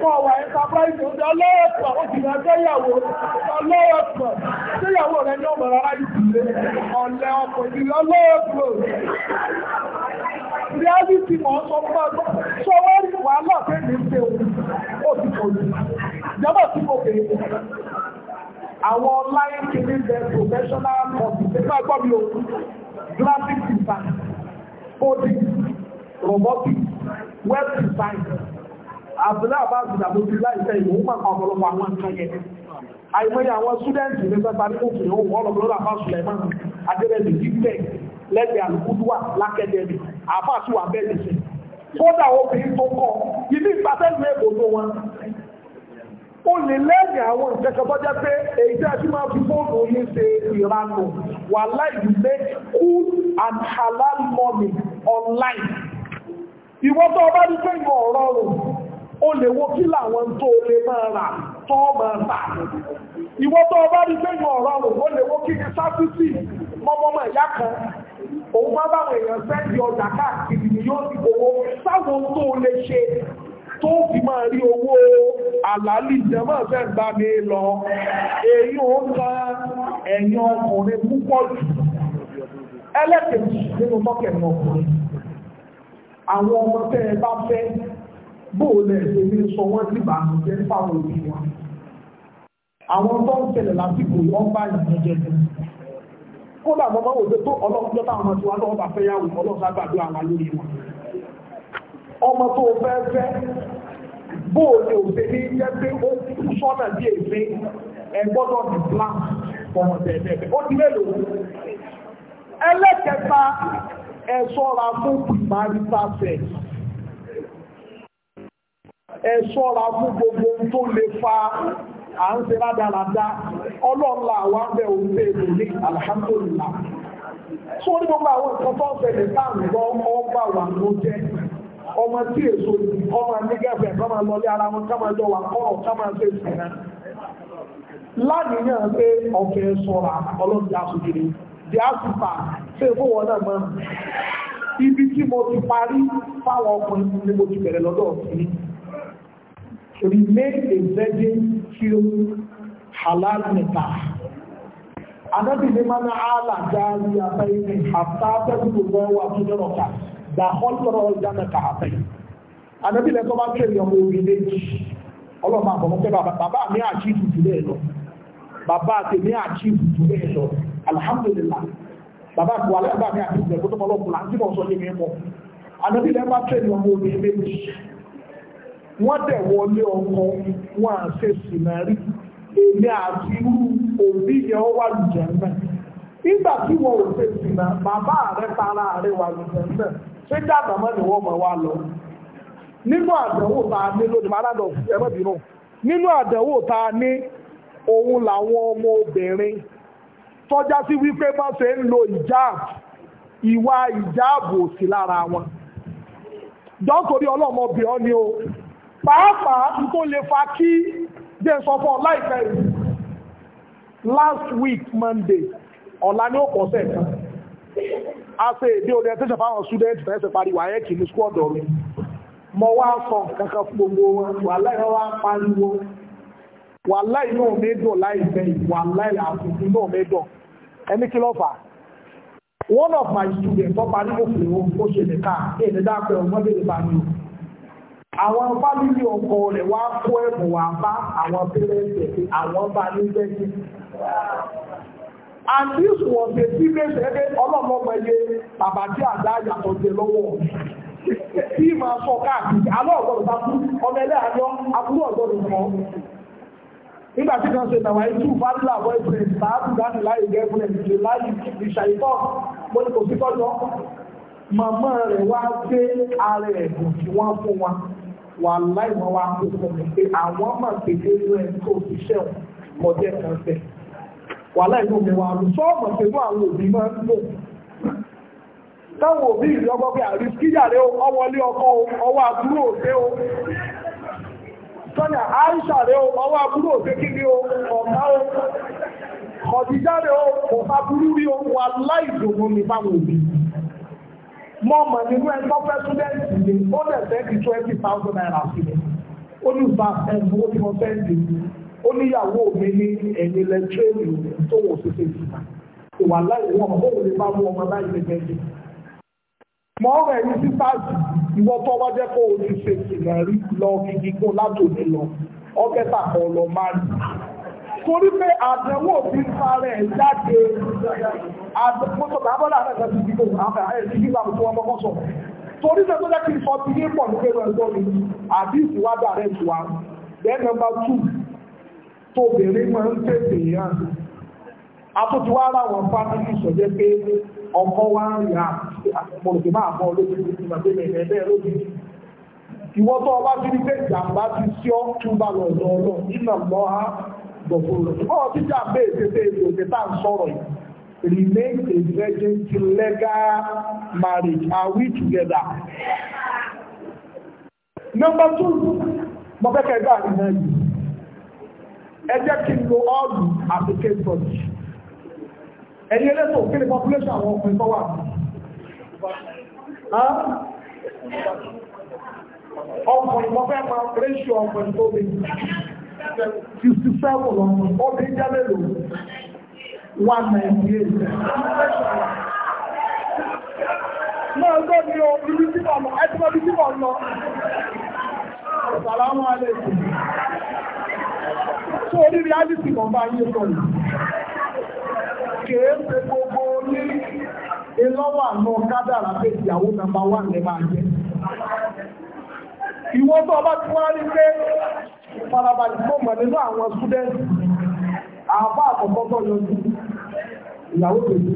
fún ọwà ìtàpáìsì ọlọ́ọ̀pọ̀ òjìnà tẹ́yàwó ọlọ́ọ̀pọ̀ tẹ́yàwó rẹ̀ ní ọmọ rárá ìtìlẹ̀ ọlẹ́ ọkọ̀ ìdílẹ̀ ọlọ́ọ̀pọ̀ reality mọ̀ sọ fún ọgbọ́n sọ wọ́n rí wàhálà pé ní ṣe òun ó ti kọ̀ lù jọba tí mo bèèrè àwọn ọlá ń ké professional courses ẹ máa gbọ́ mi o graphic design coding robotics web design àbúlé àbáàbù ìdàbò ti láìpẹ́ ìwò ó pàpà ọ̀pọ̀lọpọ̀ àwọn nǹkan yẹn àìmọye àwọn students ní sẹ́ta ní kò fìyàn òun ọlọ́pọ̀lọpọ̀ àbá Suleiman adẹ́rẹ́lẹ̀ gígbẹ́ lẹ́gbẹ̀ẹ́ àlùkúdúwà lákẹ́dẹ́rẹ́ àbá àti wà bẹ́ẹ̀ lẹ́sẹ̀ kódà obìnrin tó kọ ilé ìgbàfẹ́ ìlú èkó tó wọn ó lè lẹ́yìn àwọn ìjẹ́kọ̀ eji pé èyí tí a ti máa fi fóònù ṣe ìranù wà pé cool and halal money online ìwọ́n tó ní pé ìwọ̀ ọ̀rọ̀ rò ó lè wo kí làwọn tó lè máa rà tó máa tà ìwọ́n tó ní pé ìwọ̀ ọ̀rọ̀ rò ó lè wo kí mọ́mọ́mọ́ kan òun bá báwọn èèyàn sẹ́ńdì ọjà káàkiri ni yóò ti gbowó sáwọn tó fi máa rí owó àlàálì jẹmọ́ fẹ́ gbá mi lọ èyí ó ká ẹ̀yàn ọkùnrin púpọ̀ jù ẹlẹ́kẹ̀ẹ́jì nínú mọ́kẹ̀ẹ́ ọkùnrin àwọn ọmọ tẹ́ ẹ bá fẹ́ bóòlẹ̀ èmi sọ wọ́n sí ìbànújẹ́ fáwọn òbí wọn àwọn tó ń ṣẹlẹ̀ lásìkò wọn bá ìdíjẹ́ jẹ́ kódà mọ́mọ́ òde tó ọlọ́run tó táwọn ọmọ tí wọn lọ́wọ́ bá fẹ́ yàwó ọlọ́run sábàdúrà wọn lórí wọn ọmọ tó fẹ́ fẹ́ bóòlù òṣèlú jẹ́ pé ó kú sọ́nà bí èsì ẹ gbọ́dọ̀ ní plan fọmọ tẹ̀lé ó ti mélòó ẹlẹ́kẹta ẹ ṣọ́ra fún marital sex ẹ ṣọ́ra fún gbogbo tó lè fa à ń ṣe rádaràda ọlọ́ọ̀la àwọn abẹ́ òun èlò ní alhamdulillah sórí gbogbo àwọn nǹkan tó ń ṣẹlẹ̀ sáà ń gbọ́ ọgbà wà ló jẹ́ ọmọ tí èso yìí ọmọ nígẹ̀fẹ̀ kọ́ máa lọlé ara wọn ká máa jọ wà kọ́rọ̀ ká máa ṣe ìsìnà láníyàn pé ọ̀fẹ́ sọ̀rọ̀ ọlọ́dún aṣojúre di àṣùpà ṣe fún wọn náà máa ibi tí mo ti parí fáwọn ọkùnrin ni mo ti bẹ̀rẹ̀ lọ́dọ̀ sí remain a virgin till halal nìta anábìnrin máa ń hálà jáde àtẹ́yìn àtàtẹ́kùn lọ́wọ́ àtúndọ̀rọ̀ káàkiri dà ọlọ́rọ̀ ìdáná kàáfẹ́ anábì lẹ́tọ́ bá tẹ̀lé ọmọ orí méjì ọlọ́mọ àbọ̀mọ́ pé bàbá mi àti ìtùtù baba, bàbá tèmi àti ìtùtù bẹ́ẹ̀ lọ alhamdulillah bàbá àti wàlẹ́ bàbá mi àti ìtùtù mi wọ́n wọlé ọkọ wọn à ṣe èmi àti irú òbí yẹn wà lùjẹ̀ nígbà tí ò ṣe bàbá rẹ̀ tara rẹ̀ wà lùjẹ̀ ṣé jàdàmọ́ ni wọ́n mọ̀ wá lọ nínú àdánwò tá a ní lónìí aládọ̀ ẹ̀mọ́ bínú nínú àdánwò tá a ní òun làwọn ọmọ obìnrin tọ́já sí wípé bá ṣe ń lo ìjáàbù ìwà ìjáàbù òsì lára wọn dọ́kòrí ọlọ́mọbì ọ́ ni o pàápàá tó lè fa kí jẹ́ sọ fún ọ láìpẹ́ yìí last week Monday ọ̀la ni ó kọ́ sẹ́ẹ̀kan a ṣe èdè orientation fáwọn student fẹ́sẹ̀ parí wáyé kì ní school ọ̀dọ̀ mi mo wá sọ kankan fún gbogbo wọn wàláì wọn wá pariwo wàláì náà mi dùn láìpẹ́ wàláì àkùnkùn náà mi dùn ẹni kí ló fà one of my students tó parí òfin òun ó ṣe lè ká èdè dápẹ́ ọgbọ́n lè bá mi àwọn fámìlì ọkọ rẹ̀ wá kó ẹ̀bùn wá bá àwọn pẹ́rẹ́ǹtì àwọn bá nígbẹ́sí and this was a serious ẹgbẹ́ ọlọ́mọgbẹ̀yẹ bàbá tí àdá yàtọ̀ jẹ lọ́wọ́ tí máa sọ káàkiri alọ́ ọ̀gbọ̀dọ̀ takú ọmọ ẹlẹ́ àjọ abúlé ọ̀gbọ̀dọ̀ mọ́ nígbà tí kan ṣe tàwa ìtú fábílà boyfriend tààtù dání láyé girlfriend ṣe láyé ìṣàyíkọ́ mo ní kò sí tọ́jọ́ màmá rẹ̀ wá gbé ara ẹ̀bùn tí wọ́n fún wa wà láì wọ́n wá kó fún mi pé àwọn máa tètè lọ ẹ̀ tó ṣiṣẹ́ wọn kọjá kan sẹ́yìn wà láìlú mi wà lù sọ́ọ̀mọ̀ pẹ̀lú àwọn òbí máa ń lò táwọn òbí ìlú ọgbọ́ pé àrí kíyàrẹ́ ọwọ́lé ọkọ ọwọ́ àbúrò òfé o sọ́nà àìṣàrẹ́ ọwọ́ àbúrò òfé kí ni ọ̀tá o kọ̀díjáre kò fàbúrú rí o wà láìdòmó ní báwọn òbí mọ́ mọ̀ nínú ẹgbọ́ pẹ́sídẹ́ǹtì ni ó dẹ̀ fẹ́ di twenty thousand naira sílẹ̀ ó ní ìgbà ẹ̀bùn ó ti mọ fẹ́ǹdì ó níyàwó mi ní ẹ̀yìn lẹ́tírẹ́lì tó wọ́n ṣe ṣe ìsìnkà ìwà láì wọ́n ọmọ òun lè bá mú ọmọ láì lè bẹ́ẹ̀ dé. mọ ọ̀rọ̀ ẹ̀yin sísáàsì ìwọ tó wá jẹ́ kó o ti ṣe ìsìnkà rí lọ gidi gún látòní lọ ọgẹ́ta kan lọ máa rí. torí pé àdánwò ti ń parẹ́ jáde àdánwò tábọ́lá àtàkà ti dìbò àwọn ẹ̀sìn ìgbà tó wọn mọ́kọ́ sọ torí pé tó jẹ́ kí n sọ ti yé pọ̀ nígbà ẹ̀gbọ́n mi àdìsí wá dàrẹ́ tiwa. Then number two, tóbìnrin máa ń tètè hàn àtúntí wá láwọn fámìlì sọ̀jẹ́ pé ọkọ wa ń rìn àpòlùkì ah, ah, máa bọ́ lójijì ti ha remain a virgin to legal marriage are we together. number two ẹ jẹ́ kí n lo ọ́ọ̀lù àti case study ẹ̀yin elétò kí ni population àwọn ọkùnrin tó wà ọkùnrin tó fẹ́ máa ratio ọkùnrin tó bí 67 lọ́nà obìnrin jẹ́ mélòó 198 náà gbọ́ ní o ibi tí wọ́n lọ ẹtí wọ́n bí tí wọ́n lọ Sàlámù àlejò. orí reality kan bá yé sọ yìí. Kèé ṣe gbogbo ní ìlọ́wọ́ àná kádàrà pé ìyàwó nàmbà wà ní máa jẹ. Ìwọ́n tó ọba ti wá rí pé tó mọ̀ nínú àwọn súdẹ́ǹtì àbá àkọ́kọ́ tó ìyàwó kejì.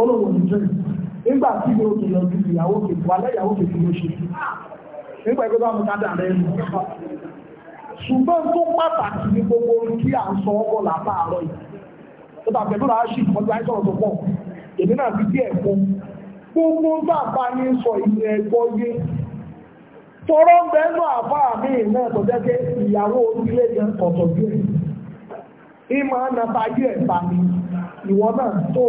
Olóòwò ìjọ tí nígbà ẹgbẹ́ bá mú kádà rẹ̀ nù ṣùgbọ́n tó pàtàkì ní gbogbo kí à ń sọ ọkọ̀ látàárọ̀ yìí tó tàbí ẹ̀dùn náà ṣì ọjọ́ àìsọ̀rọ̀ tó pọ̀ èmi náà fi bí ẹ̀kọ́ gbogbo bàbá ní sọ ìyẹn ẹ̀kọ́ yé tọrọ ń bẹ nù àbá mi náà tó jẹ́ ìyàwó ilé yẹn kọ̀tọ̀ bí ẹ̀ ìmọ̀ nàbà yí ẹ̀ bá mi ìwọ náà tó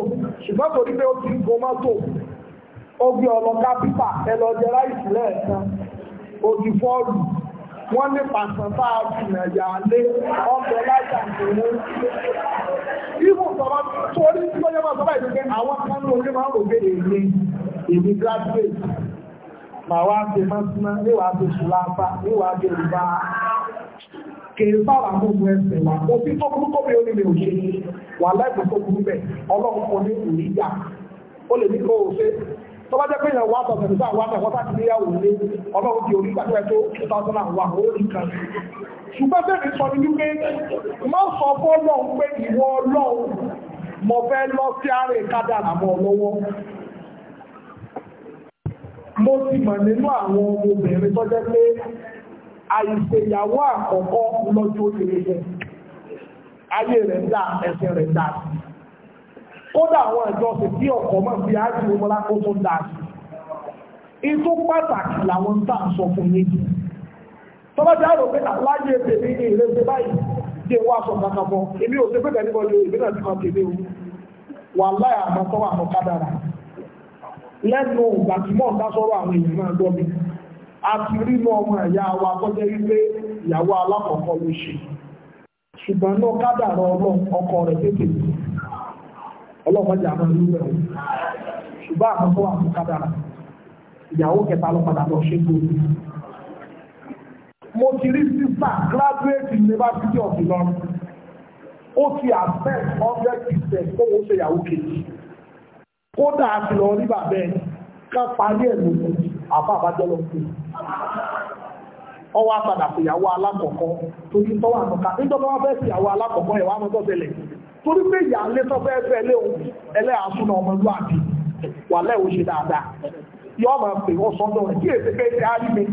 ṣùgbọ́n torí pé ó ti gbọmọ́tò ó gbé ọlọ́ká pípà ẹ ó ti fọ́ọ̀lù wọ́n ní pàṣán bá fìnà yà lé ọ̀pọ̀ lájà ìwé ibù sọ̀rọ̀ torí tí wọ́n yẹ máa sọ́bà ìdíkẹ́ àwọn kan ló lé máa ń rògbé èmi èmi graduate màá wá ṣe mọ́sánná níwàá ṣe ṣùlápá níwàá ṣe rúbá kìí sára mú mú ẹsẹ̀ wa òbí tó burú kọ́ mi ó ní mi ò ṣe wà láìpẹ́ tó burú bẹ́ẹ̀ ọlọ́run kò ní ìyá ó lè ní kó o ṣe tó bá jẹ́ pé ìyẹn wà tọ̀sẹ̀ nígbà wà náà wọ́n sáà ti yàwó lé ọlọ́run ti orí gbàgbé tó 2001 ó rí kan ṣùgbọ́n bẹ́ẹ̀ sọ ní wípé má sọ fún ọlọ́run pé ìwọ ọlọ́run mo fẹ́ lọ sí àárẹ̀ kádàrà mọ́ lọ́wọ́ mo ti mọ̀ nínú àwọn obìnrin tó jẹ́ pé àìṣèyàwó àkọ́kọ́ lọ́jọ́ òṣèré jẹ́ ayé rẹ̀ dá ẹsẹ̀ rẹ̀ dá sí kódà àwọn ìjọsìn tí ọkọ̀ máa fi ájú ọmọlá kó tó dà sí ìtú pàtàkì làwọn ń tà ń sọ fún yín tọ́lájà rò pé aláyé ah, ní ìrẹsẹ̀ báyìí dé wá aṣọ kankan èmi ò ṣe níbo náà ti kan tèmi o wà láì àmọ́ tọ́wọ́ àmọ́ kádàrà lẹ́nu ìgbà tí mò ń àwọn èèyàn náà gbọ́ a ti rí inú ọmọ ẹ̀yà wa kọjá wípé ìyàwó ọlọ́mọdé àwọn ìlú rẹ̀ o ṣùgbọ́n àwọn tó wà fún kádàrà ìyàwó kẹta lọ padà lọ ṣe gbòòrò mo ti rí sísà graduate university of Ìlọrin ó ti accept hundred percent owó ṣe ìyàwó kejì kódà a ti lọ rí bàbá ẹ ká parí ẹ̀ lóko àbá àbájọ lọ sí ọwọ́ àpàdà fìyàwó alákọ̀ọ́kọ́ torí tọ́wọ́ àtọ́ka nítorí wọ́n fẹ́ fìyàwó alákọ̀ọ́kọ́ ẹ̀ wá mọ́tọ́ tẹ́lẹ̀ torí pé ìyá ńlẹ́ tó fẹ́ fẹ́ lé òun ẹlẹ́ àsúná ọmọlúwàbí wà lẹ́ òun ṣe dáadáa yọ ọmọ pé wọ́n sọ́dọ̀ rẹ̀ kí èsì pé ṣe á rí mi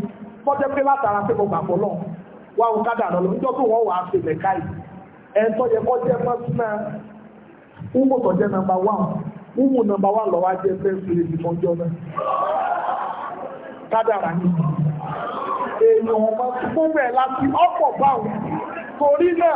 fọ́jẹ́ pé látara pé mo gbàgbọ́ náà wá òun ká dànù lọ níjọ́ tó wọ́n wà á ṣe mẹ́ka yìí ẹn tó yẹ kọ́ jẹ́ mọ́sínà umu tó jẹ́ nàmbà wán umu nàmbà wán lọ́wọ́ jẹ́ fẹ́ẹ́sì rẹ̀ ìfọ́njọ́ náà kádàrà ni èèyàn ọmọ fún láti ọ̀pọ̀ báwọn torí náà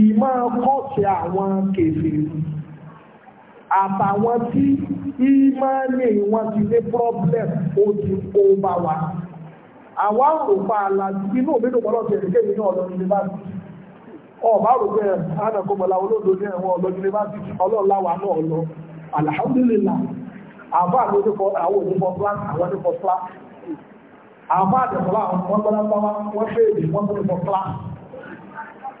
ìmọ̀ kọ́ọ̀sì àwọn kèfèrè àtàwọn tí ìmọ̀ ní wọn ti ní problem ó ti kó bá wa àwa rò pa àlàjì inú òmìnira ọlọ́sẹ̀ ẹ̀dẹ́gbẹ̀rún náà lọ yunifásitì ọba rò pé ànàkọ́mọ̀lá olóòdó ní ẹ̀wọ̀n ọlọ́ yunifásitì ọlọ́ọ̀láwà náà lọ alhamdulillah àbá àlójúkọ àwọn òjúkọ plan àwọn òjúkọ plan àbá àdẹ̀kọ́lá àwọn ọmọ ọgbọ́n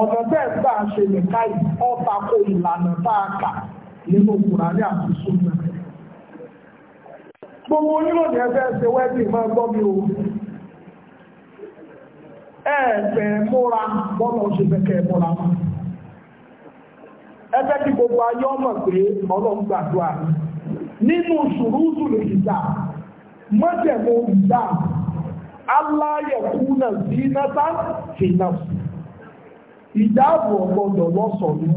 ọ̀dọ̀dọ̀ bẹ́ẹ̀ gbà ṣe nìka ìlànà tá nínú Kùránì àti Súnà. Gbogbo oníròyìn ẹgbẹ́ ṣe wẹ́ẹ̀dì máa gbọ́ mi o. Ẹ múra bọ́lá oṣù fẹ́kẹ́ múra mọ́. gbogbo ayé ọmọ pé nínú lè aláyẹ̀kú náà ìjáàbù ọ̀gbọ́dọ̀ lọ́sọ̀ọ́nù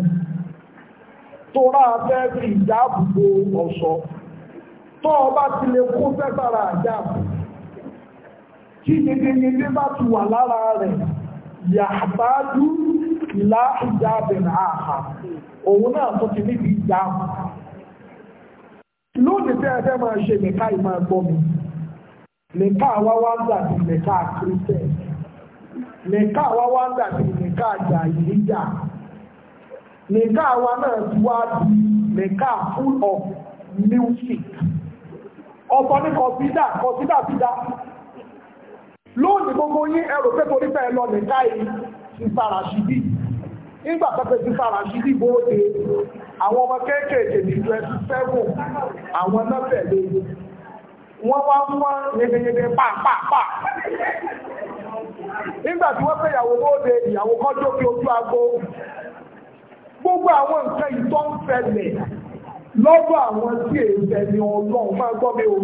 torá fẹ́ fi ìjáàbù bo ọ̀ṣọ́ tó o bá ti lè kó sẹ́sára àjáàbù kí nìdíní ní bá ti wà lára rẹ̀ yàtàájú ìlà ìjáàbù àhà òun náà tó ti níbi ìjáàbù lónìí tẹ́ ẹ fẹ́ máa ṣe nìka ìmọ̀ nìka àwa wá ń dàbí nìka àjà ìlíjà nìka àwa náà ti wá bí nìka full of music ọ̀pọ̀ ní kọ̀sídà kọ̀sídà sídà lónìí gbogbo yín ẹrù pé torí fẹ́ lọ nìka yìí ti sára ṣíbí nígbà pẹ́pẹ́ ti sára ṣíbí bóde àwọn ọmọ kéékèèké ní twenty seven àwọn náà tẹ̀lé wọ́n wá ń wọ́n yẹgẹyẹgẹ pàápàá nígbà tí wọ́n fẹ́ ìyàwó lóde ìyàwó kan jókè ojú ago gbogbo àwọn nǹkan ìtọ́ ń fẹlẹ̀ lọ́dọ̀ àwọn tí èèfẹ́ ni ọlọ́run máa gbọ́ mi ò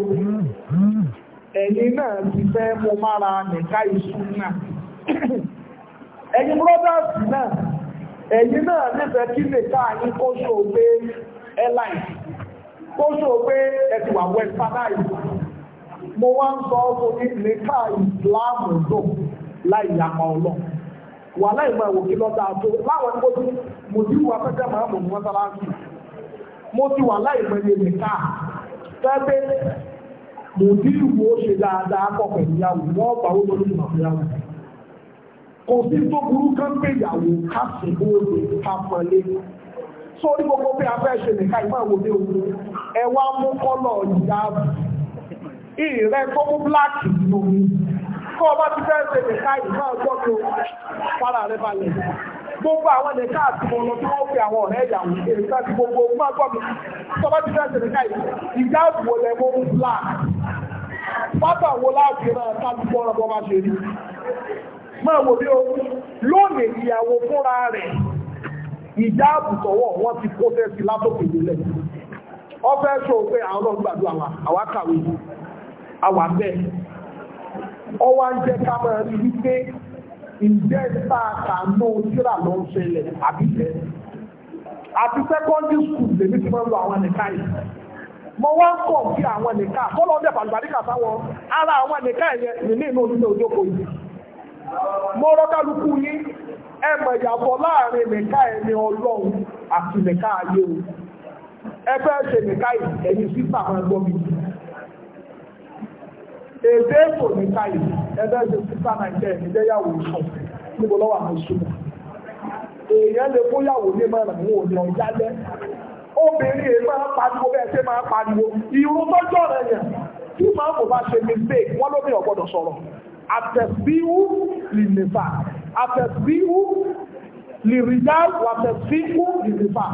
ẹ̀yin náà ti fẹ́ mo mára nìka iṣu náà ẹ̀yin brothers náà ẹ̀yin náà nífẹ̀ẹ́ kí nìka yín kó ṣògbé airline kó ṣògbé ẹ̀tùwà west panay mo wá ń sọ ọ́ fún mi nìka ìsìlámù dùn láì yapa ọlọ́run wà láì máa wò kí lọ́dà tó láwọn ẹgbẹ́ tó mo ti wà pẹ́pẹ́ máa mọ̀ wọ́n sára sí mo ti wà láì mọ iye nìka pẹ́pẹ́ mo ti wò ó ṣe dáadáa kọ pẹ̀lú ìyàwó wọ́n gbà ó lórí ìmọ̀ ìyàwó kò sí tó burú kán pé ìyàwó ká sì bóde ká pọnlé sórí gbogbo pé a fẹ́ ṣe nìka ìmọ̀ àwọn òde òun ẹ wá mú kọ́lọ̀ ìyá ìrẹ́ tó mú bíláàkì nínú kọ́ ọba ti fẹ́ ṣe lè ká ìgbà ọjọ́ tó fara rẹ balẹ̀ gbogbo àwọn lè ká àti mo lọ tí wọ́n fi àwọn ọ̀rẹ́ ìyàwó èrè ká ti gbogbo máa gbọ́ mi tọ́ba ti fẹ́ ṣe lè ká ìgbà àbúwò lẹ̀ mọ́ fúlà pátá wo láti rán ká ti gbọ́ ọ̀rọ̀ bọ́ba ṣe rí máa wò bí o lónìí ìyàwó fúnra rẹ̀ ìjà àbùtọ̀wọ̀ wọ́n ti kó fẹ́ sí látòkè nílẹ̀ ọ fẹ́ sọ pé àwọn ọlọ́gbàdo àwa kàwé àwa bẹ́ẹ̀ ọ wá ń wípé ǹjẹ́ ìta àkànó síra ló ń ṣẹlẹ̀ àbí àti secondary school lèmi ti máa ń lo àwọn nìka yìí mo wá ń kọ̀ sí àwọn ọdẹ ara àwọn nìka yẹn nílé inú onílé ojókòó yìí mo rọ yín ẹ mọ̀ láàrin ẹni ọlọ́run àti ayé o ẹ fẹ́ ṣe nìka yìí ẹ̀yin sísà máa gbọ́ èdè èkó ní káyì ẹgbẹ́ ṣe sísá nàìjíríà ìdẹ́yàwó sọ níbo lọ́wọ́ àwọn ìṣúná èèyàn o kóyàwó ní mọ̀ràn wọn ò ní ọjà lẹ́ obìnrin èyí máa pariwo bẹ́ẹ̀ ṣe máa pariwo irú tọ́jọ́ rẹ̀ yẹn tí máa kò bá ṣe mistake wọ́n ló ní ọ̀gbọ́dọ̀ sọ̀rọ̀ àtẹ̀síwú lè nìfà àtẹ̀síwú lè rí dá àtẹ̀síwú lè nìfà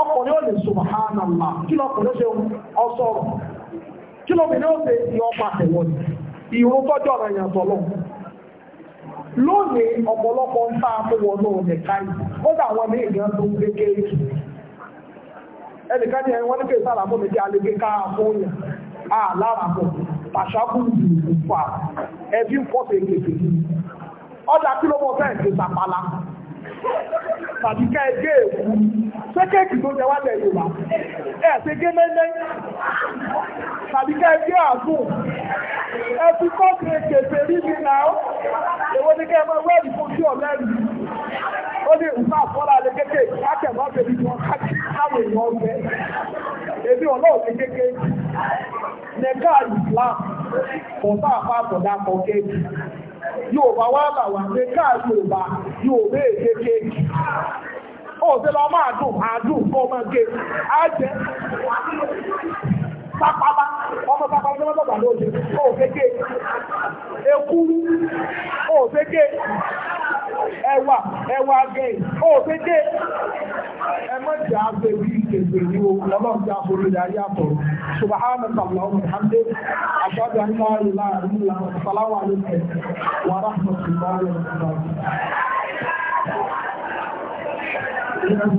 ọkùnrin ò lè sùn hánàlá kí lọkùnrin ṣe ọsọ̀rọ̀ kí na ó ṣe ìyọ́ pàṣẹ tọ́jú ọ̀rọ̀ èèyàn sọ̀lọ́ lónìí ọ̀pọ̀lọpọ̀ ń bá amúwọ̀ náà nìka ó dà wọn ní ìgbà tó ń gbé kéèkì ẹnìkan ní ẹni wọ́n ní ká pàṣákù ẹbí ń pọ̀ sí ọjà kí ló tàbí ká ẹgbẹ́ èkú ṣẹ́kẹ́ẹ̀kì tó jẹ wálẹ̀ yorùbá ẹ̀ ṣe gé mẹ́lẹ́ tàbí ká ẹgbẹ́ àgùn ẹ fi kọ́ọ̀kì kèfè rí mi náà èwo ni kẹ́ ẹ máa wẹ́ẹ̀rì fún sí ọ̀lẹ́rì ó ní ìfún àfọ́lá lè kéèké látẹ̀mọ́ bèbí wọn káwé wọn gbẹ èmi ọlọ́ọ̀lẹ́ kéèké nẹ̀ká ìsìlá kọ̀ọ̀tà àpapọ̀ dà kọ̀ọ̀kẹ́ yóò bá wá bà wá pé káà yóò bá yóò bẹ́ èdè kéèkì ó ṣe lọ máa dùn àdùn kọ́ máa gé á jẹ́ sápábá ọmọ sápá ọmọ wọn lọ́gbà òfékè ekuru òfékè ẹwà ẹwà gẹ̀ òfékè ẹmọ́jà abẹ́bí ìgbègbè ní àbúrò yàrá àbọ̀ subahana sàlọ́ ọmọ ìhàndé àjọjọ ńlá ìlà ìlà sàláwà lókè wàrà àmọ̀